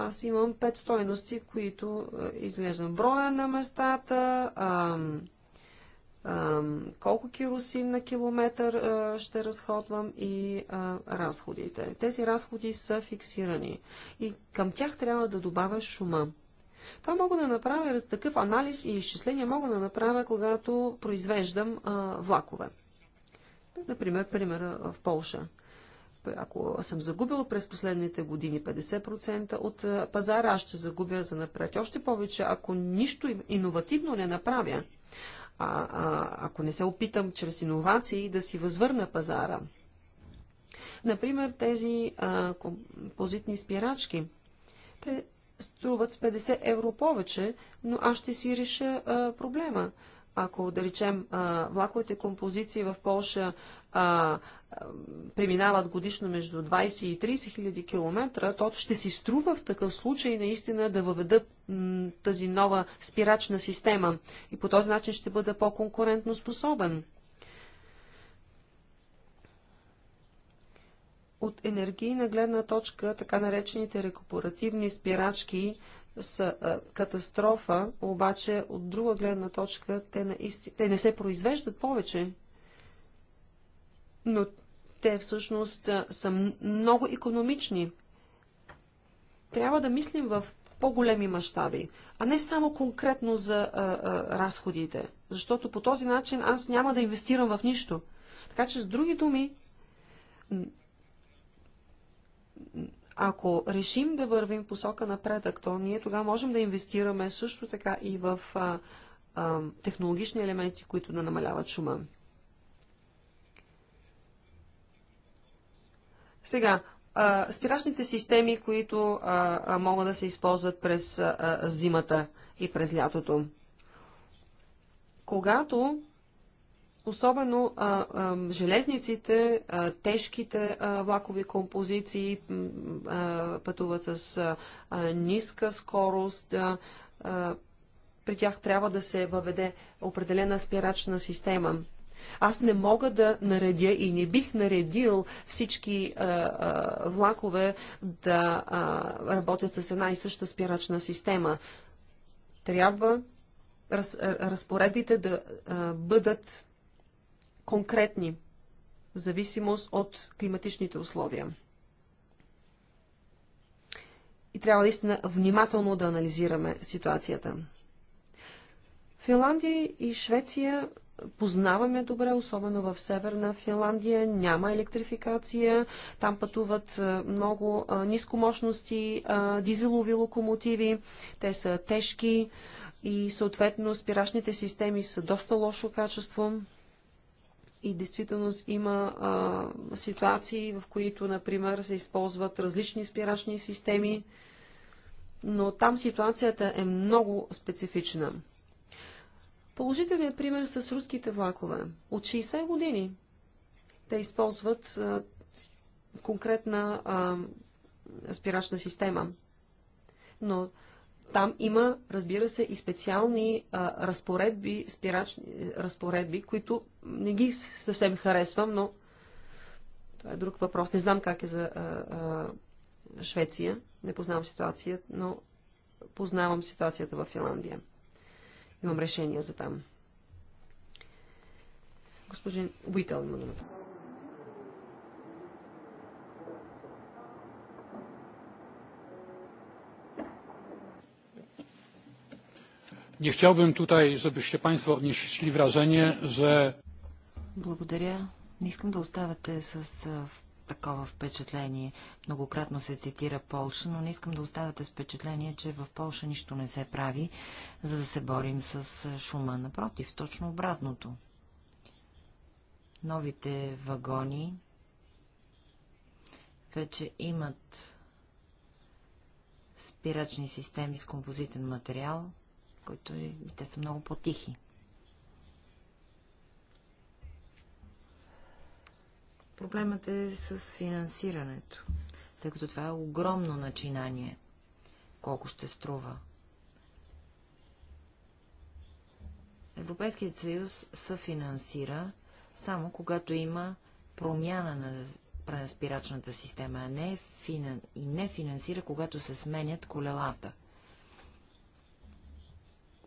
аз имам пет стойности, които е, изглеждам броя на местата, ам, ам, колко керосин на километър а, е, ще разходвам и а, разходите. Тези разходи са фиксирани и към тях трябва да добавя шума. Това мога да направя, такъв анализ и изчисление мога да направя, когато произвеждам а, влакове. Например, примера в Полша ако съм загубила през последните години 50% от пазара, аз ще загубя за напред. Още повече, ако нищо иновативно не направя, а, а, ако не се опитам чрез иновации да си възвърна пазара. Например, тези а, композитни спирачки. Те струват с 50 евро повече, но аз ще си реша а, проблема. Ако, да речем, а, влаковите композиции в Польша а, преминават годишно между 20 и 30 хиляди километра, то ще си струва в такъв случай наистина да въведа тази нова спирачна система и по този начин ще бъда по-конкурентно способен. От енергийна гледна точка, така наречените рекуперативни спирачки са а, катастрофа, обаче от друга гледна точка те, наистина, те не се произвеждат повече, но те всъщност са много економични. Трябва да мислим в по-големи мащаби, а не само конкретно за а, а, разходите, защото по този начин аз няма да инвестирам в нищо. Така че, с други думи, ако решим да вървим посока напредък, то ние тогава можем да инвестираме също така и в а, а, технологични елементи, които да намаляват шума. Сега, спирачните системи, които могат да се използват през зимата и през лятото. Когато особено а, а, железниците, а, тежките а, влакови композиции а, пътуват с а, ниска скорост. А, а, при тях трябва да се въведе определена спирачна система. Аз не мога да наредя и не бих наредил всички а, а, влакове да а, работят с една и съща спирачна система. Трябва раз, разпоредбите да а, бъдат конкретни, в зависимост от климатичните условия. И трябва наистина внимателно да анализираме ситуацията. Финландия и Швеция познаваме добре, особено в Северна Финландия. Няма електрификация, там пътуват много нискомощности, дизелови локомотиви, те са тежки и съответно спирашните системи са доста лошо качество. И действително има а, ситуации, в които, например, се използват различни спирачни системи, но там ситуацията е много специфична. Положителният пример с руските влакове. От 60 години те използват а, конкретна а, спирачна система. Но там има, разбира се, и специални а, разпоредби, спирачни разпоредби, които не ги съвсем харесвам, но това е друг въпрос. Не знам как е за а, а, Швеция, не познавам ситуацията, но познавам ситуацията в Финландия имам решение за там. Господин Уител има думата. Nie chciałbym tutaj, żebyście Państwo odnieśli wrażenie, że... Благодаря. Не искам да оставате с такова впечатление. Многократно се цитира Полша, но не искам да оставяте с впечатление, че в Полша нищо не се прави, за да се борим с шума. Напротив, точно обратното. Новите вагони вече имат спирачни системи с композитен материал, които е, и те са много по-тихи. Проблемът е с финансирането, тъй като това е огромно начинание. Колко ще струва? Европейският съюз съфинансира само когато има промяна на пренаспирачната система, а не финан... и не финансира, когато се сменят колелата.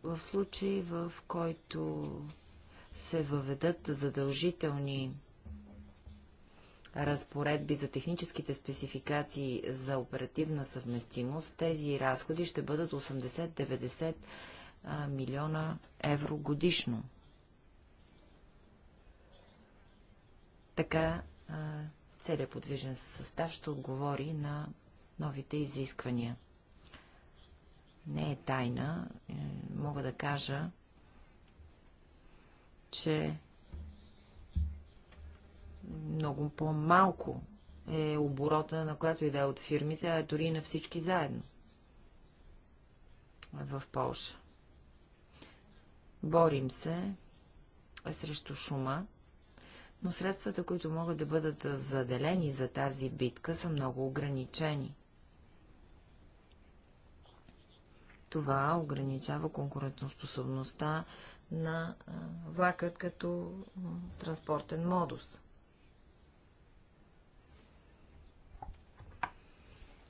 В случай, в който се въведат задължителни разпоредби за техническите спецификации за оперативна съвместимост, тези разходи ще бъдат 80-90 милиона евро годишно. Така целият подвижен състав ще отговори на новите изисквания. Не е тайна, е, мога да кажа, че много по-малко е оборота на която и да е от фирмите, а дори и на всички заедно в Польша. Борим се е, срещу шума, но средствата, които могат да бъдат заделени за тази битка, са много ограничени. Това ограничава конкурентоспособността на влакът като транспортен модус.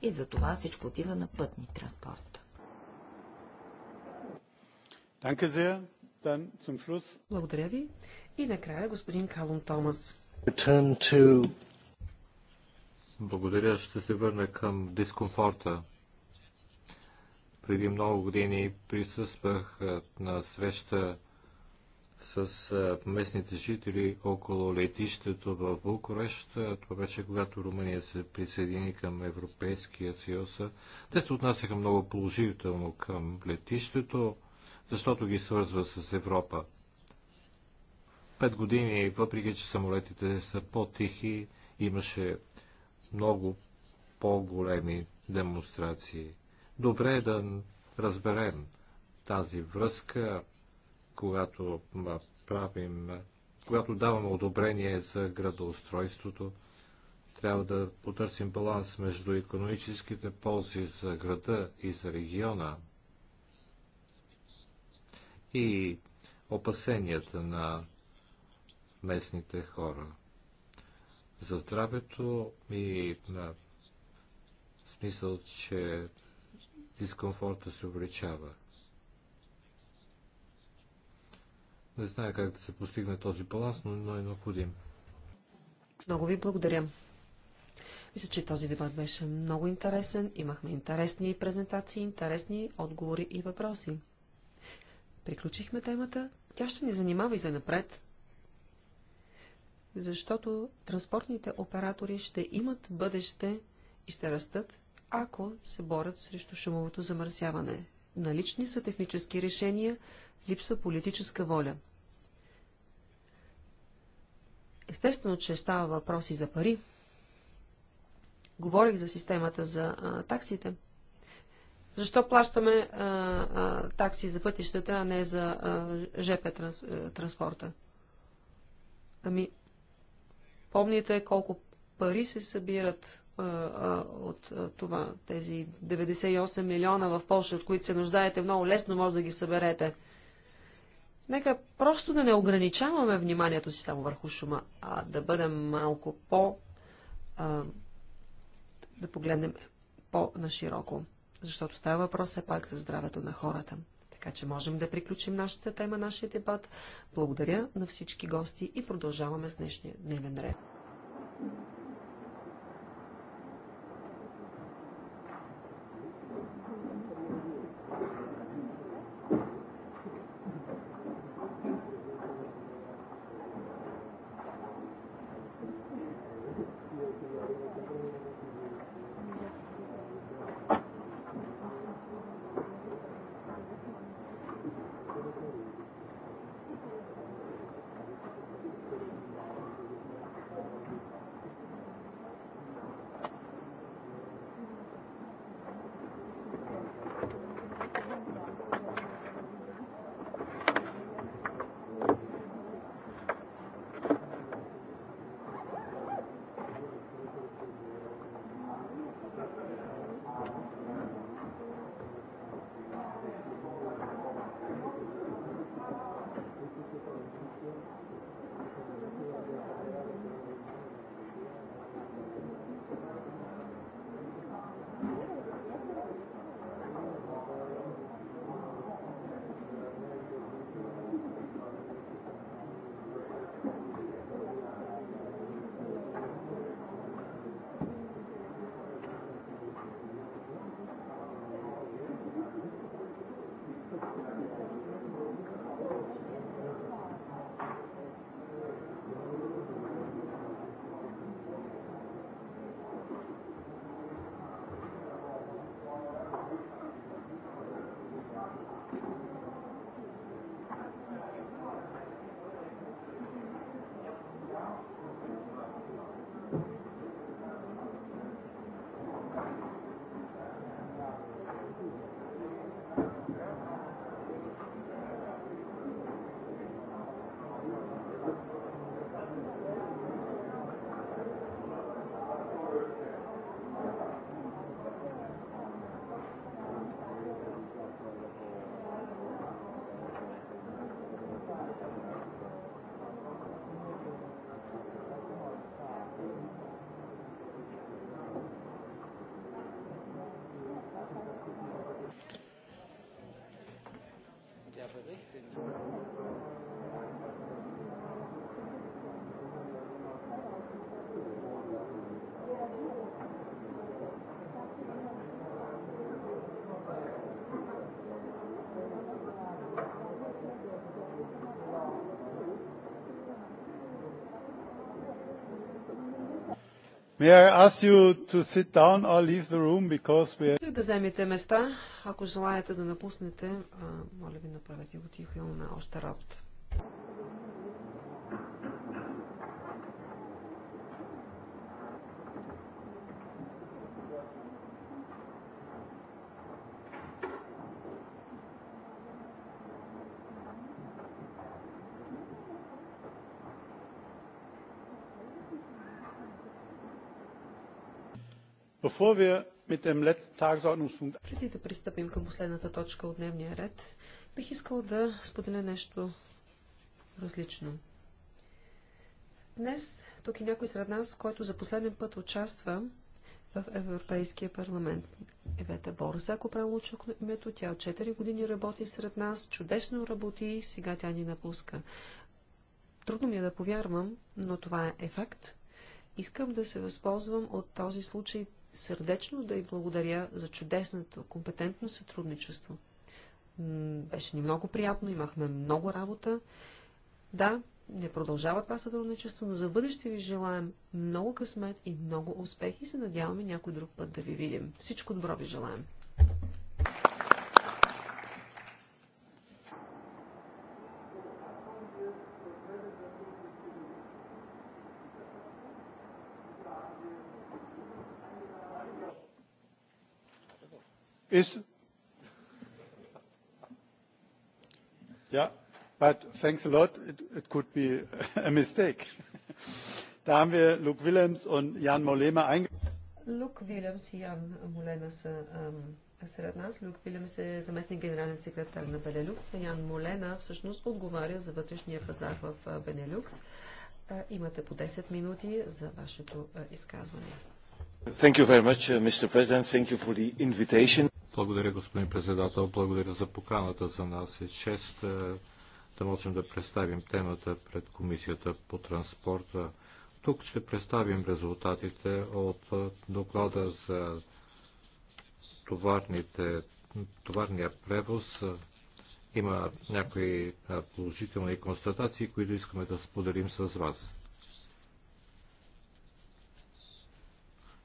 и за това всичко отива на пътни транспорт. Благодаря ви. И накрая господин Калун Томас. Благодаря. Ще се върна към дискомфорта. Преди много години присъствах на свеща с местните жители около летището в Букурещ. Това беше когато Румъния се присъедини към Европейския съюз. Те се отнасяха много положително към летището, защото ги свързва с Европа. Пет години, въпреки че самолетите са по-тихи, имаше много по-големи демонстрации. Добре е да разберем тази връзка когато правим, когато даваме одобрение за градоустройството, трябва да потърсим баланс между економическите ползи за града и за региона и опасенията на местните хора за здравето и на смисъл, че дискомфорта се увеличава. Не знае как да се постигне този баланс, но е необходим. Много ви благодаря. Мисля, че този дебат беше много интересен. Имахме интересни презентации, интересни отговори и въпроси. Приключихме темата. Тя ще ни занимава и за напред, защото транспортните оператори ще имат бъдеще и ще растат, ако се борят срещу шумовото замърсяване. Налични са технически решения, липсва политическа воля. Естествено, че става въпроси за пари. Говорих за системата за а, таксите. Защо плащаме а, а, такси за пътищата, а не за а, ЖП транс, а, транспорта? Ами, помните колко пари се събират от това. Тези 98 милиона в Польша, от които се нуждаете, много лесно може да ги съберете. Нека просто да не ограничаваме вниманието си само върху шума, а да бъдем малко по... А, да погледнем по-нашироко, защото става въпрос все пак за здравето на хората. Така че можем да приключим нашата тема, нашия дебат. Благодаря на всички гости и продължаваме с днешния дневен ред. May I ask you to sit down or leave the room because we are... Да вземете места, ако желаете да напуснете тихо, имаме още работа. Преди да пристъпим към последната точка от дневния ред, Бих искала да споделя нещо различно. Днес тук е някой сред нас, който за последен път участва в Европейския парламент. Евета Борза, ако правилно чух името, тя от 4 години работи сред нас, чудесно работи, сега тя ни напуска. Трудно ми е да повярвам, но това е факт. Искам да се възползвам от този случай сърдечно да й благодаря за чудесното, компетентно сътрудничество. Беше ни много приятно, имахме много работа. Да, не продължава това сътрудничество, но за бъдеще ви желаем много късмет и много успех и се надяваме някой друг път да ви видим. Всичко добро ви желаем! Is Yeah. But thanks a lot. It could be a mistake. Da haben wir Luc Willems und Jan Molema eingetragen. Luc Willems Jan Ян Молема са сред нас. Люк Вилямс е заместник генерален секретар на Бенелюкс. Ян Молена всъщност отговаря за вътрешния пазар в Бенелюкс. Имате по 10 минути за вашето изказване. Thank you very much, uh, Mr. President. Thank you for the invitation. Благодаря, господин председател. Благодаря за поканата за нас. Е чест е, да можем да представим темата пред Комисията по транспорта. Тук ще представим резултатите от е, доклада за товарните, товарния превоз. Има някои е, положителни констатации, които искаме да споделим с вас.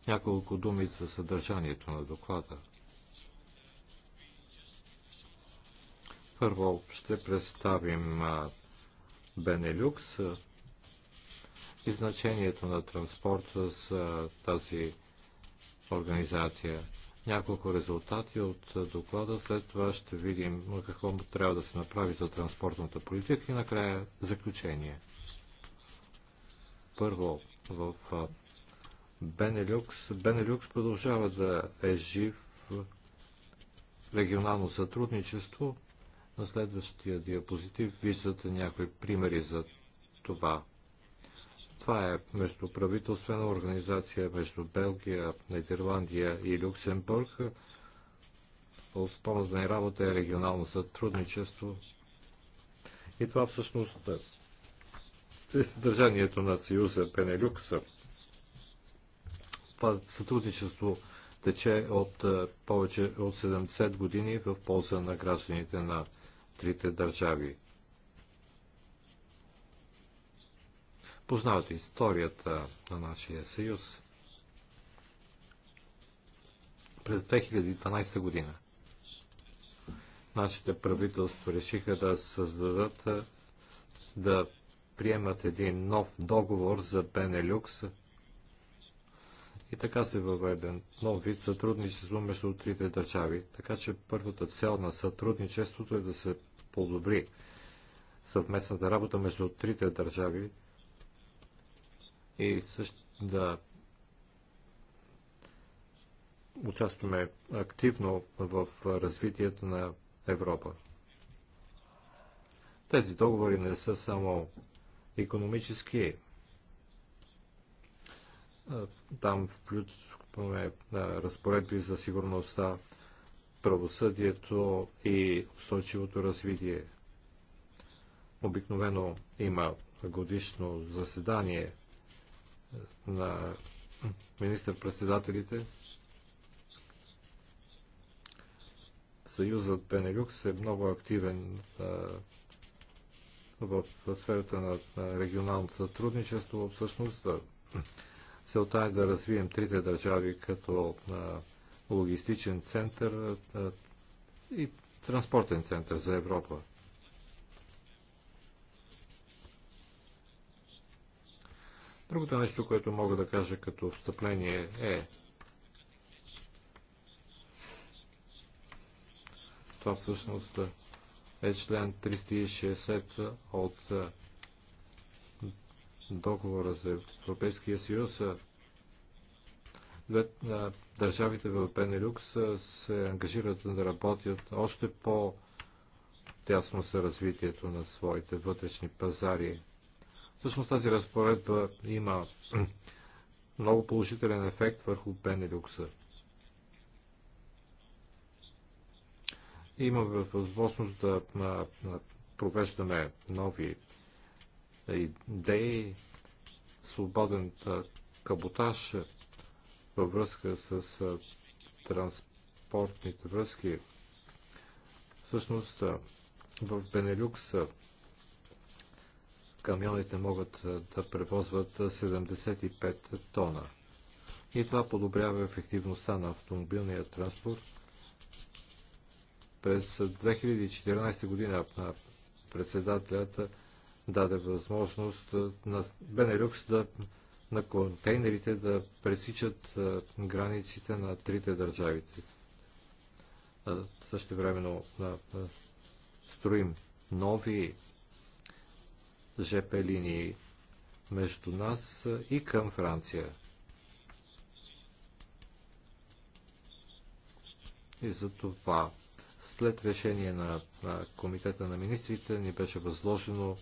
Няколко думи за съдържанието на доклада. Първо ще представим Бенелюкс и значението на транспорта за тази организация. Няколко резултати от доклада. След това ще видим какво трябва да се направи за транспортната политика и накрая заключение. Първо, в Бенелюкс. Бенелюкс продължава да е жив регионално сътрудничество на следващия диапозитив виждате някои примери за това. Това е междуправителствена организация между Белгия, Нидерландия и Люксембург. Основната ни работа е регионално сътрудничество. И това всъщност е съдържанието на Съюза Пенелюкса. Това сътрудничество тече от повече от 70 години в полза на гражданите на трите държави. Познавате историята на нашия съюз през 2012 година. Нашите правителства решиха да създадат, да приемат един нов договор за Пенелюкс. и така се въведе нов вид сътрудничество между трите държави. Така че първата цел на сътрудничеството е да се подобри съвместната работа между трите държави и също да участваме активно в развитието на Европа. Тези договори не са само економически. Там включваме разпоредби за сигурността, правосъдието и устойчивото развитие. Обикновено има годишно заседание на министър-председателите. Съюзът Пенелюкс е много активен в сферата на регионалното сътрудничество. Всъщност целта е да развием трите държави като логистичен център и транспортен център за Европа. Другото нещо, което мога да кажа като встъпление е това всъщност е член 360 от договора за Европейския съюз, държавите в Пенелюкс се ангажират да работят още по- тясно с развитието на своите вътрешни пазари. Всъщност тази разпоредба има много положителен ефект върху Пенелюкса. Имаме възможност да провеждаме нови идеи, свободен каботаж, във връзка с транспортните връзки. Всъщност в Бенелюкс камионите могат да превозват 75 тона. И това подобрява ефективността на автомобилния транспорт. През 2014 година председателята даде възможност на Бенелюкс да на контейнерите да пресичат границите на трите държавите. Също времено строим нови ЖП линии между нас и към Франция. И за това след решение на, на Комитета на министрите ни беше възложено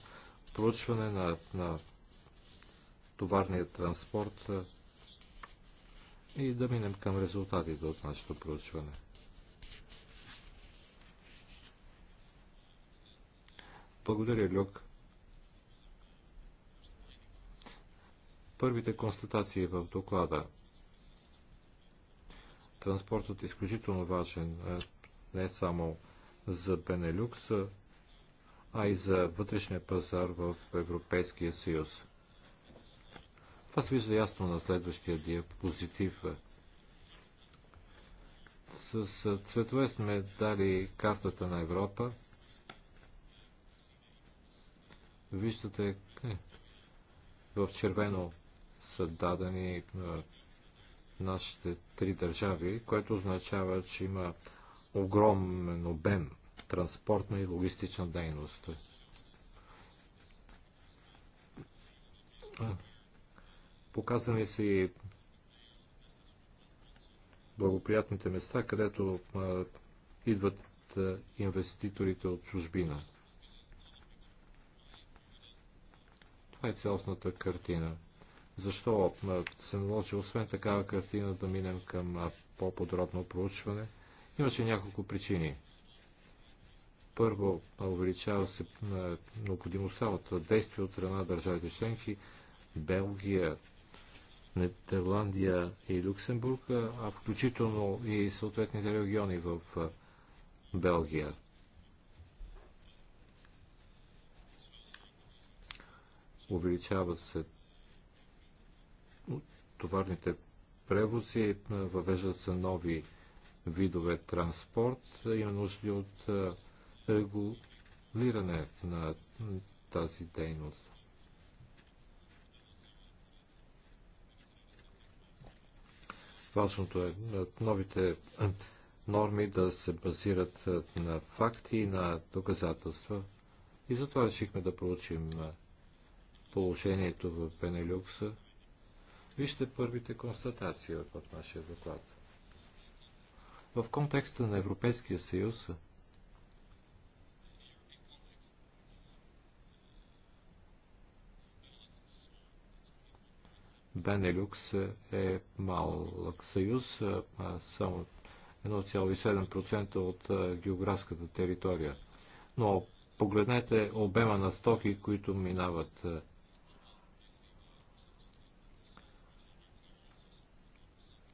проучване на, на товарния транспорт и да минем към резултатите от нашето проучване. Благодаря, Люк. Първите констатации в доклада. Транспортът е изключително важен не само за Бенелюкс, а и за вътрешния пазар в Европейския съюз. Това се вижда ясно на следващия диапозитив. С цветове сме дали картата на Европа. Виждате, е, в червено са дадени е, нашите три държави, което означава, че има огромен обем транспортна и логистична дейност. Е, Показани ми си благоприятните места, където а, идват а, инвеститорите от чужбина. Това е цялостната картина. Защо а, се наложи освен такава картина да минем към по-подробно проучване? Имаше няколко причини. Първо, увеличава се необходимостта от действия от страна държавите членки, Белгия, Нидерландия и Люксембург, а включително и съответните региони в Белгия. Увеличават се товарните превози, въвеждат се нови видове транспорт. Има нужди от регулиране на тази дейност. Важното е, е новите е, норми да се базират е, на факти и на доказателства. И затова решихме да проучим положението в Пенелюкса. Вижте първите констатации от нашия доклад. В контекста на Европейския съюз Бенелюкс е малък съюз, само 1,7% от географската територия. Но погледнете обема на стоки, които минават.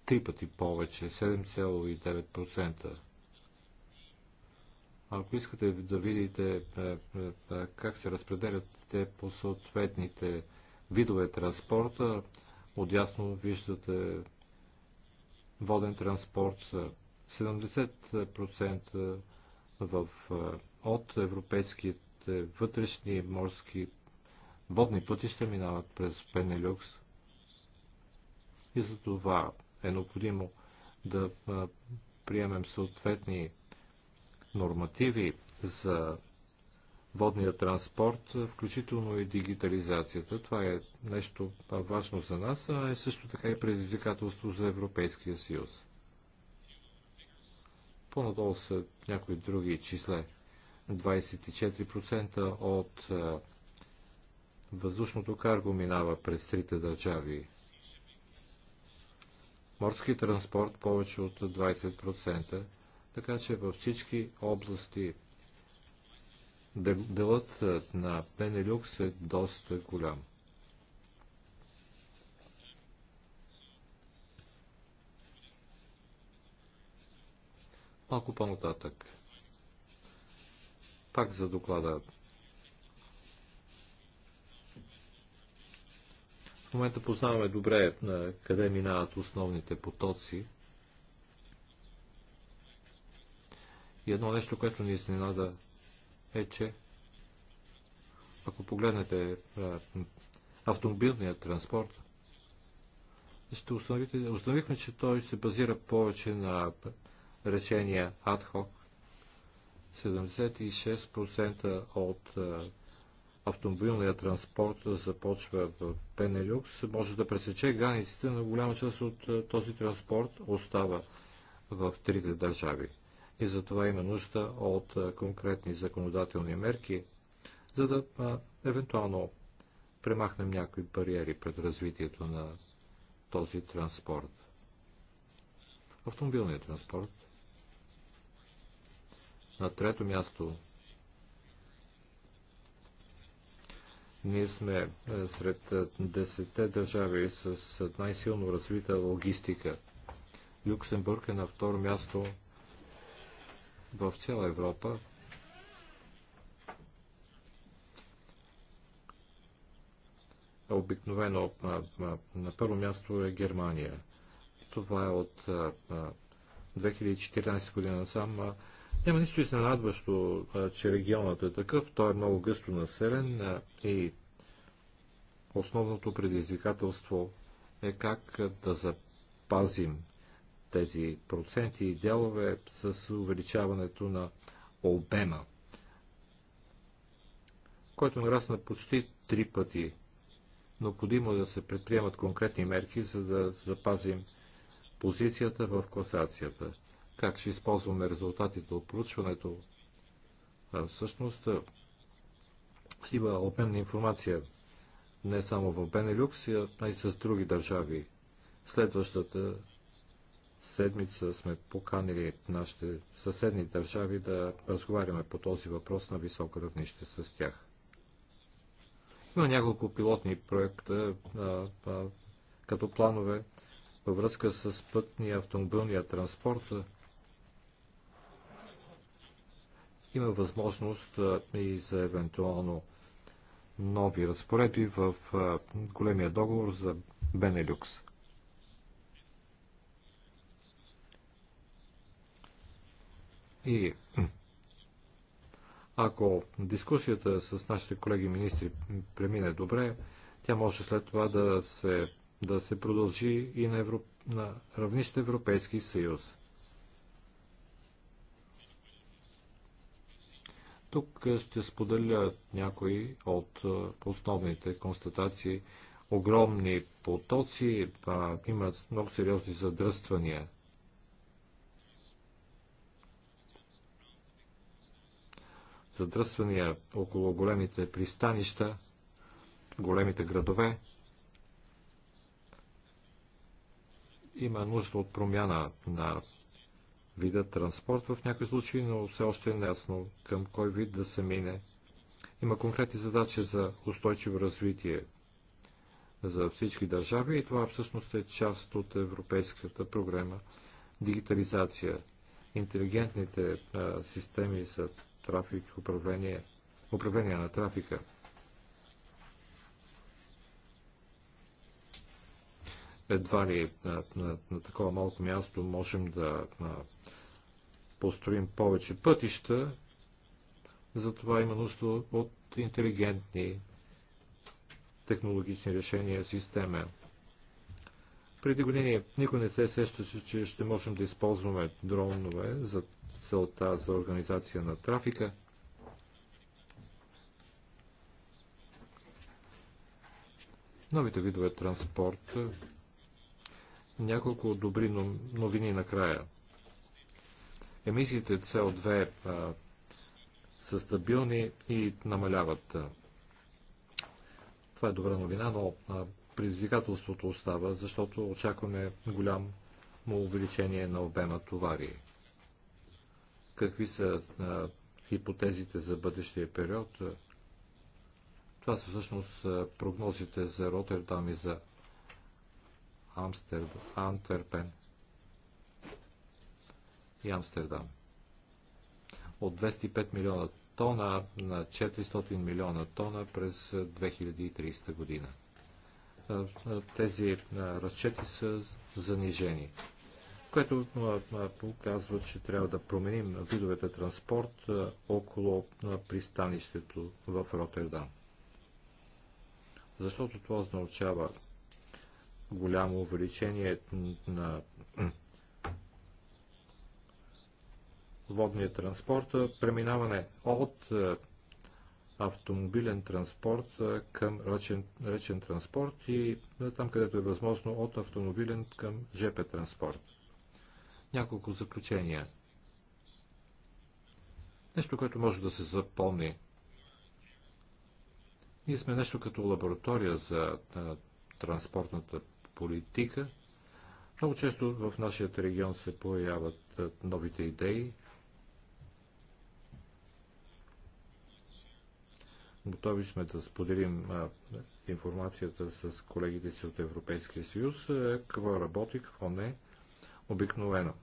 Три пъти повече, 7,9%. Ако искате да видите как се разпределят те по съответните видове транспорта, Отясно виждате воден транспорт 70% в, от европейските вътрешни морски водни пътища минават през Пенелюкс. И за това е необходимо да приемем съответни нормативи за водния транспорт, включително и дигитализацията. Това е нещо важно за нас, а е също така и предизвикателство за Европейския съюз. По-надолу са някои други числа. 24% от въздушното карго минава през трите държави. Морски транспорт повече от 20%, така че във всички области делът на Пенелюкс е доста голям. Малко по-нататък. Пак за доклада. В момента познаваме добре на къде минават основните потоци. И едно нещо, което ни изненада е, че ако погледнете автомобилния транспорт, ще установите, установихме, че той се базира повече на решения адхок. 76% от автомобилния транспорт започва в Пенелюкс, може да пресече границите, но голяма част от този транспорт остава в трите държави и затова има нужда от конкретни законодателни мерки, за да а, евентуално премахнем някои бариери пред развитието на този транспорт. Автомобилният транспорт. На трето място ние сме сред 10 държави с най-силно развита логистика. Люксембург е на второ място в цяла Европа обикновено на първо място е Германия. Това е от 2014 година насам. Няма нищо изненадващо, че регионът е такъв. Той е много гъсто населен и основното предизвикателство е как да запазим тези проценти и дялове с увеличаването на обема, който нарасна почти три пъти. Необходимо е да се предприемат конкретни мерки, за да запазим позицията в класацията. Как ще използваме резултатите от проучването? Всъщност има обмен на информация не само в Бенелюкс, а и с други държави. Следващата седмица сме поканили нашите съседни държави да разговаряме по този въпрос на високо равнище с тях. Има няколко пилотни проекта а, а, като планове във връзка с пътния автомобилния транспорт. Има възможност а, и за евентуално нови разпоредби в а, големия договор за Бенелюкс. И ако дискусията с нашите колеги министри премине добре, тя може след това да се, да се продължи и на, Европ... на равнище Европейски съюз. Тук ще споделя някои от основните констатации. Огромни потоци а, имат много сериозни задръствания – задръствания около големите пристанища, големите градове, има нужда от промяна на вида транспорт в някои случаи, но все още е неясно към кой вид да се мине. Има конкретни задачи за устойчиво развитие за всички държави и това всъщност е част от европейската програма дигитализация. Интелигентните а, системи са трафик, управление, управление на трафика. Едва ли на, на, на такова малко място можем да на, построим повече пътища, затова има нужда от интелигентни технологични решения, система. Преди години никой не се сещаше, че ще можем да използваме дронове за целта за организация на трафика. Новите видове транспорт. Няколко добри новини накрая. Емисиите CO2 а, са стабилни и намаляват. Това е добра новина, но а, предизвикателството остава, защото очакваме голямо увеличение на обема товари. Какви са а, хипотезите за бъдещия период? Това са всъщност прогнозите за Роттердам и за Амстердам, Антверпен и Амстердам. От 205 милиона тона на 400 милиона тона през 2030 година тези разчети са занижени, което показва, че трябва да променим видовете транспорт около пристанището в Роттердам. Защото това означава голямо увеличение на водния транспорт, преминаване от автомобилен транспорт към ръчен, ръчен транспорт и там, където е възможно, от автомобилен към ЖП транспорт. Няколко заключения. Нещо, което може да се запомни. Ние сме нещо като лаборатория за транспортната политика. Много често в нашия регион се появяват новите идеи, Готови сме да споделим информацията с колегите си от Европейския съюз, какво работи, какво не, обикновено.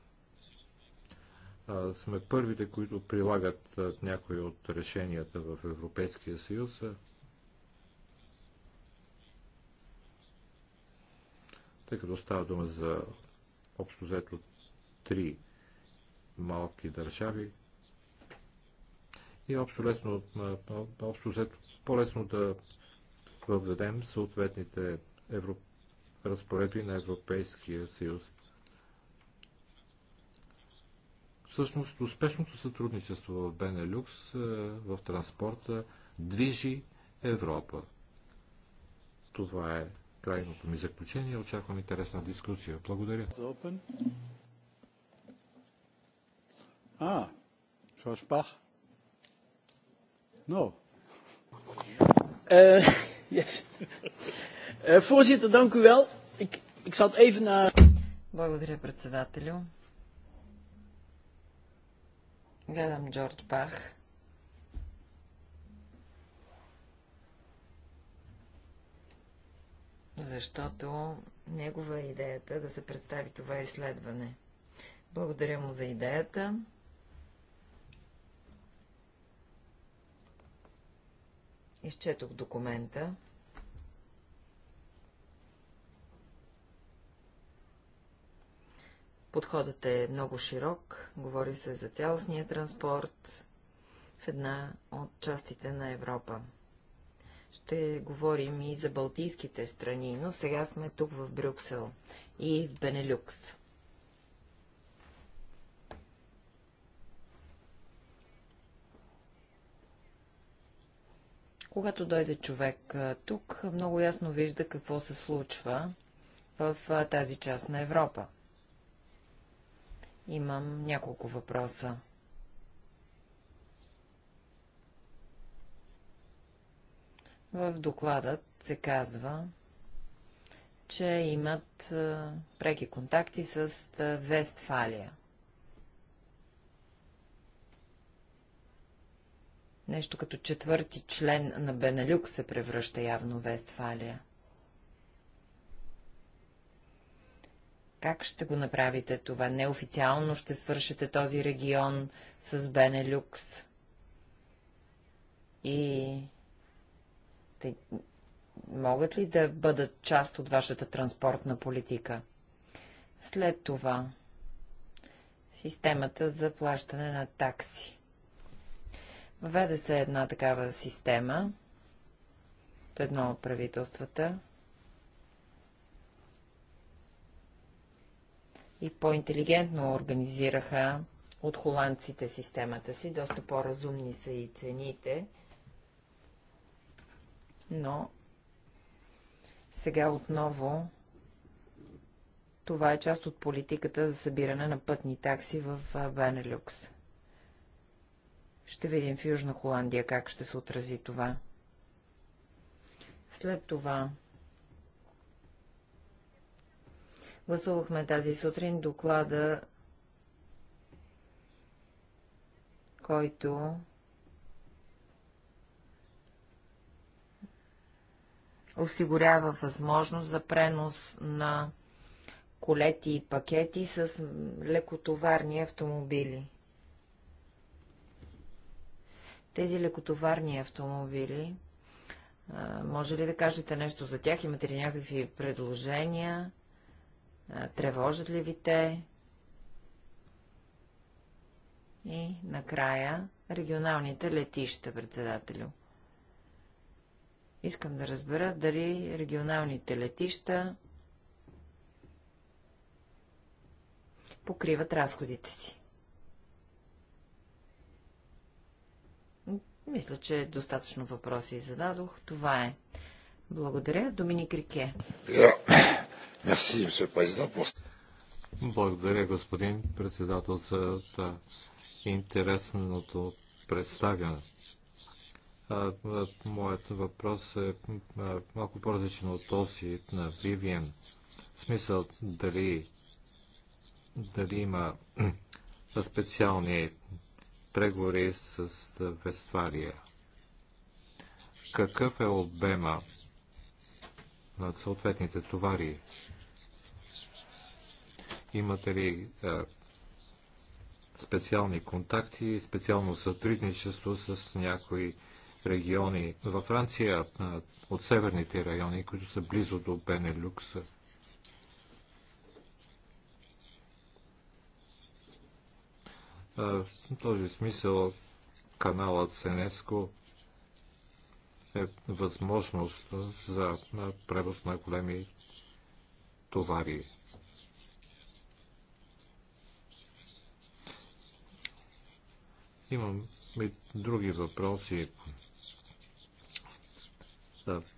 Сме първите, които прилагат някои от решенията в Европейския съюз. Тъй като става дума за общо взето три малки държави, и общо, лесно, общо взето по-лесно да въведем съответните евро... разпоредби на Европейския съюз. Всъщност успешното сътрудничество в Бенелюкс в транспорта движи Европа. Това е крайното ми заключение. Очаквам интересна дискусия. Благодаря. А, Шошбах. No. Uh, eh, yes. Uh, voorzitter, dank u wel. Ik, ik zat even naar... Благодаря, председателю. Гледам Джордж Бах. Защото негова е идеята да се представи това изследване. Благодаря му за идеята. Изчетох документа. Подходът е много широк, говори се за цялостния транспорт в една от частите на Европа. Ще говорим и за балтийските страни, но сега сме тук в Брюксел и в Бенелюкс. Когато дойде човек тук, много ясно вижда какво се случва в тази част на Европа. Имам няколко въпроса. В докладът се казва, че имат преки контакти с Вестфалия. Нещо като четвърти член на Бенелюк се превръща явно Вестфалия. Как ще го направите това? Неофициално ще свършите този регион с Бенелюкс. И Те... могат ли да бъдат част от вашата транспортна политика? След това системата за плащане на такси. Въведе се една такава система от едно от правителствата и по-интелигентно организираха от холандците системата си. Доста по-разумни са и цените, но сега отново това е част от политиката за събиране на пътни такси в Бенелюкс. Ще видим в Южна Холандия как ще се отрази това. След това гласувахме тази сутрин доклада, който осигурява възможност за пренос на колети и пакети с лекотоварни автомобили. Тези лекотоварни автомобили, може ли да кажете нещо за тях? Имате ли някакви предложения? Тревожат ли ви те? И накрая регионалните летища, председателю. Искам да разбера дали регионалните летища покриват разходите си. Мисля, че достатъчно въпроси зададох. Това е. Благодаря. Доминик Рике. Благодаря, господин председател, за интересното представяне. Моят въпрос е малко по-различен от този на Вивиен. В смисъл дали, дали има специални преговори с Вествария. Какъв е обема на съответните товари? Имате ли а, специални контакти специално сътрудничество с някои региони във Франция, а, от северните райони, които са близо до Бенелюкса? В този смисъл каналът Сенеско е възможност за превоз на големи товари. Имам и други въпроси,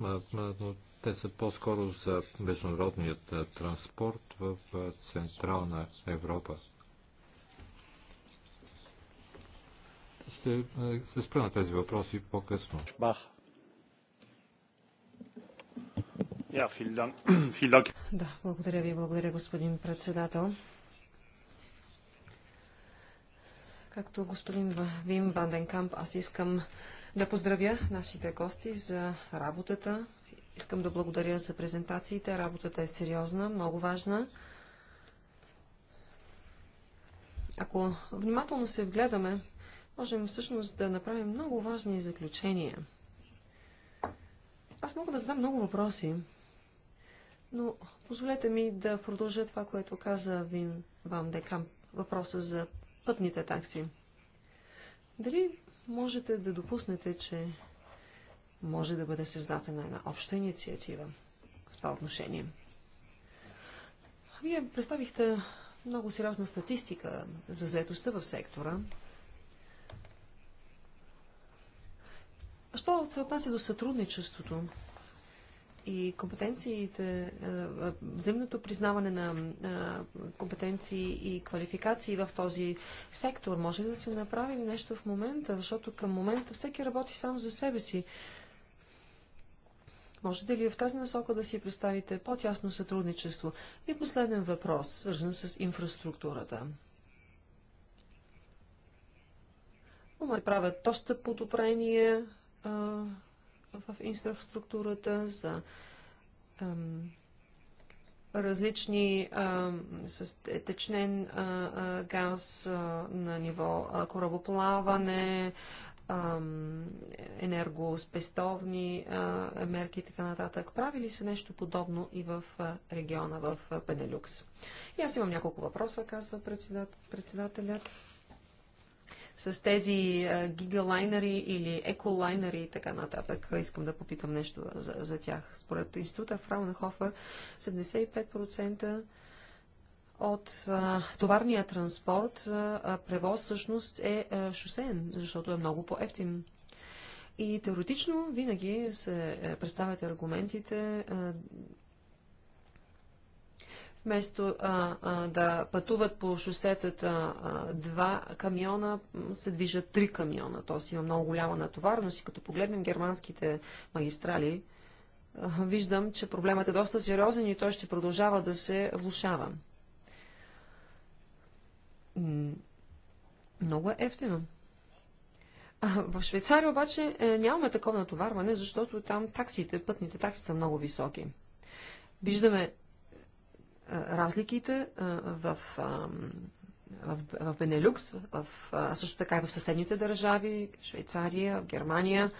но те са по-скоро за международният транспорт в Централна Европа. ще е, се спра на тези въпроси по-късно. Да, благодаря ви, благодаря господин председател. Както господин Вим Ванденкамп, аз искам да поздравя нашите гости за работата. Искам да благодаря за презентациите. Работата е сериозна, много важна. Ако внимателно се вгледаме можем всъщност да направим много важни заключения. Аз мога да задам много въпроси, но позволете ми да продължа това, което каза Вин Вам Декам, въпроса за пътните такси. Дали можете да допуснете, че може да бъде създадена една обща инициатива в това отношение? Вие представихте много сериозна статистика за заетостта в сектора, Що се отнася до сътрудничеството и компетенциите, е, е, взаимното признаване на е, компетенции и квалификации в този сектор, може ли да се направи нещо в момента, защото към момента всеки работи само за себе си. Можете ли в тази насока да си представите по-тясно сътрудничество? И последен въпрос, свързан с инфраструктурата. Се правят доста подобрения в инфраструктурата, за различни а, с течнен а, а, газ а, на ниво а, корабоплаване, а, енергоспестовни а, мерки и така нататък. Прави ли се нещо подобно и в а, региона в Пенелюкс? И аз имам няколко въпроса, казва председателят с тези гигалайнери или еколайнери и така нататък. Искам да попитам нещо за, за тях. Според института Фраунхофер, 75% от а, товарния транспорт, а, превоз всъщност е а, шосен, защото е много по-ефтин. И теоретично винаги се е, представят аргументите Вместо а, а, да пътуват по шосетата а, два камиона, се движат три камиона. Тоест има много голяма натовареност и като погледнем германските магистрали, а, виждам, че проблемът е доста сериозен и той ще продължава да се влушава. Много е ефтино. в Швейцария обаче е, нямаме такова натоварване, защото там таксите, пътните такси са много високи. Виждаме разликите в, в, в Бенелюкс, в, също така и в съседните държави, Швейцария, в Германия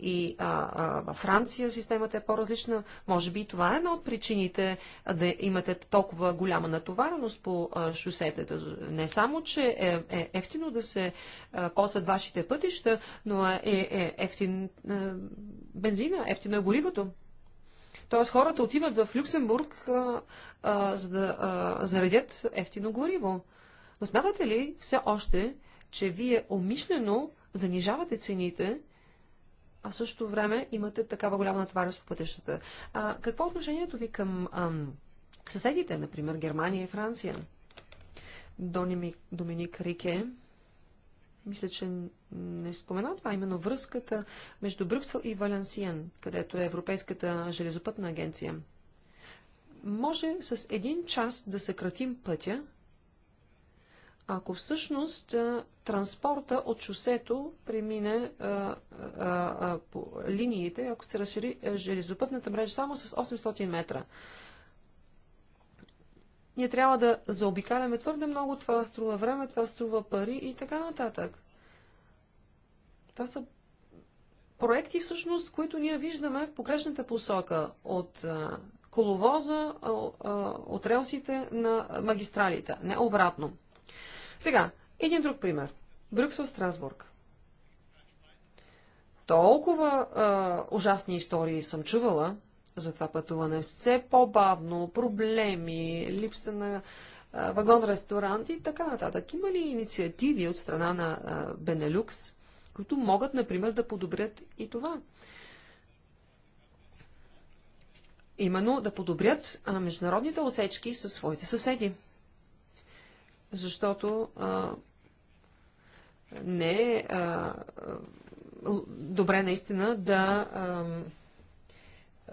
и а, а, във Франция системата е по-различна. Може би това е една от причините да имате толкова голяма натовареност по а, шосетата. Не само, че е, е ефтино да се а, ползват вашите пътища, но е, е ефтин е, бензина, ефтино е горивото. Тоест хората отиват в Люксембург, а, а, за да а, заредят ефтино гориво. Но смятате ли все още, че вие умишлено занижавате цените, а в същото време имате такава голяма натовареност по пътищата? А, какво е отношението ви към ам, съседите, например Германия и Франция? Доми, Доминик Рике мисля, че не спомена това, именно връзката между Брюксел и Валенсиен, където е Европейската железопътна агенция. Може с един час да съкратим пътя, ако всъщност транспорта от шосето премине а, а, а, по линиите, ако се разшири железопътната мрежа само с 800 метра. Ние трябва да заобикаляме твърде много, това струва време, това струва пари и така нататък. Това са проекти, всъщност, които ние виждаме в погрешната посока от а, коловоза, а, а, от релсите на магистралите, не обратно. Сега, един друг пример. Брюксел-Страсбург. Толкова а, ужасни истории съм чувала, за това пътуване. Все по-бавно, проблеми, липса на вагон ресторанти и така нататък. Има ли инициативи от страна на Бенелюкс, които могат, например, да подобрят и това? Именно да подобрят международните отсечки със своите съседи. Защото а, не е добре наистина да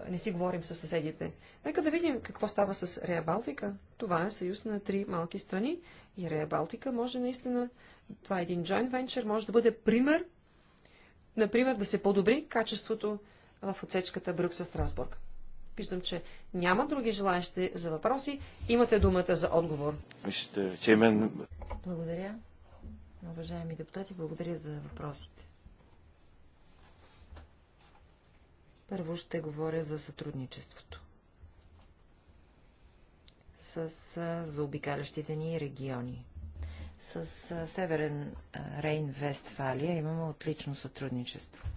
не си говорим с съседите. Нека да видим какво става с Рея Балтика. Това е съюз на три малки страни и Рея Балтика може наистина, това е един joint venture, може да бъде пример, например, да се подобри качеството в отсечката Брюкса страсбург Виждам, че няма други желаящи за въпроси. Имате думата за отговор. Благодаря. Уважаеми депутати, благодаря за въпросите. Първо ще говоря за сътрудничеството с заобикалящите ни региони. С Северен Рейн, Вестфалия имаме отлично сътрудничество.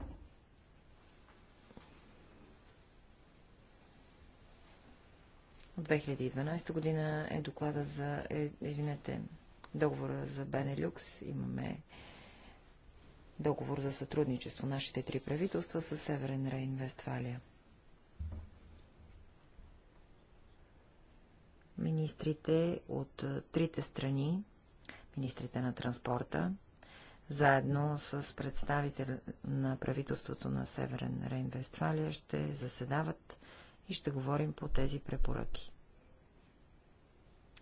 От 2012 година е доклада за, е, извинете, договора за Бенелюкс. Имаме договор за сътрудничество нашите три правителства с Северен Рейн, Вестфалия. Министрите от трите страни, министрите на транспорта, заедно с представител на правителството на Северен Рейн, Вестфалия, ще заседават и ще говорим по тези препоръки.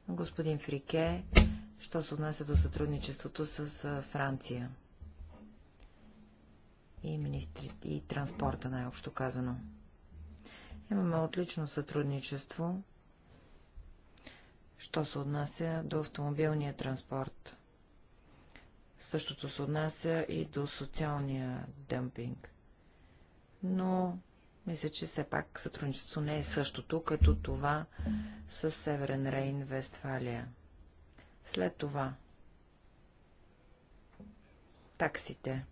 Господин Фрике, що се отнася до сътрудничеството с Франция – и, министри, и транспорта, най-общо казано. Имаме отлично сътрудничество, що се отнася до автомобилния транспорт. Същото се отнася и до социалния дъмпинг. Но мисля, че все пак сътрудничество не е същото, като това с Северен Рейн, Вестфалия. След това таксите.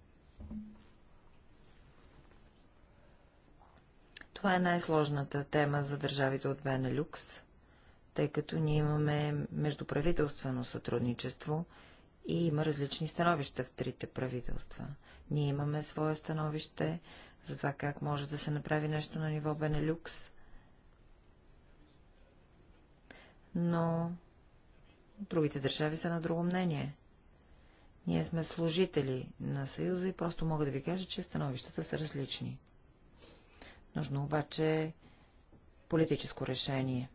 Това е най-сложната тема за държавите от Бенелюкс, тъй като ние имаме междуправителствено сътрудничество и има различни становища в трите правителства. Ние имаме свое становище за това как може да се направи нещо на ниво Бенелюкс, но другите държави са на друго мнение. Ние сме служители на Съюза и просто мога да ви кажа, че становищата са различни. Нужно обаче политическо решение.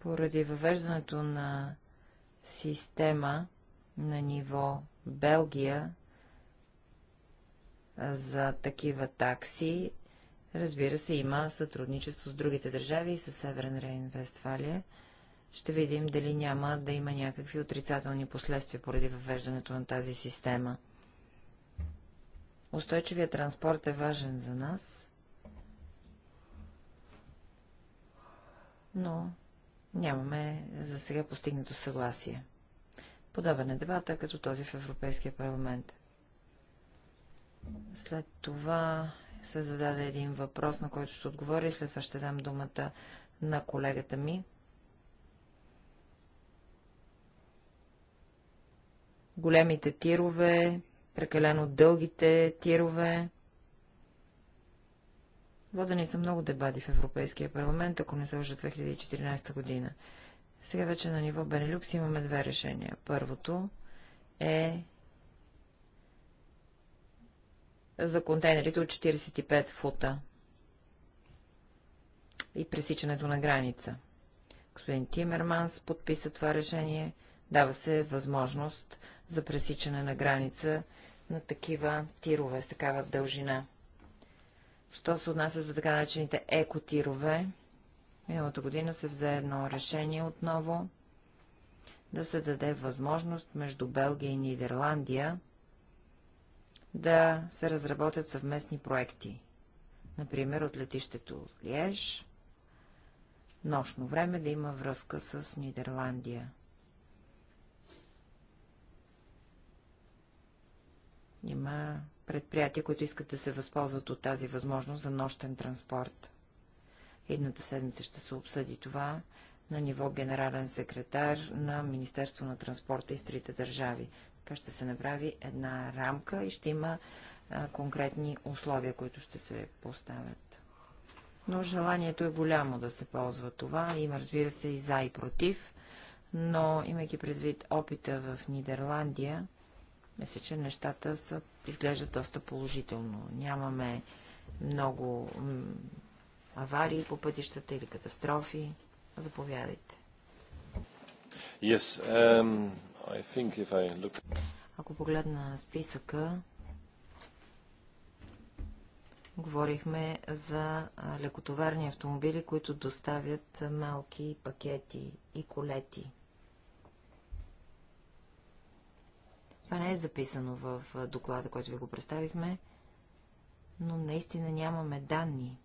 Поради въвеждането на система на ниво Белгия за такива такси, разбира се, има сътрудничество с другите държави и с Северен Рейн-Вестфалия, ще видим дали няма да има някакви отрицателни последствия поради въвеждането на тази система. Устойчивият транспорт е важен за нас, но нямаме за сега постигнато съгласие. Подобен е дебата, като този в Европейския парламент. След това се зададе един въпрос, на който ще отговоря и след това ще дам думата на колегата ми, големите тирове, прекалено дългите тирове. Водени са много дебати в Европейския парламент, ако не се лъжа 2014 година. Сега вече на ниво Бенелюкс имаме две решения. Първото е за контейнерите от 45 фута и пресичането на граница. Господин Тимерманс подписа това решение. Дава се възможност за пресичане на граница на такива тирове с такава дължина. Що се отнася за така начините екотирове, миналата година се взе едно решение отново да се даде възможност между Белгия и Нидерландия да се разработят съвместни проекти. Например, от летището в Лиеж, нощно време да има връзка с Нидерландия. Има предприятия, които искат да се възползват от тази възможност за нощен транспорт. Едната седмица ще се обсъди това на ниво генерален секретар на Министерство на транспорта и в трите държави. Така ще се направи една рамка и ще има а, конкретни условия, които ще се поставят. Но желанието е голямо да се ползва това. Има, разбира се, и за и против, но имайки предвид опита в Нидерландия, мисля, че нещата са, изглеждат доста положително. Нямаме много аварии по пътищата или катастрофи. Заповядайте. Yes, um, I think if I look... Ако погледна списъка, говорихме за лекотоварни автомобили, които доставят малки пакети и колети. Това не е записано в доклада, който ви го представихме, но наистина нямаме данни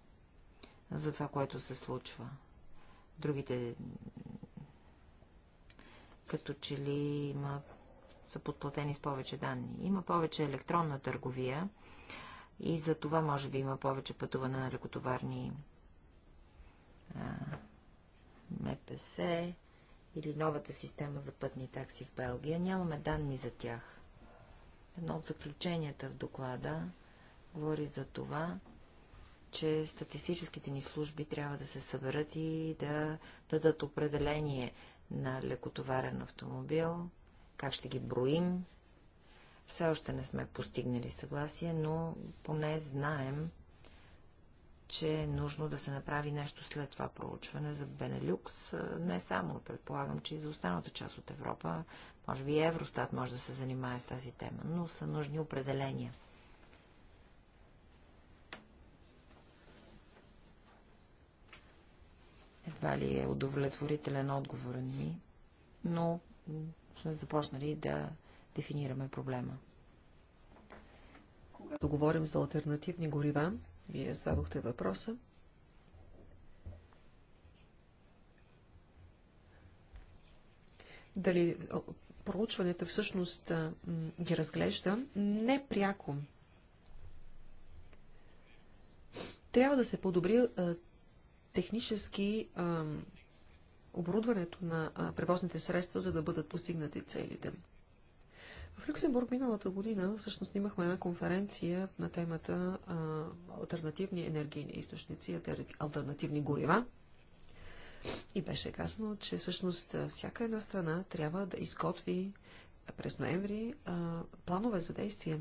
за това, което се случва. Другите като че ли има, са подплатени с повече данни. Има повече електронна търговия и за това може би има повече пътуване на лекотоварни а, МПС или новата система за пътни такси в Белгия. Нямаме данни за тях. Едно от заключенията в доклада говори за това, че статистическите ни служби трябва да се съберат и да дадат определение на лекотоварен автомобил, как ще ги броим. Все още не сме постигнали съгласие, но поне знаем че е нужно да се направи нещо след това проучване за Бенелюкс, е, не само, предполагам, че и за останалата част от Европа, може би Евростат може да се занимае с тази тема, но са нужни определения. Едва ли е удовлетворителен отговор ми, но сме започнали да дефинираме проблема. Когато говорим за альтернативни горива, вие зададохте въпроса. Дали проучването всъщност ги разглежда непряко. Трябва да се подобри а, технически а, оборудването на а, превозните средства, за да бъдат постигнати целите. В Люксембург миналата година всъщност имахме една конференция на темата а, альтернативни енергийни източници, альтернативни горива. И беше казано, че всъщност всяка една страна трябва да изготви през ноември а, планове за действие,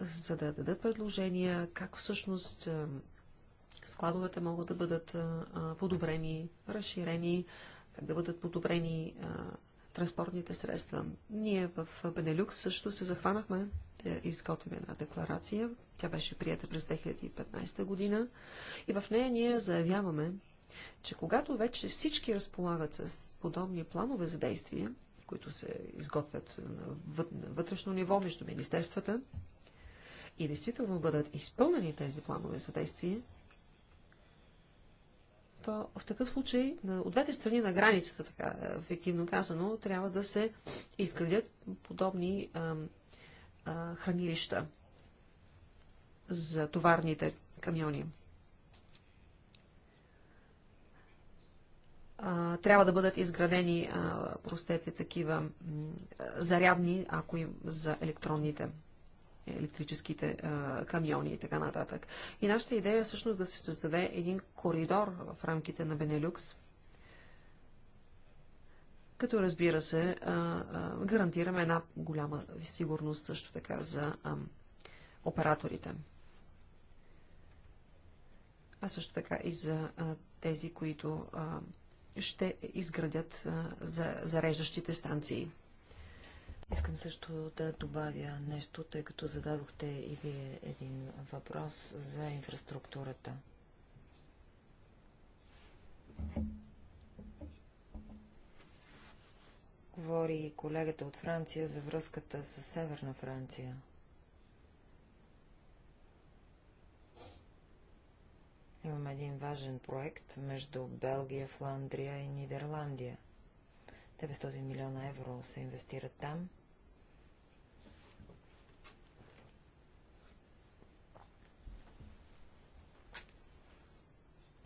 за да дадат предложения как всъщност а, складовете могат да бъдат а, подобрени, разширени, как да бъдат подобрени транспортните средства. Ние в Бенелюкс също се захванахме да изготвим една декларация. Тя беше прията през 2015 година и в нея ние заявяваме, че когато вече всички разполагат с подобни планове за действие, които се изготвят на вътрешно ниво между министерствата и действително бъдат изпълнени тези планове за действие, в такъв случай на, от двете страни на границата, така е, ефективно казано, трябва да се изградят подобни а, а, хранилища за товарните камиони. А, трябва да бъдат изградени, а, простете, такива зарядни, ако им за електронните електрическите а, камиони и така нататък. И нашата идея е всъщност да се създаде един коридор в рамките на Бенелюкс, като разбира се, а, а, гарантираме една голяма сигурност също така за а, операторите. А също така и за а, тези, които а, ще изградят а, за, зареждащите станции. Искам също да добавя нещо, тъй като зададохте и вие един въпрос за инфраструктурата. Говори колегата от Франция за връзката с Северна Франция. Имаме един важен проект между Белгия, Фландрия и Нидерландия. 900 милиона евро се инвестират там –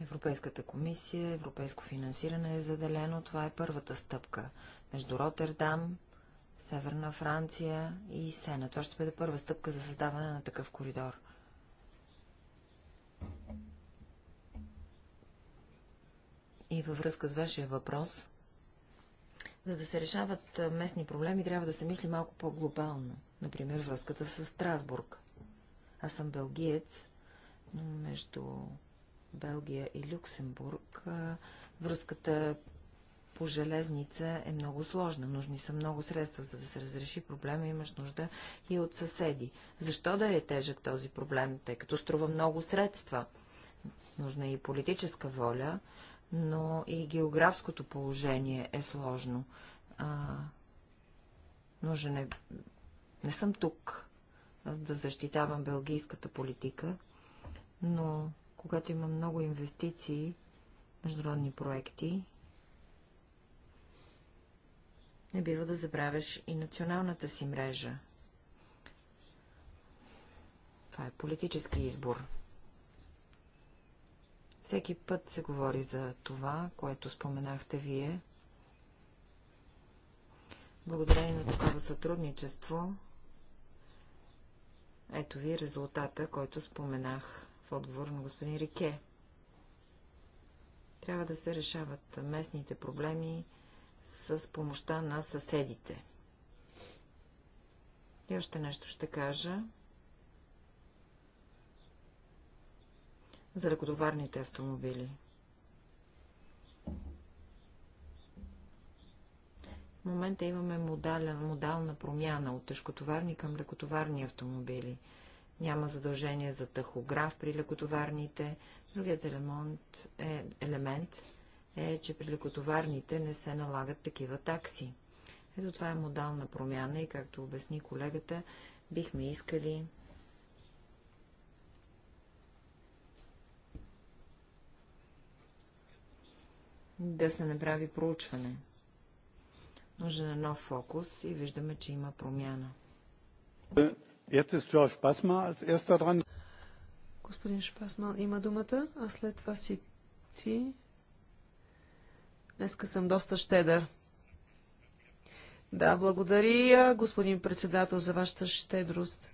Европейската комисия, европейско финансиране е заделено. Това е първата стъпка между Роттердам, Северна Франция и Сена. Това ще бъде първа стъпка за създаване на такъв коридор. И във връзка с вашия въпрос, за да се решават местни проблеми, трябва да се мисли малко по-глобално. Например, връзката с Страсбург. Аз съм белгиец, но между Белгия и Люксембург, връзката по железница е много сложна. Нужни са много средства, за да се разреши проблема. Имаш нужда и от съседи. Защо да е тежък този проблем, тъй като струва много средства? Нужна е и политическа воля, но и географското положение е сложно. А, нужен е... Не съм тук да защитавам белгийската политика, но когато има много инвестиции, международни проекти, не бива да забравяш и националната си мрежа. Това е политически избор. Всеки път се говори за това, което споменахте вие. Благодарение на такова сътрудничество, ето ви резултата, който споменах отговор на господин Рике. Трябва да се решават местните проблеми с помощта на съседите. И още нещо ще кажа. За лекотоварните автомобили. В момента имаме модален, модална промяна от тежкотоварни към лекотоварни автомобили няма задължение за тахограф при лекотоварните. Другият елемент е, елемент е, че при лекотоварните не се налагат такива такси. Ето това е модална промяна и, както обясни колегата, бихме искали да се направи проучване. Нужен е нов фокус и виждаме, че има промяна. Jetzt ist George Basma als erster dran. Господин Шпасман има думата, а след това си ти. Днеска съм доста щедър. Да, благодаря, господин председател, за вашата щедрост.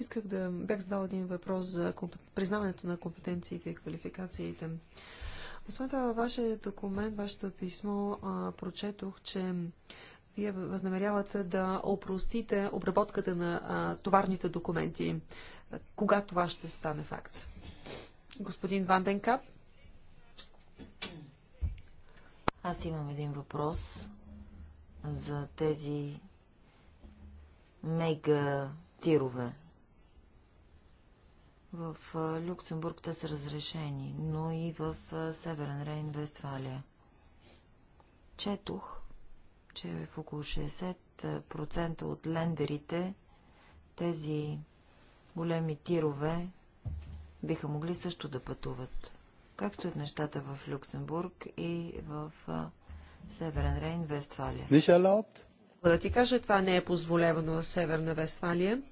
Исках да бях задал един въпрос за признаването на компетенциите и квалификациите. Освен това, във вашия документ, вашето писмо, а, прочетох, че вие възнамерявате да опростите обработката на а, товарните документи. Кога това ще стане факт? Господин Ванденкап? Аз имам един въпрос за тези мега тирове. В Люксембург те са разрешени, но и в Северен Рейн, Вестфалия. Четох, че в около 60% от лендерите тези големи тирове биха могли също да пътуват. Как стоят нещата в Люксембург и в Северен Рейн, Вестфалия? Да ти кажа, това не е позволено в Северна Вестфалия.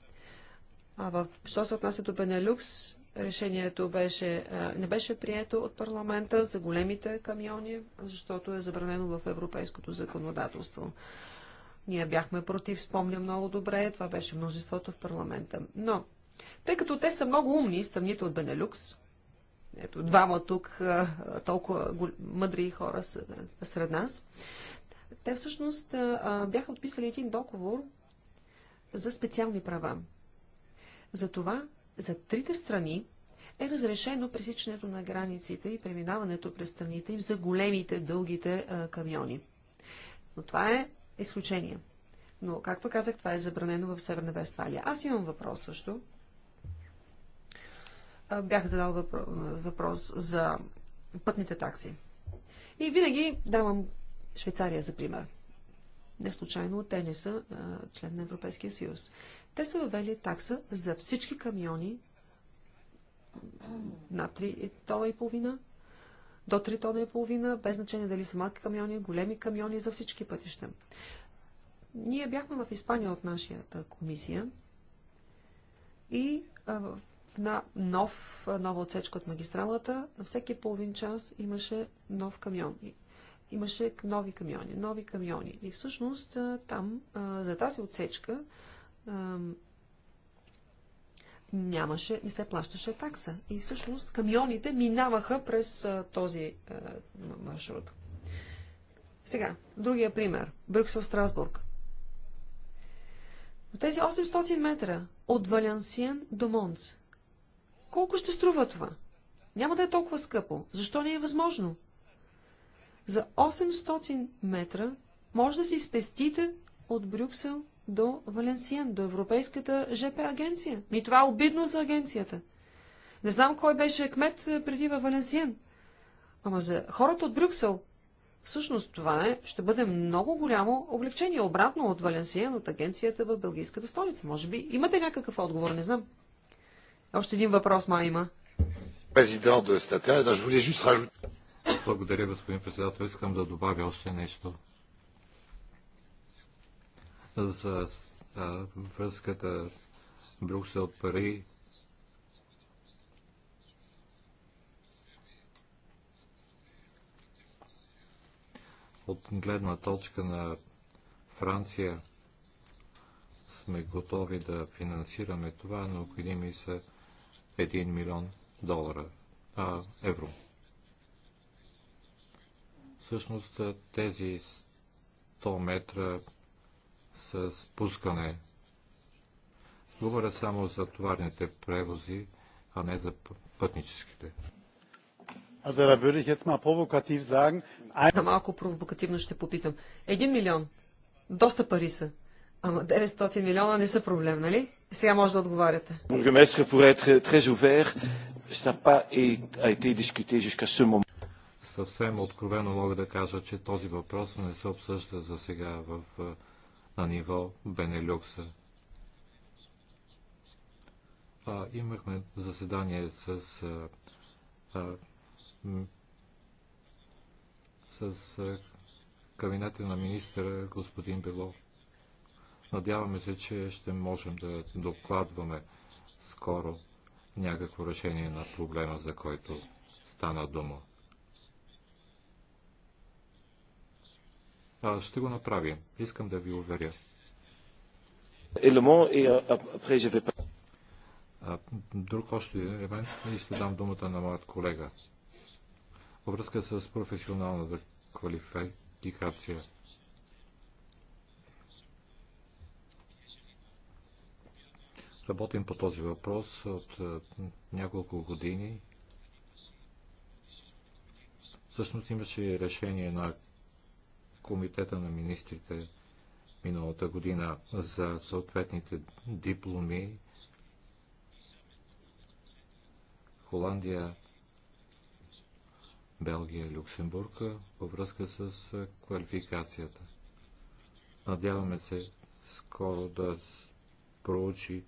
А в, що се отнася до Бенелюкс, Решението беше, не беше прието от парламента за големите камиони, защото е забранено в европейското законодателство. Ние бяхме против, спомня много добре, това беше множеството в парламента. Но, тъй като те са много умни, страните от Бенелюкс, ето двама тук, толкова мъдри хора са сред нас, те всъщност бяха отписали един договор за специални права. За това за трите страни е разрешено пресичането на границите и преминаването през страните им за големите, дългите а, камиони. Но това е изключение. Но, както казах, това е забранено в Северна Вестфалия. Аз имам въпрос също. А, бях задал въпро... въпрос за пътните такси. И винаги давам Швейцария за пример. Не случайно те не са а, член на Европейския съюз. Те са въвели такса за всички камиони на 3 тона и половина, до 3 тона и половина, без значение дали са малки камиони, големи камиони, за всички пътища. Ние бяхме в Испания от нашата комисия и на нов, нова отсечка от магистралата, на всеки половин час имаше нов камион. Имаше нови камиони, нови камиони. И всъщност там, за тази отсечка, нямаше, не се плащаше такса. И всъщност камионите минаваха през а, този а, маршрут. Сега, другия пример. Брюксел-Страсбург. Тези 800 метра от Валенсиен до Монц. Колко ще струва това? Няма да е толкова скъпо. Защо не е възможно? За 800 метра може да се изпестите от Брюксел до Валенсиен, до Европейската ЖП агенция. Ми това е обидно за агенцията. Не знам кой беше кмет е, преди във Валенсиен. Ама за хората от Брюксел, всъщност това е, ще бъде много голямо облегчение. Обратно от Валенсиен, от агенцията в Белгийската столица. Може би имате някакъв отговор, не знам. Още един въпрос, ма има. Е, е, Благодаря, господин председател. Искам да добавя още нещо за връзката Брюксел-Пари. От гледна точка на Франция сме готови да финансираме това, необходими са 1 милион долара, а, евро. Всъщност тези 100 метра с пускане. Говоря само за товарните превози, а не за пътническите. Да, малко провокативно ще попитам. Един милион. Доста пари са. Ама 900 милиона не са проблем, нали? Сега може да отговаряте. Съвсем откровено мога да кажа, че този въпрос не се обсъжда за сега в на ниво Бенелюкса. А, имахме заседание с, а, а, с а, кабинета на министъра господин Бело. Надяваме се, че ще можем да докладваме скоро някакво решение на проблема, за който стана дума. Аз ще го направя. Искам да ви уверя. Euh, друг още елемент и ще дам думата на моят колега. връзка с професионалната квалификация. Работим по този въпрос от няколко години. Всъщност имаше решение на комитета на министрите миналата година за съответните дипломи. Холандия, Белгия, Люксембург във връзка с квалификацията. Надяваме се скоро да проучи,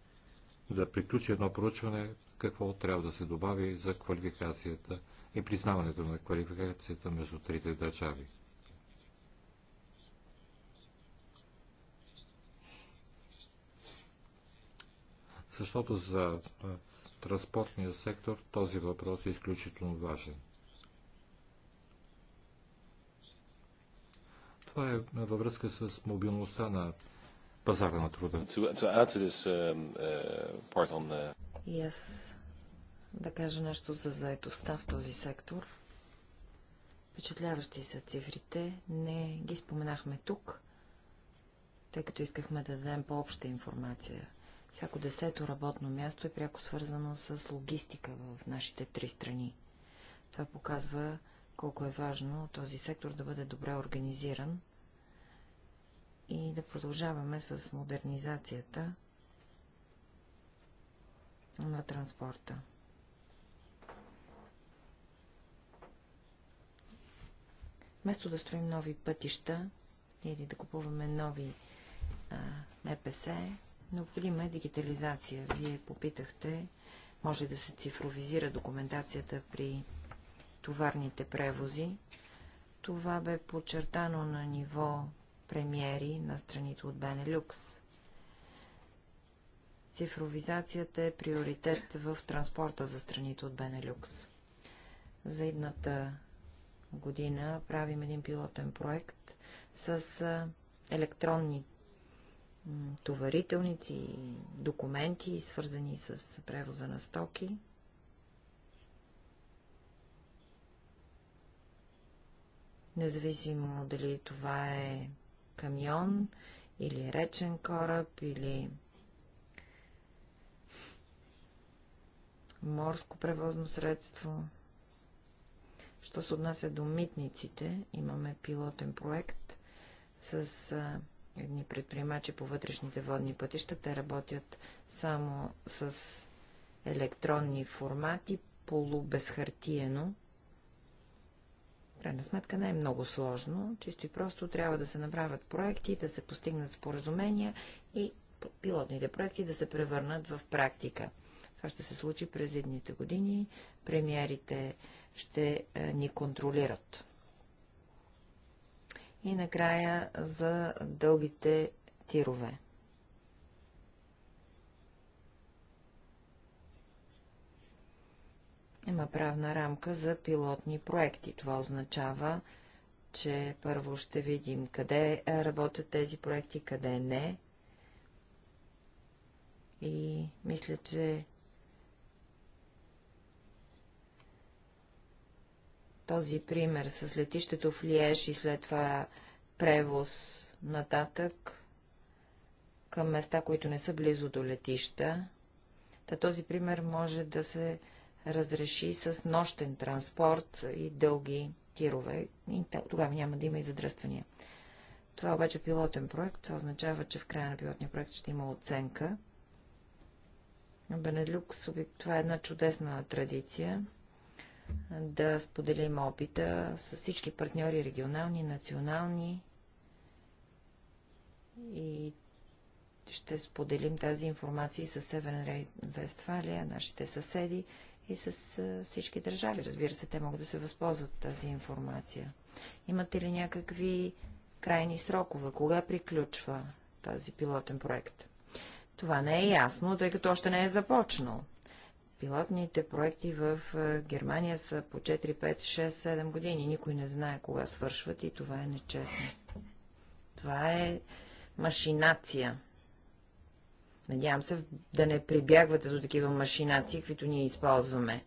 да приключи едно проучване, какво трябва да се добави за квалификацията и признаването на квалификацията между трите държави. защото за транспортния сектор този въпрос е изключително важен. Това е във връзка с мобилността на пазара на труда. Um, uh, И аз да кажа нещо за заедостта в този сектор. Впечатляващи са цифрите. Не ги споменахме тук, тъй като искахме да дадем по-обща информация Всяко десето работно място е пряко свързано с логистика в нашите три страни. Това показва колко е важно този сектор да бъде добре организиран и да продължаваме с модернизацията на транспорта. Вместо да строим нови пътища или да купуваме нови а, МПС, Необходима е дигитализация. Вие попитахте, може да се цифровизира документацията при товарните превози. Това бе подчертано на ниво премиери на страните от Бенелюкс. Цифровизацията е приоритет в транспорта за страните от Бенелюкс. За едната година правим един пилотен проект с електронни товарителници и документи, свързани с превоза на стоки. Независимо дали това е камион или речен кораб или морско превозно средство. Що се отнася до митниците, имаме пилотен проект с едни предприемачи по вътрешните водни пътища. Те работят само с електронни формати, полубезхартиено. Крайна сметка не е много сложно, чисто и просто трябва да се направят проекти, да се постигнат споразумения и пилотните проекти да се превърнат в практика. Това ще се случи през едните години. Премиерите ще е, ни контролират. И накрая за дългите тирове. Има правна рамка за пилотни проекти. Това означава, че първо ще видим къде работят тези проекти, къде не. И мисля, че Този пример с летището в Лиеж и след това превоз нататък към места, които не са близо до летища. Та този пример може да се разреши с нощен транспорт и дълги тирове. И тогава няма да има и задръствания. Това обаче е пилотен проект. Това означава, че в края на пилотния проект ще има оценка. Бенелюкс, това е една чудесна традиция да споделим опита с всички партньори, регионални, национални и ще споделим тази информация с Северен Вестфалия, нашите съседи и с всички държави. Разбира се, те могат да се възползват от тази информация. Имате ли някакви крайни срокове? Кога приключва този пилотен проект? Това не е ясно, тъй като още не е започнал. Пилотните проекти в е, Германия са по 4, 5, 6, 7 години. Никой не знае кога свършват и това е нечестно. Това е машинация. Надявам се да не прибягвате до такива машинации, които ние използваме.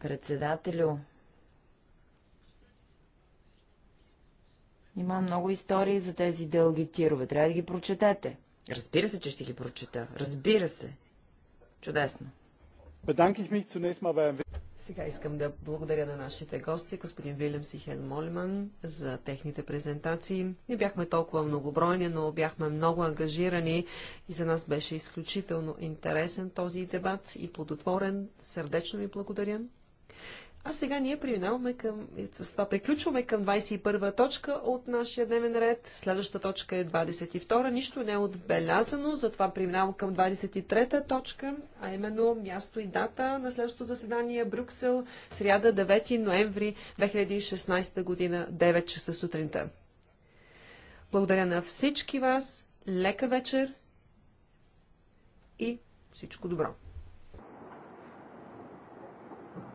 Председателю, има много истории за тези дълги тирове. Трябва да ги прочетете. Разбира се, че ще ги прочета. Разбира се. Чудесно. Сега искам да благодаря на нашите гости, господин Вилямс и Хен Молиман, за техните презентации. Не бяхме толкова многобройни, но бяхме много ангажирани и за нас беше изключително интересен този дебат и плодотворен. Сърдечно ви благодаря. А сега ние преминаваме към, с това приключваме към 21 точка от нашия дневен ред. Следващата точка е 22. Нищо не е отбелязано, затова преминавам към 23 точка, а именно място и дата на следващото заседание Брюксел, сряда 9 ноември 2016 година, 9 часа сутринта. Благодаря на всички вас, лека вечер и всичко добро!